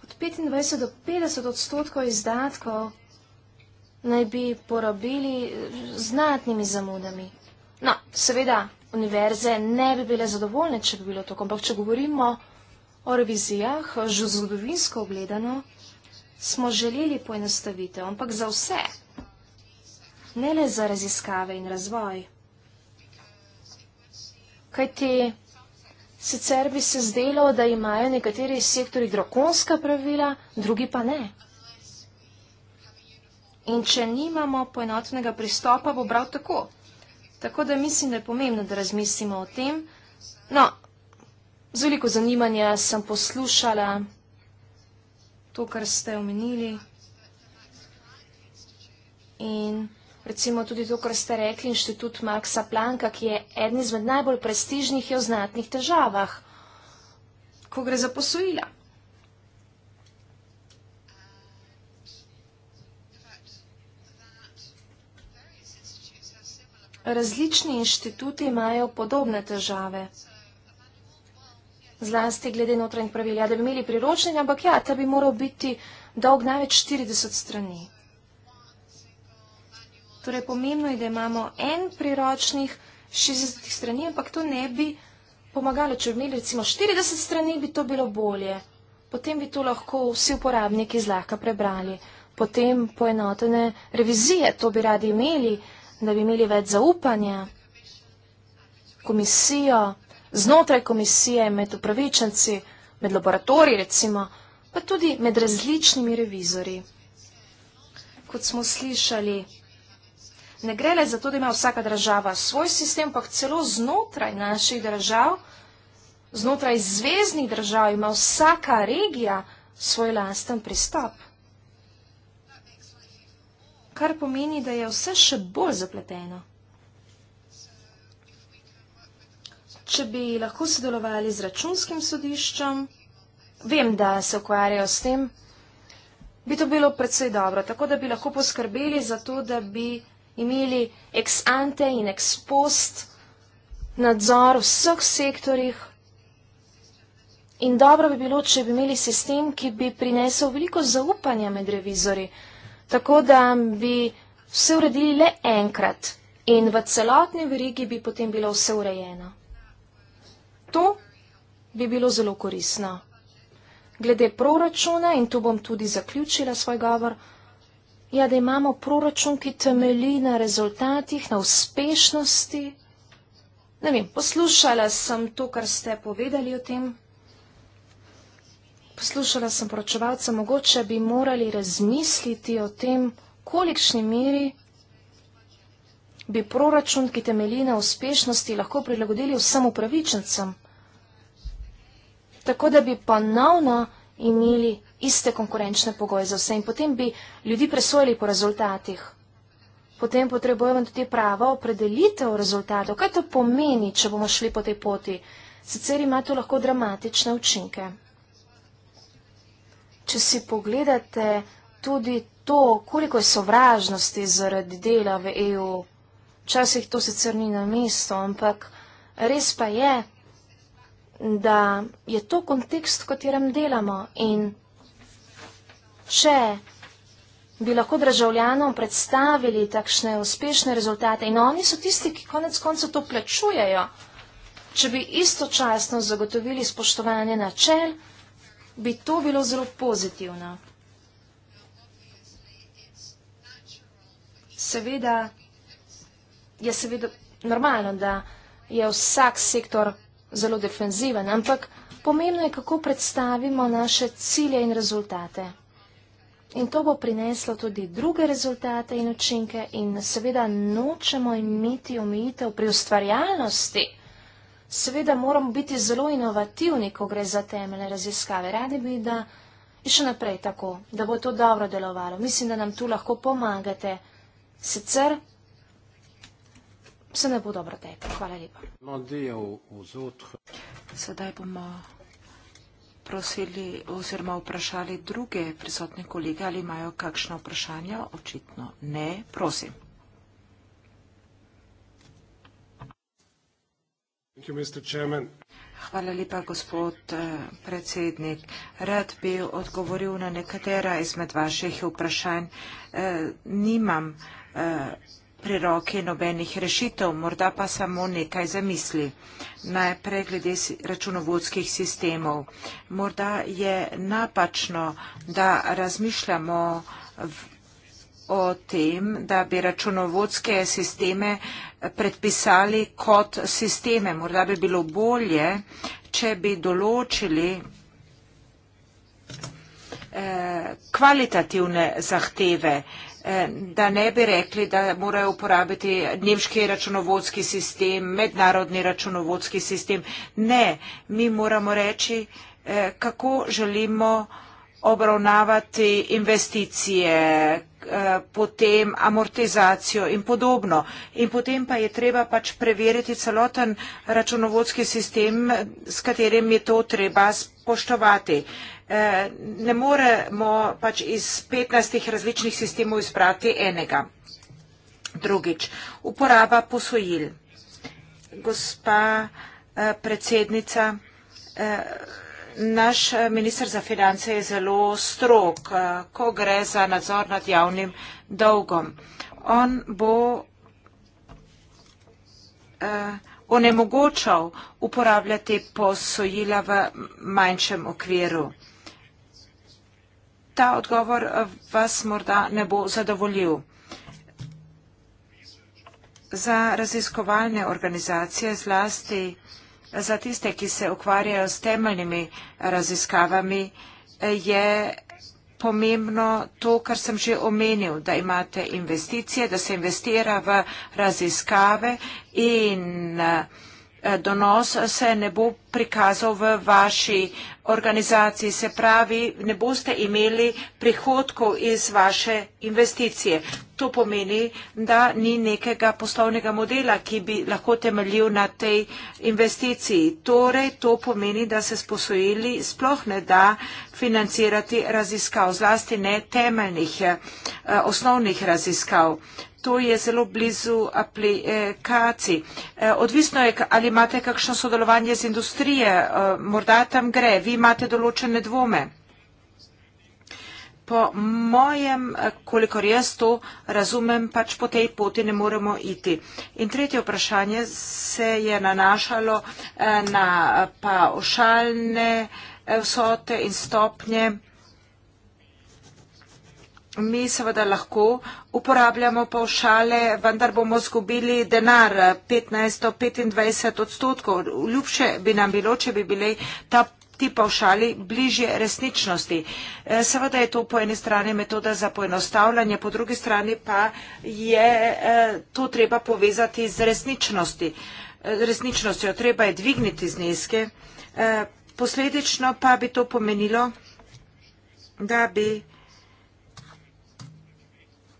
Od 25 do 50 odstotkov izdatkov naj bi porabili znatnimi zamudami. No, seveda, univerze ne bi bile zadovoljne, če bi bilo to, ampak če govorimo o O revizijah, že zgodovinsko gledano, smo želeli poenostavitev, ampak za vse, ne le za raziskave in razvoj. Kaj ti sicer bi se zdelo, da imajo nekateri sektori drakonska pravila, drugi pa ne. In če nimamo poenotnega pristopa, bo prav tako. Tako da mislim, da je pomembno, da razmislimo o tem. No, Z veliko zanimanja sem poslušala to, kar ste omenili. In recimo tudi to, kar ste rekli, inštitut Maxa Planka, ki je eden izmed najbolj prestižnih in oznatnih težavah, ko gre za posojila. Različni inštituti imajo podobne težave zlasti glede notranjih pravil. Ja, da bi imeli priročnik, ampak ja, ta bi moral biti dolg največ 40 strani. Torej, pomembno je, da imamo en priročnik 60 strani, ampak to ne bi pomagalo. Če bi imeli recimo 40 strani, bi to bilo bolje. Potem bi to lahko vsi uporabniki zlahka prebrali. Potem poenotene revizije, to bi radi imeli, da bi imeli več zaupanja, komisijo, znotraj komisije, med upravičenci, med laboratoriji recimo, pa tudi med različnimi revizori. Kot smo slišali, ne gre le za to, da ima vsaka država svoj sistem, pa celo znotraj naših držav, znotraj zvezdnih držav ima vsaka regija svoj lasten pristop. Kar pomeni, da je vse še bolj zapleteno. če bi lahko sodelovali z računskim sodiščem. Vem, da se ukvarjajo s tem. Bi to bilo predvsej dobro, tako da bi lahko poskrbeli za to, da bi imeli ex ante in ex post nadzor v vseh sektorjih. In dobro bi bilo, če bi imeli sistem, ki bi prinesel veliko zaupanja med revizori, tako da bi vse uredili le enkrat in v celotni verigi bi potem bilo vse urejeno. To bi bilo zelo korisno. Glede proračuna, in tu bom tudi zaključila svoj govor, je, ja, da imamo proračun, ki temelji na rezultatih, na uspešnosti. Ne vem, poslušala sem to, kar ste povedali o tem. Poslušala sem poročevalca, mogoče bi morali razmisliti o tem, kolikšni miri bi proračun, ki temelji na uspešnosti, lahko prilagodili vsem upravičencem tako da bi ponovno imeli iste konkurenčne pogoje za vse in potem bi ljudi presojali po rezultatih. Potem potrebujemo tudi pravo opredelitev rezultatov. Kaj to pomeni, če bomo šli po tej poti? Sicer ima to lahko dramatične učinke. Če si pogledate tudi to, koliko je sovražnosti zaradi dela v EU, včasih to sicer ni na mesto, ampak res pa je, da je to kontekst, v katerem delamo. In če bi lahko državljanom predstavili takšne uspešne rezultate in oni so tisti, ki konec konca to plačujejo, če bi istočasno zagotovili spoštovanje načel, bi to bilo zelo pozitivno. Seveda je seveda normalno, da je vsak sektor zelo defenziven, ampak pomembno je, kako predstavimo naše cilje in rezultate. In to bo prineslo tudi druge rezultate in učinke in seveda nočemo imeti omejitev pri ustvarjalnosti. Seveda moramo biti zelo inovativni, ko gre za temeljne raziskave. Radi bi, da je še naprej tako, da bo to dobro delovalo. Mislim, da nam tu lahko pomagate. Sicer Vse ne bo dobro teklo. Hvala lepa. Sedaj bomo prosili oziroma vprašali druge prisotne kolege, ali imajo kakšno vprašanje. Očitno ne. Prosim. Hvala lepa, gospod eh, predsednik. Rad bi odgovoril na nekatera izmed vaših vprašanj. Eh, nimam eh, preroke nobenih rešitev, morda pa samo nekaj zamisli. Najprej glede računovodskih sistemov. Morda je napačno, da razmišljamo v, o tem, da bi računovodske sisteme predpisali kot sisteme. Morda bi bilo bolje, če bi določili eh, kvalitativne zahteve eh, Eh, da ne bi rekli, da morajo uporabiti nemški računovodski sistem, mednarodni računovodski sistem. Ne, mi moramo reči, eh, kako želimo obravnavati investicije, eh, potem amortizacijo in podobno. In potem pa je treba pač preveriti celoten računovodski sistem, s katerim je to treba spoštovati. Eh, ne moremo pač iz 15 različnih sistemov izbrati enega. Drugič, uporaba posojil. Gospa eh, predsednica, eh, naš minister za finance je zelo strok, ko gre za nadzor nad javnim dolgom. On bo onemogočal uporabljati posojila v manjšem okviru ta odgovor eh, vas morda ne bo zadovoljil. Za raziskovalne organizacije zlasti eh, za tiste, ki se ukvarjajo s temeljnimi eh, raziskavami, je pomembno to, kar sem že omenil, da imate investicije, da se investira v raziskave in uh, Eh, donos se ne bo prikazal v vaši organizaciji, se pravi, ne boste imeli prihodkov iz vaše investicije. To pomeni, da ni nekega poslovnega modela, ki bi lahko temeljil na tej investiciji. Torej, to pomeni, da se sposojili sploh ne da financirati raziskav, zlasti ne temeljnih, eh, osnovnih raziskav to je zelo blizu aplikaciji. E, odvisno je, ali imate kakšno sodelovanje z industrije, e, morda tam gre, vi imate določene dvome. Po mojem, e, kolikor jaz to razumem, pač po tej poti ne moremo iti. In tretje vprašanje se je nanašalo na pa ošalne vsote in stopnje. Mi seveda lahko uporabljamo pavšale, vendar bomo zgubili denar 15-25 odstotkov. Ljubše bi nam bilo, če bi bili ta, ti pavšali bližje resničnosti. E, seveda je to po eni strani metoda za poenostavljanje, po drugi strani pa je e, to treba povezati z resničnosti. E, resničnostjo. Treba je dvigniti zneske. Posledično pa bi to pomenilo, da bi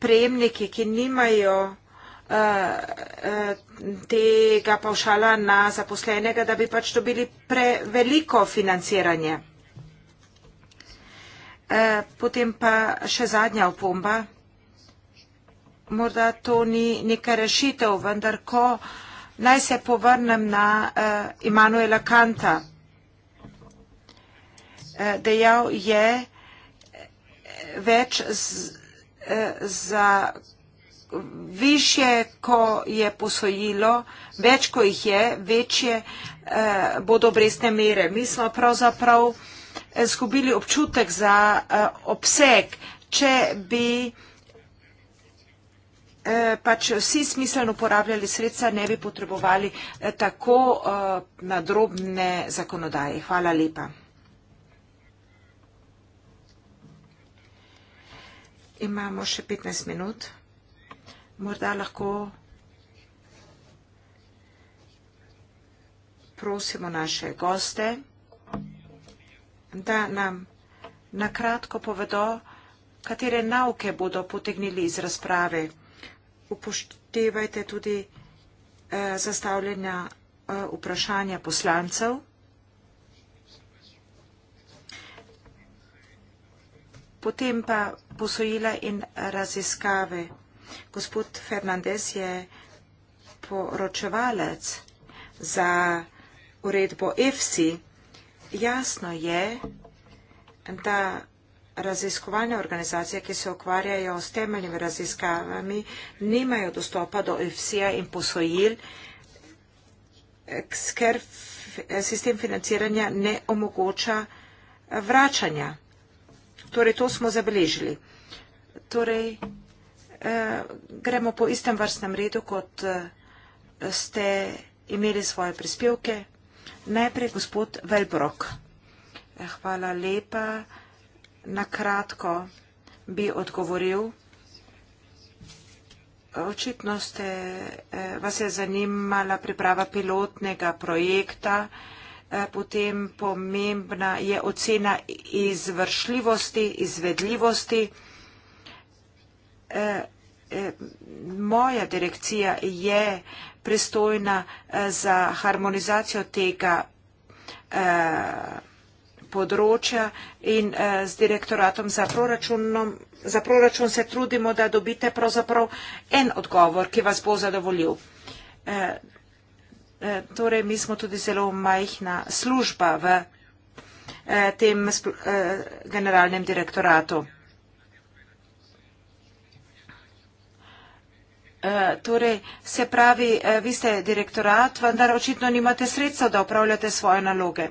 prejemniki, ki nimajo uh, tega pavšala na zaposlenega, da bi pač dobili preveliko financiranje. Uh, potem pa še zadnja opomba. Morda to ni neka rešitev, vendar ko naj se povrnem na uh, Immanuela Kanta. Uh, dejal je več z, za više, ko je posojilo, več, ko jih je, večje eh, bodo obrestne mere. Mi smo pravzaprav eh, zgubili občutek za eh, obseg, če bi pač vsi smiselno uporabljali sredstva, ne bi potrebovali tako nadrobne zakonodaje. Hvala lepa. Imamo še 15 minut. Morda lahko prosimo naše goste, da nam na kratko povedo, katere nauke bodo potegnili iz razprave. Upoštevajte tudi eh, zastavljena eh, vprašanja poslancev. potem pa posojila in raziskave. Gospod Fernandez je poročevalec za uredbo EFSI. Jasno je, da raziskovalne organizacije, ki se ukvarjajo s temeljnimi raziskavami, nimajo dostopa do EFSI-ja in posojil, ker sistem financiranja ne omogoča vračanja. Torej, to smo zabeležili. Torej, eh, gremo po istem vrstnem redu, kot eh, ste imeli svoje prispevke. Najprej gospod Velbrok. Eh, hvala lepa. Nakratko bi odgovoril. Očitno ste, eh, vas je zanimala priprava pilotnega projekta. Eh, Eh, potem pomembna je ocena izvršljivosti, izvedljivosti. Eh, eh, moja direkcija je pristojna za harmonizacijo tega področja in z direktoratom za proračunom. Za proračun se trudimo, da dobite pravzaprav en odgovor, ki vas bo zadovoljil. Eh, torej, mi smo tudi zelo majhna služba v eh, tem eh, generalnem direktoratu. Torej, se pravi, vi ste direktorat, vendar očitno nimate sredstva, da upravljate svoje naloge.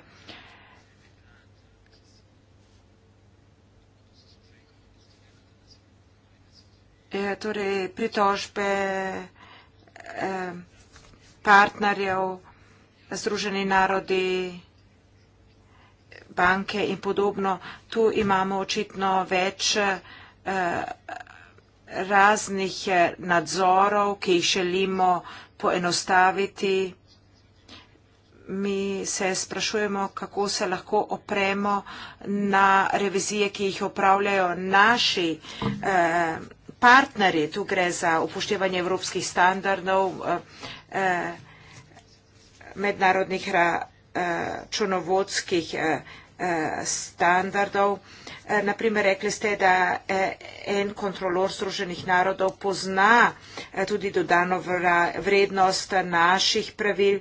Torej, pritožbe, partnerjev, Združeni narodi, banke in podobno. Tu imamo očitno več eh, raznih eh, nadzorov, ki jih želimo poenostaviti. Mi se sprašujemo, kako se lahko opremo na revizije, ki jih opravljajo naši eh, partnerji. Tu gre za upoštevanje evropskih standardov, Eh, mednarodnih računovodskih eh, eh, standardov. Naprimer, rekli ste, da en kontrolor Združenih narodov pozna tudi dodano vrednost naših pravil.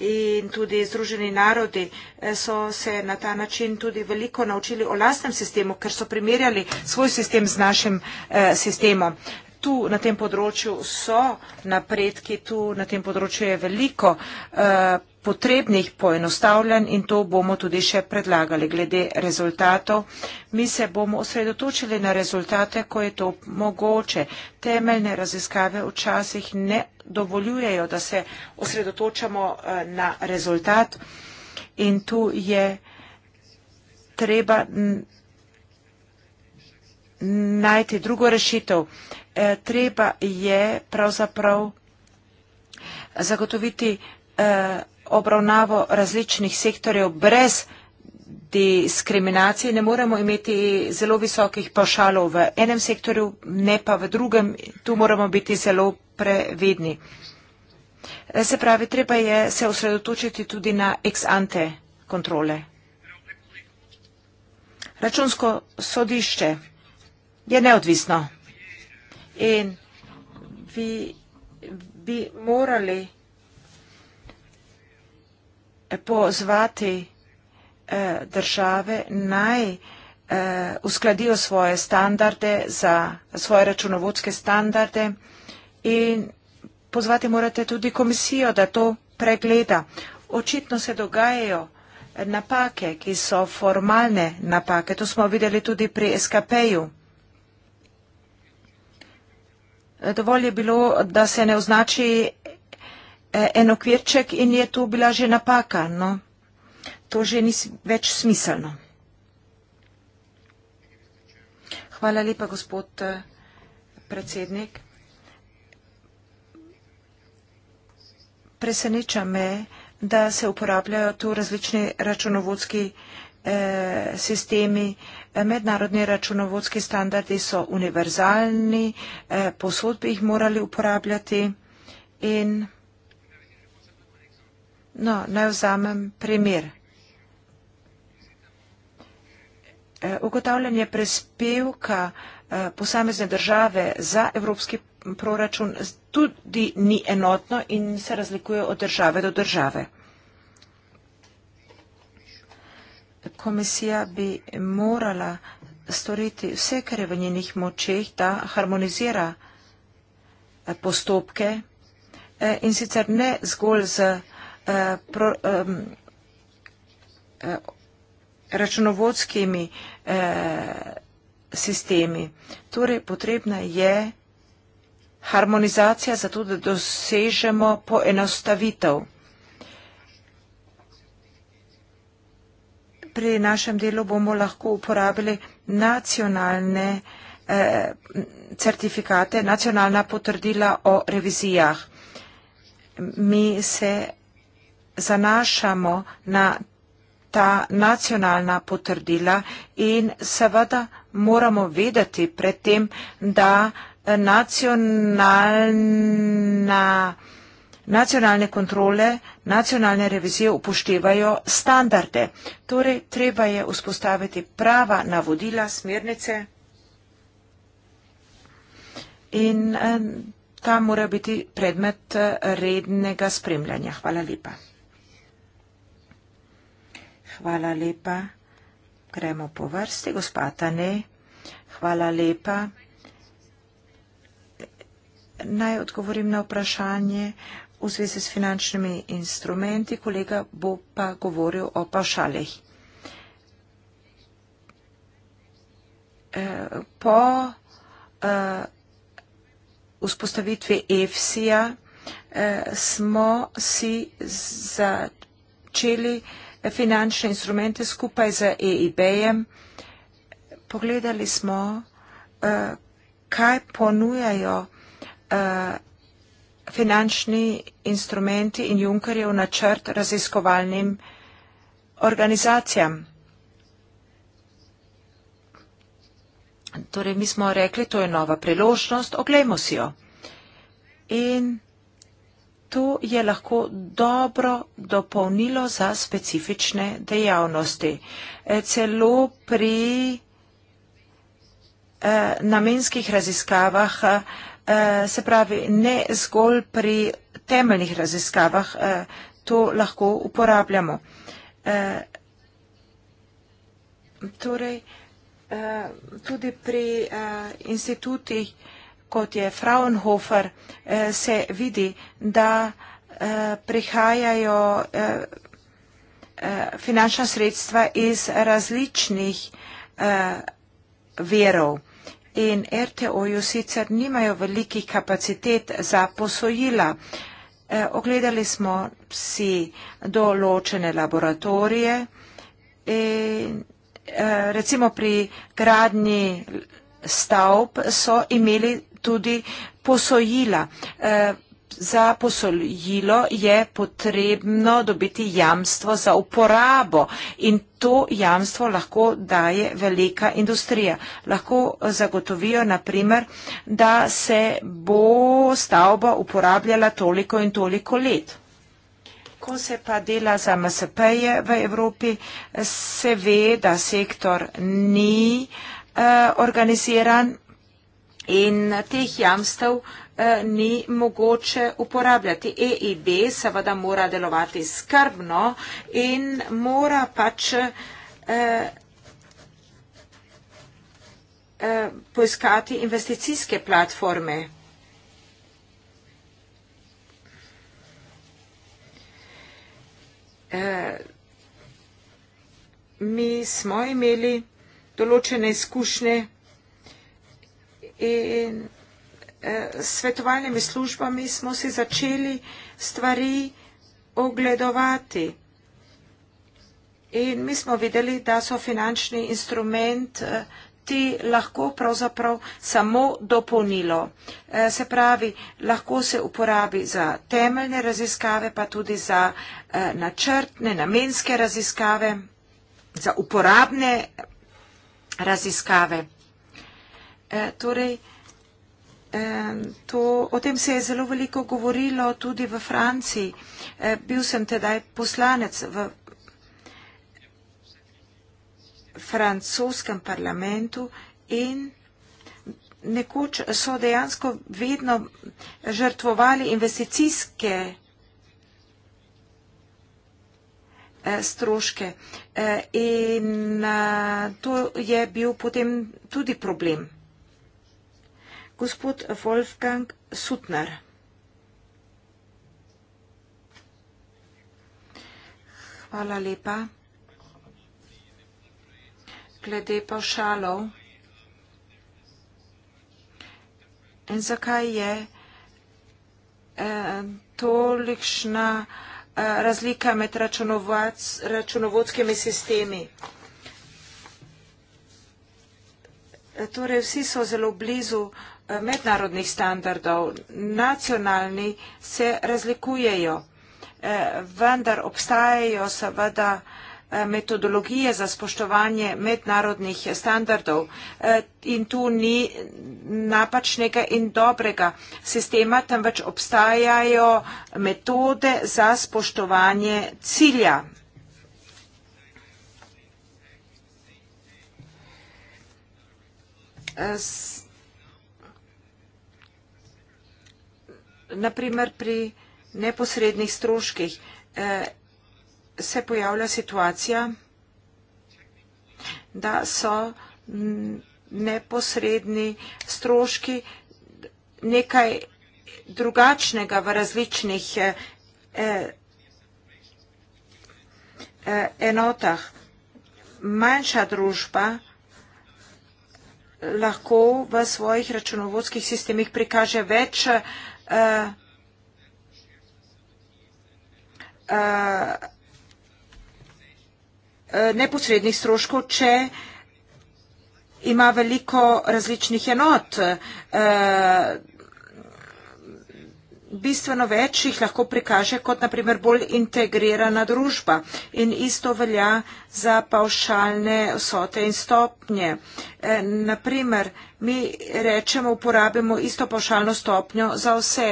In tudi Združeni narodi so se na ta način tudi veliko naučili o lastnem sistemu, ker so primerjali svoj sistem z našim sistemom tu na tem področju so napredki, tu na tem področju je veliko eh, potrebnih poenostavljanj in to bomo tudi še predlagali. Glede rezultatov, mi se bomo osredotočili na rezultate, ko je to mogoče. Temeljne raziskave včasih ne dovoljujejo, da se osredotočamo eh, na rezultat in tu je treba najti drugo rešitev. Eh, treba je pravzaprav zagotoviti eh, obravnavo različnih sektorjev brez diskriminacije. Ne moremo imeti zelo visokih pašalov v enem sektorju, ne pa v drugem. Tu moramo biti zelo previdni. Eh, se pravi, treba je se osredotočiti tudi na ex-ante kontrole. Računsko sodišče je neodvisno in vi bi morali eh, pozvati eh, države naj eh, uskladijo svoje standarde za svoje računovodske standarde in pozvati morate tudi komisijo, da to pregleda. Očitno se dogajajo eh, napake, ki so formalne napake. To smo videli tudi pri SKP-ju. Dovolj je bilo, da se ne označi e, en okvirček in je tu bila že napaka. No? To že ni več smiselno. Hvala lepa, gospod e, predsednik. Preseneča me, da se uporabljajo tu različni računovodski eh, sistemi, eh, Mednarodni računovodski standardi so univerzalni, eh, posod bi jih morali uporabljati in no, naj vzamem primer. Eh, ugotavljanje prispevka eh, posamezne države za evropski proračun tudi ni enotno in se razlikuje od države do države. komisija bi morala storiti vse, kar je v njenih močeh, da harmonizira eh, postopke eh, in sicer ne zgolj z eh, računovodskimi sistemi. Torej, potrebna je harmonizacija za to, da dosežemo poenostavitev. pri našem delu bomo lahko uporabili nacionalne eh, certifikate, nacionalna potrdila o revizijah. Mi se zanašamo na ta nacionalna potrdila in seveda moramo vedeti predtem, da eh, nacionalna eh, nacionalne kontrole, nacionalne revizije upoštevajo standarde. Torej, treba je vzpostaviti prava navodila, smernice in ta mora biti predmet eh, rednega spremljanja. Hvala lepa. Hvala lepa. Gremo po vrsti, gospata ne. Hvala lepa. Naj odgovorim na vprašanje v zvezi s finančnimi instrumenti, kolega bo pa govoril o pašaleh. Po eh, vzpostavitvi EFSI-ja eh, smo si začeli finančne instrumente skupaj z EIB-jem. Pogledali smo, eh, kaj ponujajo finančni instrumenti in Junkerjev načrt raziskovalnim organizacijam. Torej, mi smo rekli, to je nova priložnost, oglejmo si jo. In to je lahko dobro dopolnilo za specifične dejavnosti. E, celo pri e, namenskih raziskavah e, Eh, se pravi, ne zgolj pri temeljnih raziskavah eh, to lahko uporabljamo. Eh, torej, tudi pri institutih, kot je Fraunhofer, se vidi, da prihajajo finančna sredstva iz različnih verov in RTO-ju sicer nimajo velikih kapacitet za posojila. E, ogledali smo si določene laboratorije, e, recimo pri gradnji stavb so imeli tudi posojila. E, za posojilo je potrebno dobiti jamstvo za uporabo in to jamstvo lahko daje velika industrija. Lahko zagotovijo, naprimer, da se bo stavba uporabljala toliko in toliko let. Ko se pa dela za MSP-je v Evropi, se ve, da sektor ni uh, organiziran in teh jamstev uh, Eh, ni mogoče uporabljati. EIB seveda mora delovati skrbno in mora pač eh, eh, poiskati investicijske platforme. Mi smo imeli določene izkušnje in svetovalnimi službami smo si začeli stvari ogledovati. In mi smo videli, da so finančni instrument eh, ti lahko pravzaprav samo dopolnilo. Eh, se pravi, lahko se uporabi za temeljne raziskave, pa tudi za eh, načrtne, namenske raziskave, za uporabne raziskave. Torej, To, o tem se je zelo veliko govorilo tudi v Franciji. Bil sem tedaj poslanec v francoskem parlamentu in nekoč so dejansko vedno žrtvovali investicijske e, stroške e, in e, to je bil potem tudi problem gospod Wolfgang Sutner. Hvala lepa. Glede pa šalov. In zakaj je eh, tolikšna eh, razlika med računovodskimi sistemi? Torej, vsi so zelo blizu eh, mednarodnih standardov, nacionalni, se razlikujejo, eh, vendar obstajajo seveda eh, metodologije za spoštovanje mednarodnih standardov eh, in tu ni napačnega in dobrega sistema, temveč obstajajo metode za spoštovanje cilja. S naprimer pri neposrednih stroških, eh, se pojavlja situacija, da so neposredni stroški nekaj drugačnega v različnih eh, eh, enotah. Manjša družba lahko v svojih računovodskih sistemih prikaže več stroških, Eh, eh, eh, neposrednih stroškov, če ima veliko različnih enot, da bistveno več jih lahko prikaže kot naprimer bolj integrirana družba in isto velja za pavšalne sote in stopnje. E, naprimer, mi rečemo, uporabimo isto pavšalno stopnjo za vse.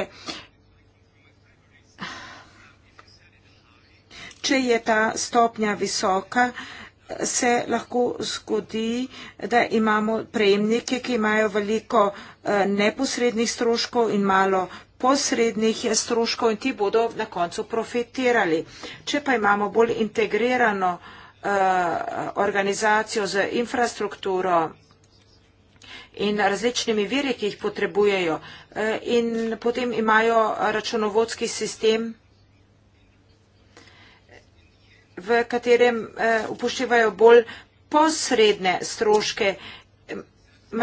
Če je ta stopnja visoka, se lahko zgodi, da imamo prejemnike, ki imajo veliko e, neposrednih stroškov in malo posrednih stroškov in ti bodo na koncu profitirali. Če pa imamo bolj integrirano uh, organizacijo z infrastrukturo in različnimi viri, ki jih potrebujejo uh, in potem imajo računovodski sistem, v katerem uh, upoštevajo bolj posredne stroške,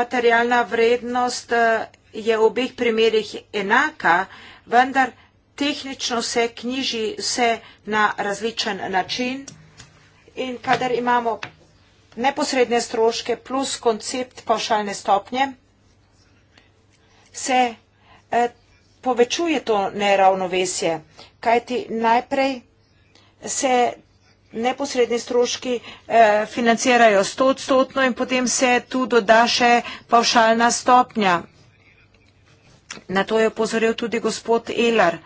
materialna vrednost. Uh, je v obeh primerih enaka, vendar tehnično se knjiži vse na različen način in kadar imamo neposredne stroške plus koncept pavšalne stopnje, se eh, povečuje to neravnovesje, kajti najprej se neposredni stroški eh, financirajo 100 odstotno in potem se tu doda še pavšalna stopnja. Na to je opozoril tudi gospod Elar.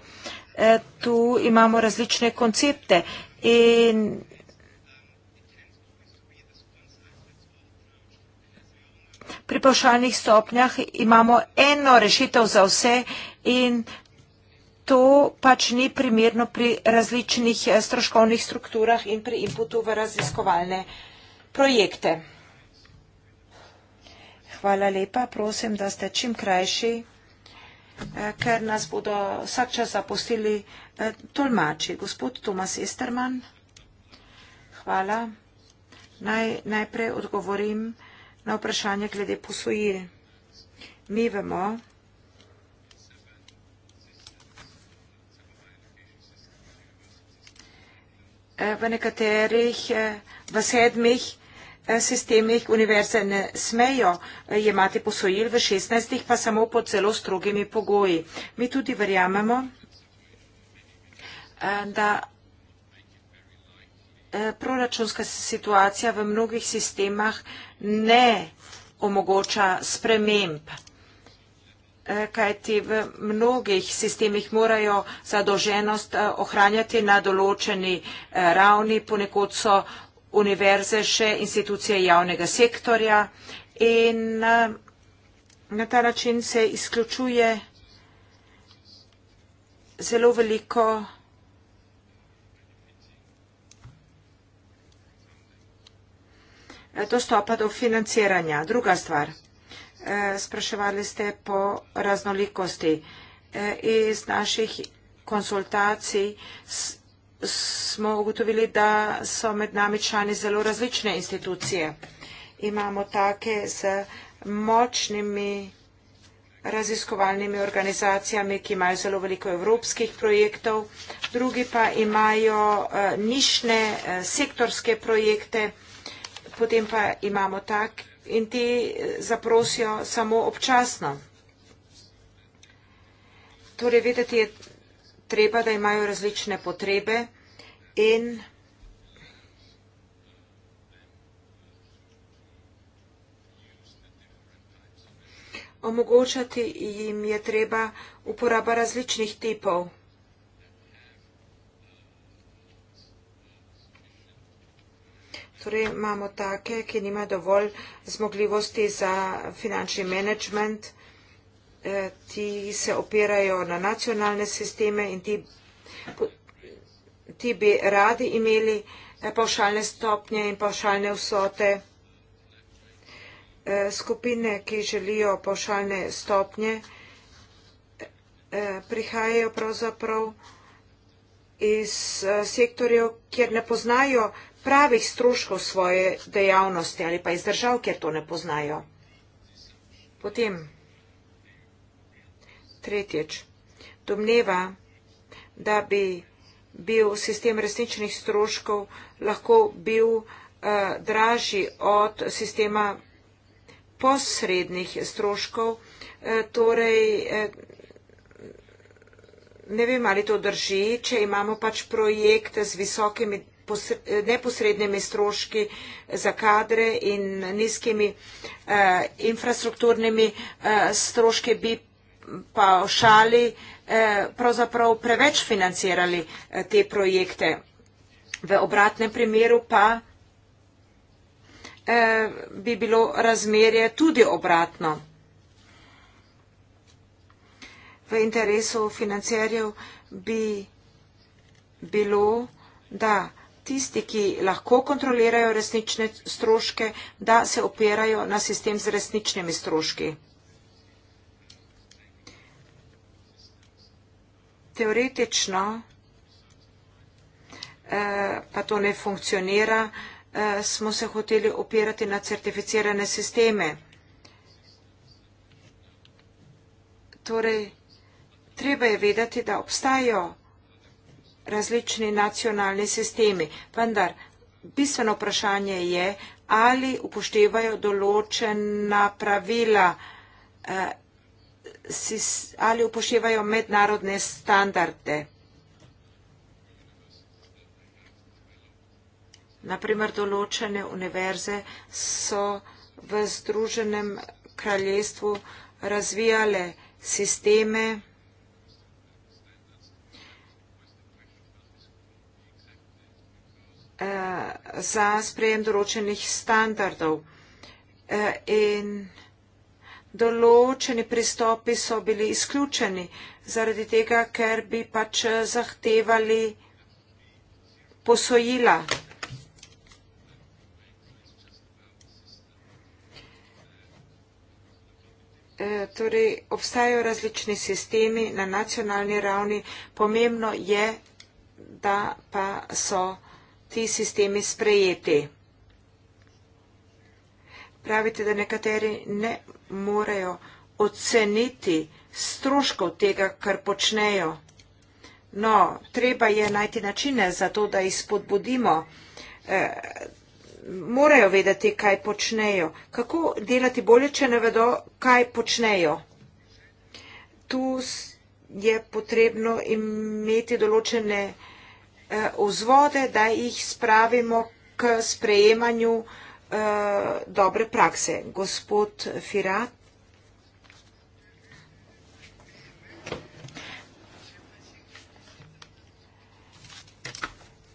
E, tu imamo različne koncepte in pri pavšalnih stopnjah imamo eno rešitev za vse in to pač ni primerno pri različnih e, stroškovnih strukturah in pri inputu v raziskovalne projekte. Hvala lepa, prosim, da ste čim krajši. Eh, ker nas bodo vsak čas zapustili eh, tolmači. Gospod Tomas Esterman, hvala. Naj, najprej odgovorim na vprašanje glede posojil. Mi vemo, eh, v nekaterih, v sedmih Eh, sistemih univerze ne smejo eh, jemati posojil v 16, pa samo pod zelo strogimi pogoji. Mi tudi verjamemo, eh, da proračunska situacija v mnogih sistemah ne omogoča sprememb, kajti v mnogih sistemih morajo zadolženost ohranjati na določeni ravni, ponekod so univerze, še institucije javnega sektorja in eh, na ta način se izključuje zelo veliko eh, dostopa do financiranja. Druga stvar, eh, spraševali ste po raznolikosti iz naših konsultacij s smo ugotovili, da so med nami člani zelo različne institucije. Imamo take z močnimi raziskovalnimi organizacijami, ki imajo zelo veliko evropskih projektov, drugi pa imajo uh, nišne uh, sektorske projekte, potem pa imamo tak in ti eh, zaprosijo samo občasno. Torej, vedeti je treba, da imajo različne potrebe in omogočati jim je treba uporaba različnih tipov. Torej imamo take, ki nima dovolj zmogljivosti za finančni management, Eh, ti se opirajo na nacionalne sisteme in ti, ti bi radi imeli eh, pavšalne stopnje in pavšalne vsote. Eh, skupine, ki želijo pavšalne stopnje, prihajajo pravzaprav iz sektorjev, kjer ne poznajo pravih stroškov svoje dejavnosti ali pa iz držav, kjer to ne poznajo. Potem Tretjič, domneva, da bi bil sistem resničnih stroškov lahko bil eh, dražji od sistema posrednih stroškov, eh, torej eh, ne vem, ali to drži, če imamo pač projekte z visokimi neposrednimi stroški za kadre in nizkimi eh, infrastrukturnimi eh, stroški, bi pa v šali eh, pravzaprav preveč financirali eh, te projekte. V obratnem primeru pa eh, bi bilo razmerje tudi obratno. V interesu financerjev bi bilo, da tisti, ki lahko kontrolirajo resnične stroške, da se opirajo na sistem z resničnimi stroški. teoretično eh, pa to ne funkcionira, eh, smo se hoteli opirati na certificirane sisteme. Torej, treba je vedeti, da obstajajo različni nacionalni sistemi, vendar bistveno vprašanje je, ali upoštevajo določena pravila eh, ali upoštevajo mednarodne standarde. Naprimer, določene univerze so v Združenem kraljestvu razvijale sisteme, eh, za sprejem določenih standardov eh, in določeni pristopi so bili izključeni zaradi tega, ker bi pač zahtevali posojila. E, torej, obstajajo različni sistemi na nacionalni ravni, pomembno je, da pa so ti sistemi sprejeti. Pravite, da nekateri ne morajo oceniti stroškov tega, kar počnejo. No, treba je najti načine za to, da jih spodbudimo. E, morajo vedeti, kaj počnejo. Kako delati bolje, če ne vedo, kaj počnejo. Tu je potrebno imeti določene e, vzvode, da jih spravimo k sprejemanju Eh, dobre prakse. Gospod Firat.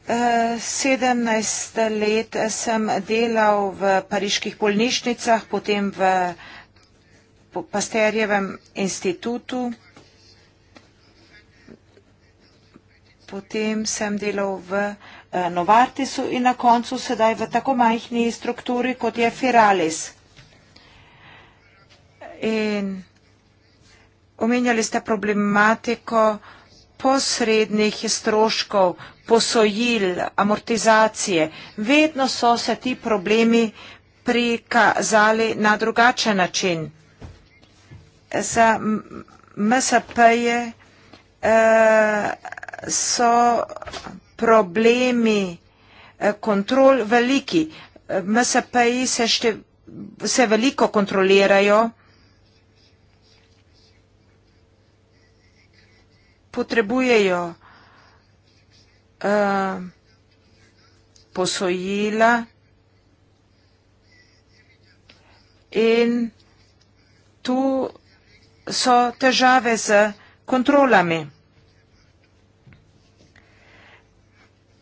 Eh, Sedemnaest let sem delal v pariških bolnišnicah, potem v Pasterjevem institutu, potem sem delal v uh, Eh, Novartisu in na koncu sedaj v tako majhni strukturi, kot je Firalis. In omenjali ste problematiko posrednih stroškov, posojil, amortizacije. Vedno so se ti problemi prikazali na drugačen način. Za MSP-je uh, eh, so problemi eh, kontrol veliki. MSP-ji se, se veliko kontrolirajo. Potrebujejo uh, posojila in tu so težave z kontrolami.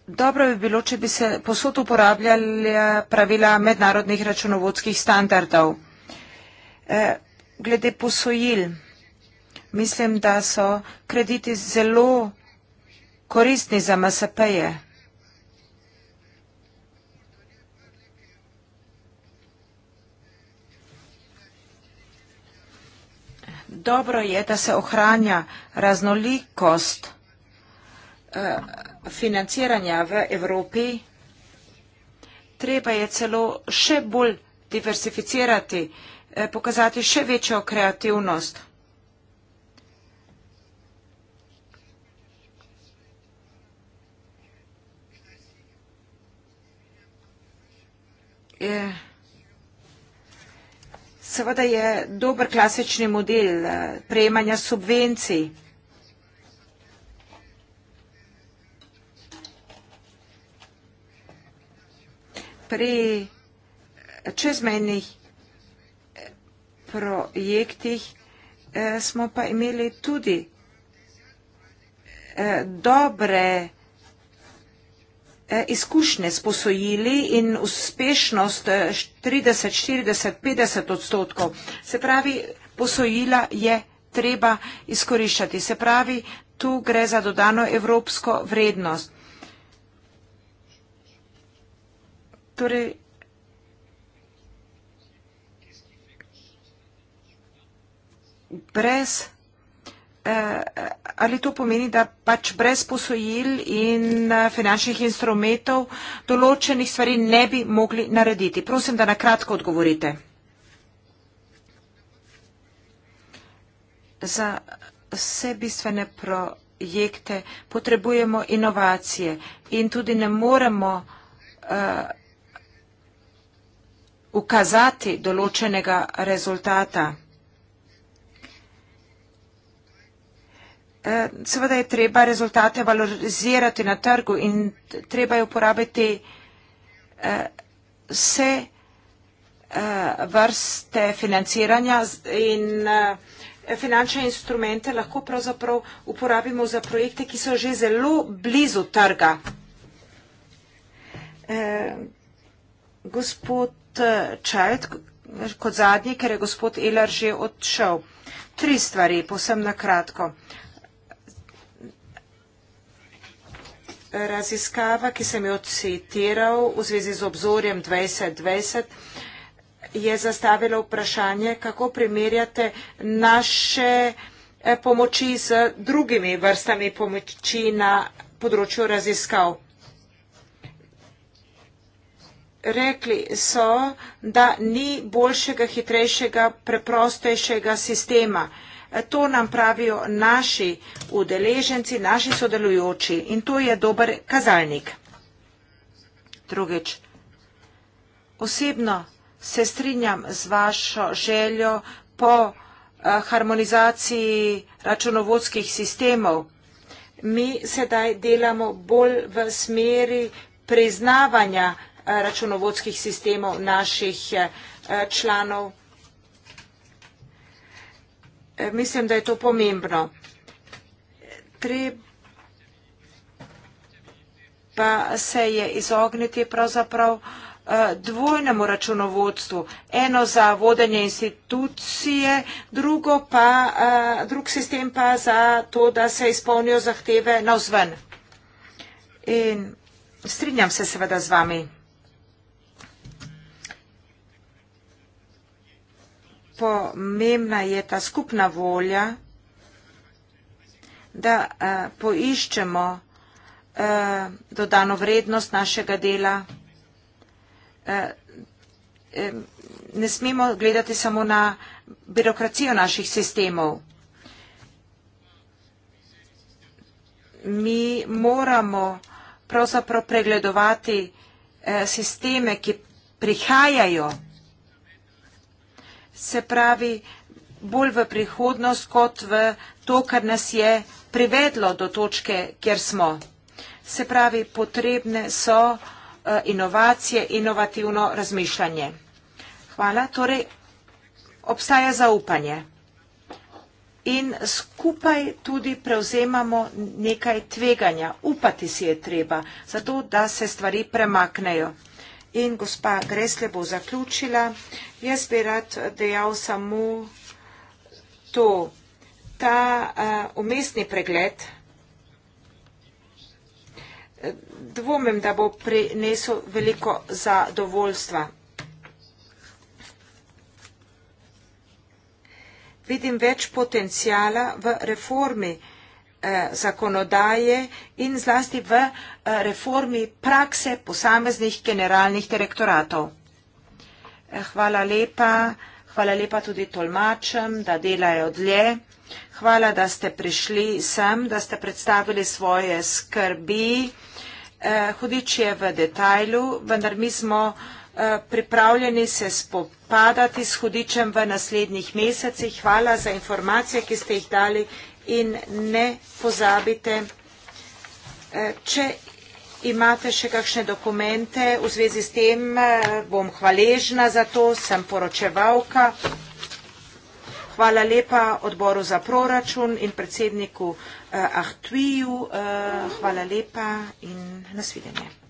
dobro bi bilo, če bi se posod uporabljali pravila mednarodnih računovodskih standardov. E, glede posojil, mislim, da so krediti zelo koristni za MSP-je. Dobro je, da se ohranja raznolikost e, financiranja v Evropi, treba je celo še bolj diversificirati, eh, pokazati še večjo kreativnost. Eh, seveda je dober klasični model eh, prejemanja subvencij. pri čezmejnih eh, projektih eh, smo pa imeli tudi eh, dobre izkušnje s posojili in uspešnost 30, 40, 50 odstotkov. Se pravi, posojila je treba izkoriščati. Se pravi, tu gre za dodano evropsko vrednost. Torej, brez, eh, eh, ali to pomeni, da pač brez posojil in eh, finančnih instrumentov določenih stvari ne bi mogli narediti? Prosim, da nakratko odgovorite. Za vse bistvene projekte potrebujemo inovacije in tudi ne moremo uh, ukazati določenega rezultata. Eh, seveda je treba rezultate valorizirati na trgu in treba je uporabiti eh, vse eh, vrste financiranja in finančne instrumente lahko pravzaprav uporabimo za projekte, ki so že zelo blizu trga. Gospod Eh, čajt eh, kot zadnji, ker je gospod Elar že odšel. Tri stvari, posem na kratko. Raziskava, ki sem jo citiral v zvezi z obzorjem 2020, je zastavila vprašanje, kako primerjate naše eh, pomoči z drugimi vrstami pomoči na področju raziskav rekli so, da ni boljšega, hitrejšega, preprostejšega sistema. To nam pravijo naši udeleženci, naši sodelujoči in to je dober kazalnik. Drugič, osebno se strinjam z vašo željo po eh, harmonizaciji računovodskih sistemov. Mi sedaj delamo bolj v smeri priznavanja računovodskih sistemov naših eh, članov. Eh, mislim, da je to pomembno. Treba se je izogniti pravzaprav eh, dvojnemu računovodstvu. Eno za vodenje institucije, drugo pa, drug sistem pa za to, da se izpolnijo zahteve na vzven. In strinjam se seveda z vami. pomembna je ta skupna volja, da eh, poiščemo eh, dodano vrednost našega dela. Eh, ne smemo gledati samo na birokracijo naših sistemov. Mi moramo pravzaprav pregledovati sisteme, ki prihajajo se pravi bolj v prihodnost kot v to, kar nas je privedlo do točke, kjer smo. Se pravi, potrebne so eh, inovacije, inovativno razmišljanje. Hvala. Torej, obstaja zaupanje. In skupaj tudi prevzemamo nekaj tveganja. Upati si je treba, zato da se stvari premaknejo. In gospa Gresle bo zaključila. Jaz bi rad dejal samo to. Ta umestni pregled e, dvomim, da bo prinesel veliko zadovoljstva. Vidim več potencijala v reformi. Eh, zakonodaje in zlasti v eh, reformi prakse posameznih generalnih direktoratov. Eh, hvala lepa, hvala lepa tudi tolmačem, da delajo dlje. Hvala, da ste prišli sem, da ste predstavili svoje skrbi. Hudič je v detajlu, vendar mi smo pripravljeni se spopadati s hudičem v naslednjih mesecih. Hvala za informacije, ki ste jih dali in ne pozabite, eh, če imate še kakšne dokumente v zvezi s tem, eh, bom hvaležna za to, sem poročevalka. Hvala lepa odboru za proračun in predsedniku eh, Ahtviju. Hvala lepa in nasvidenje.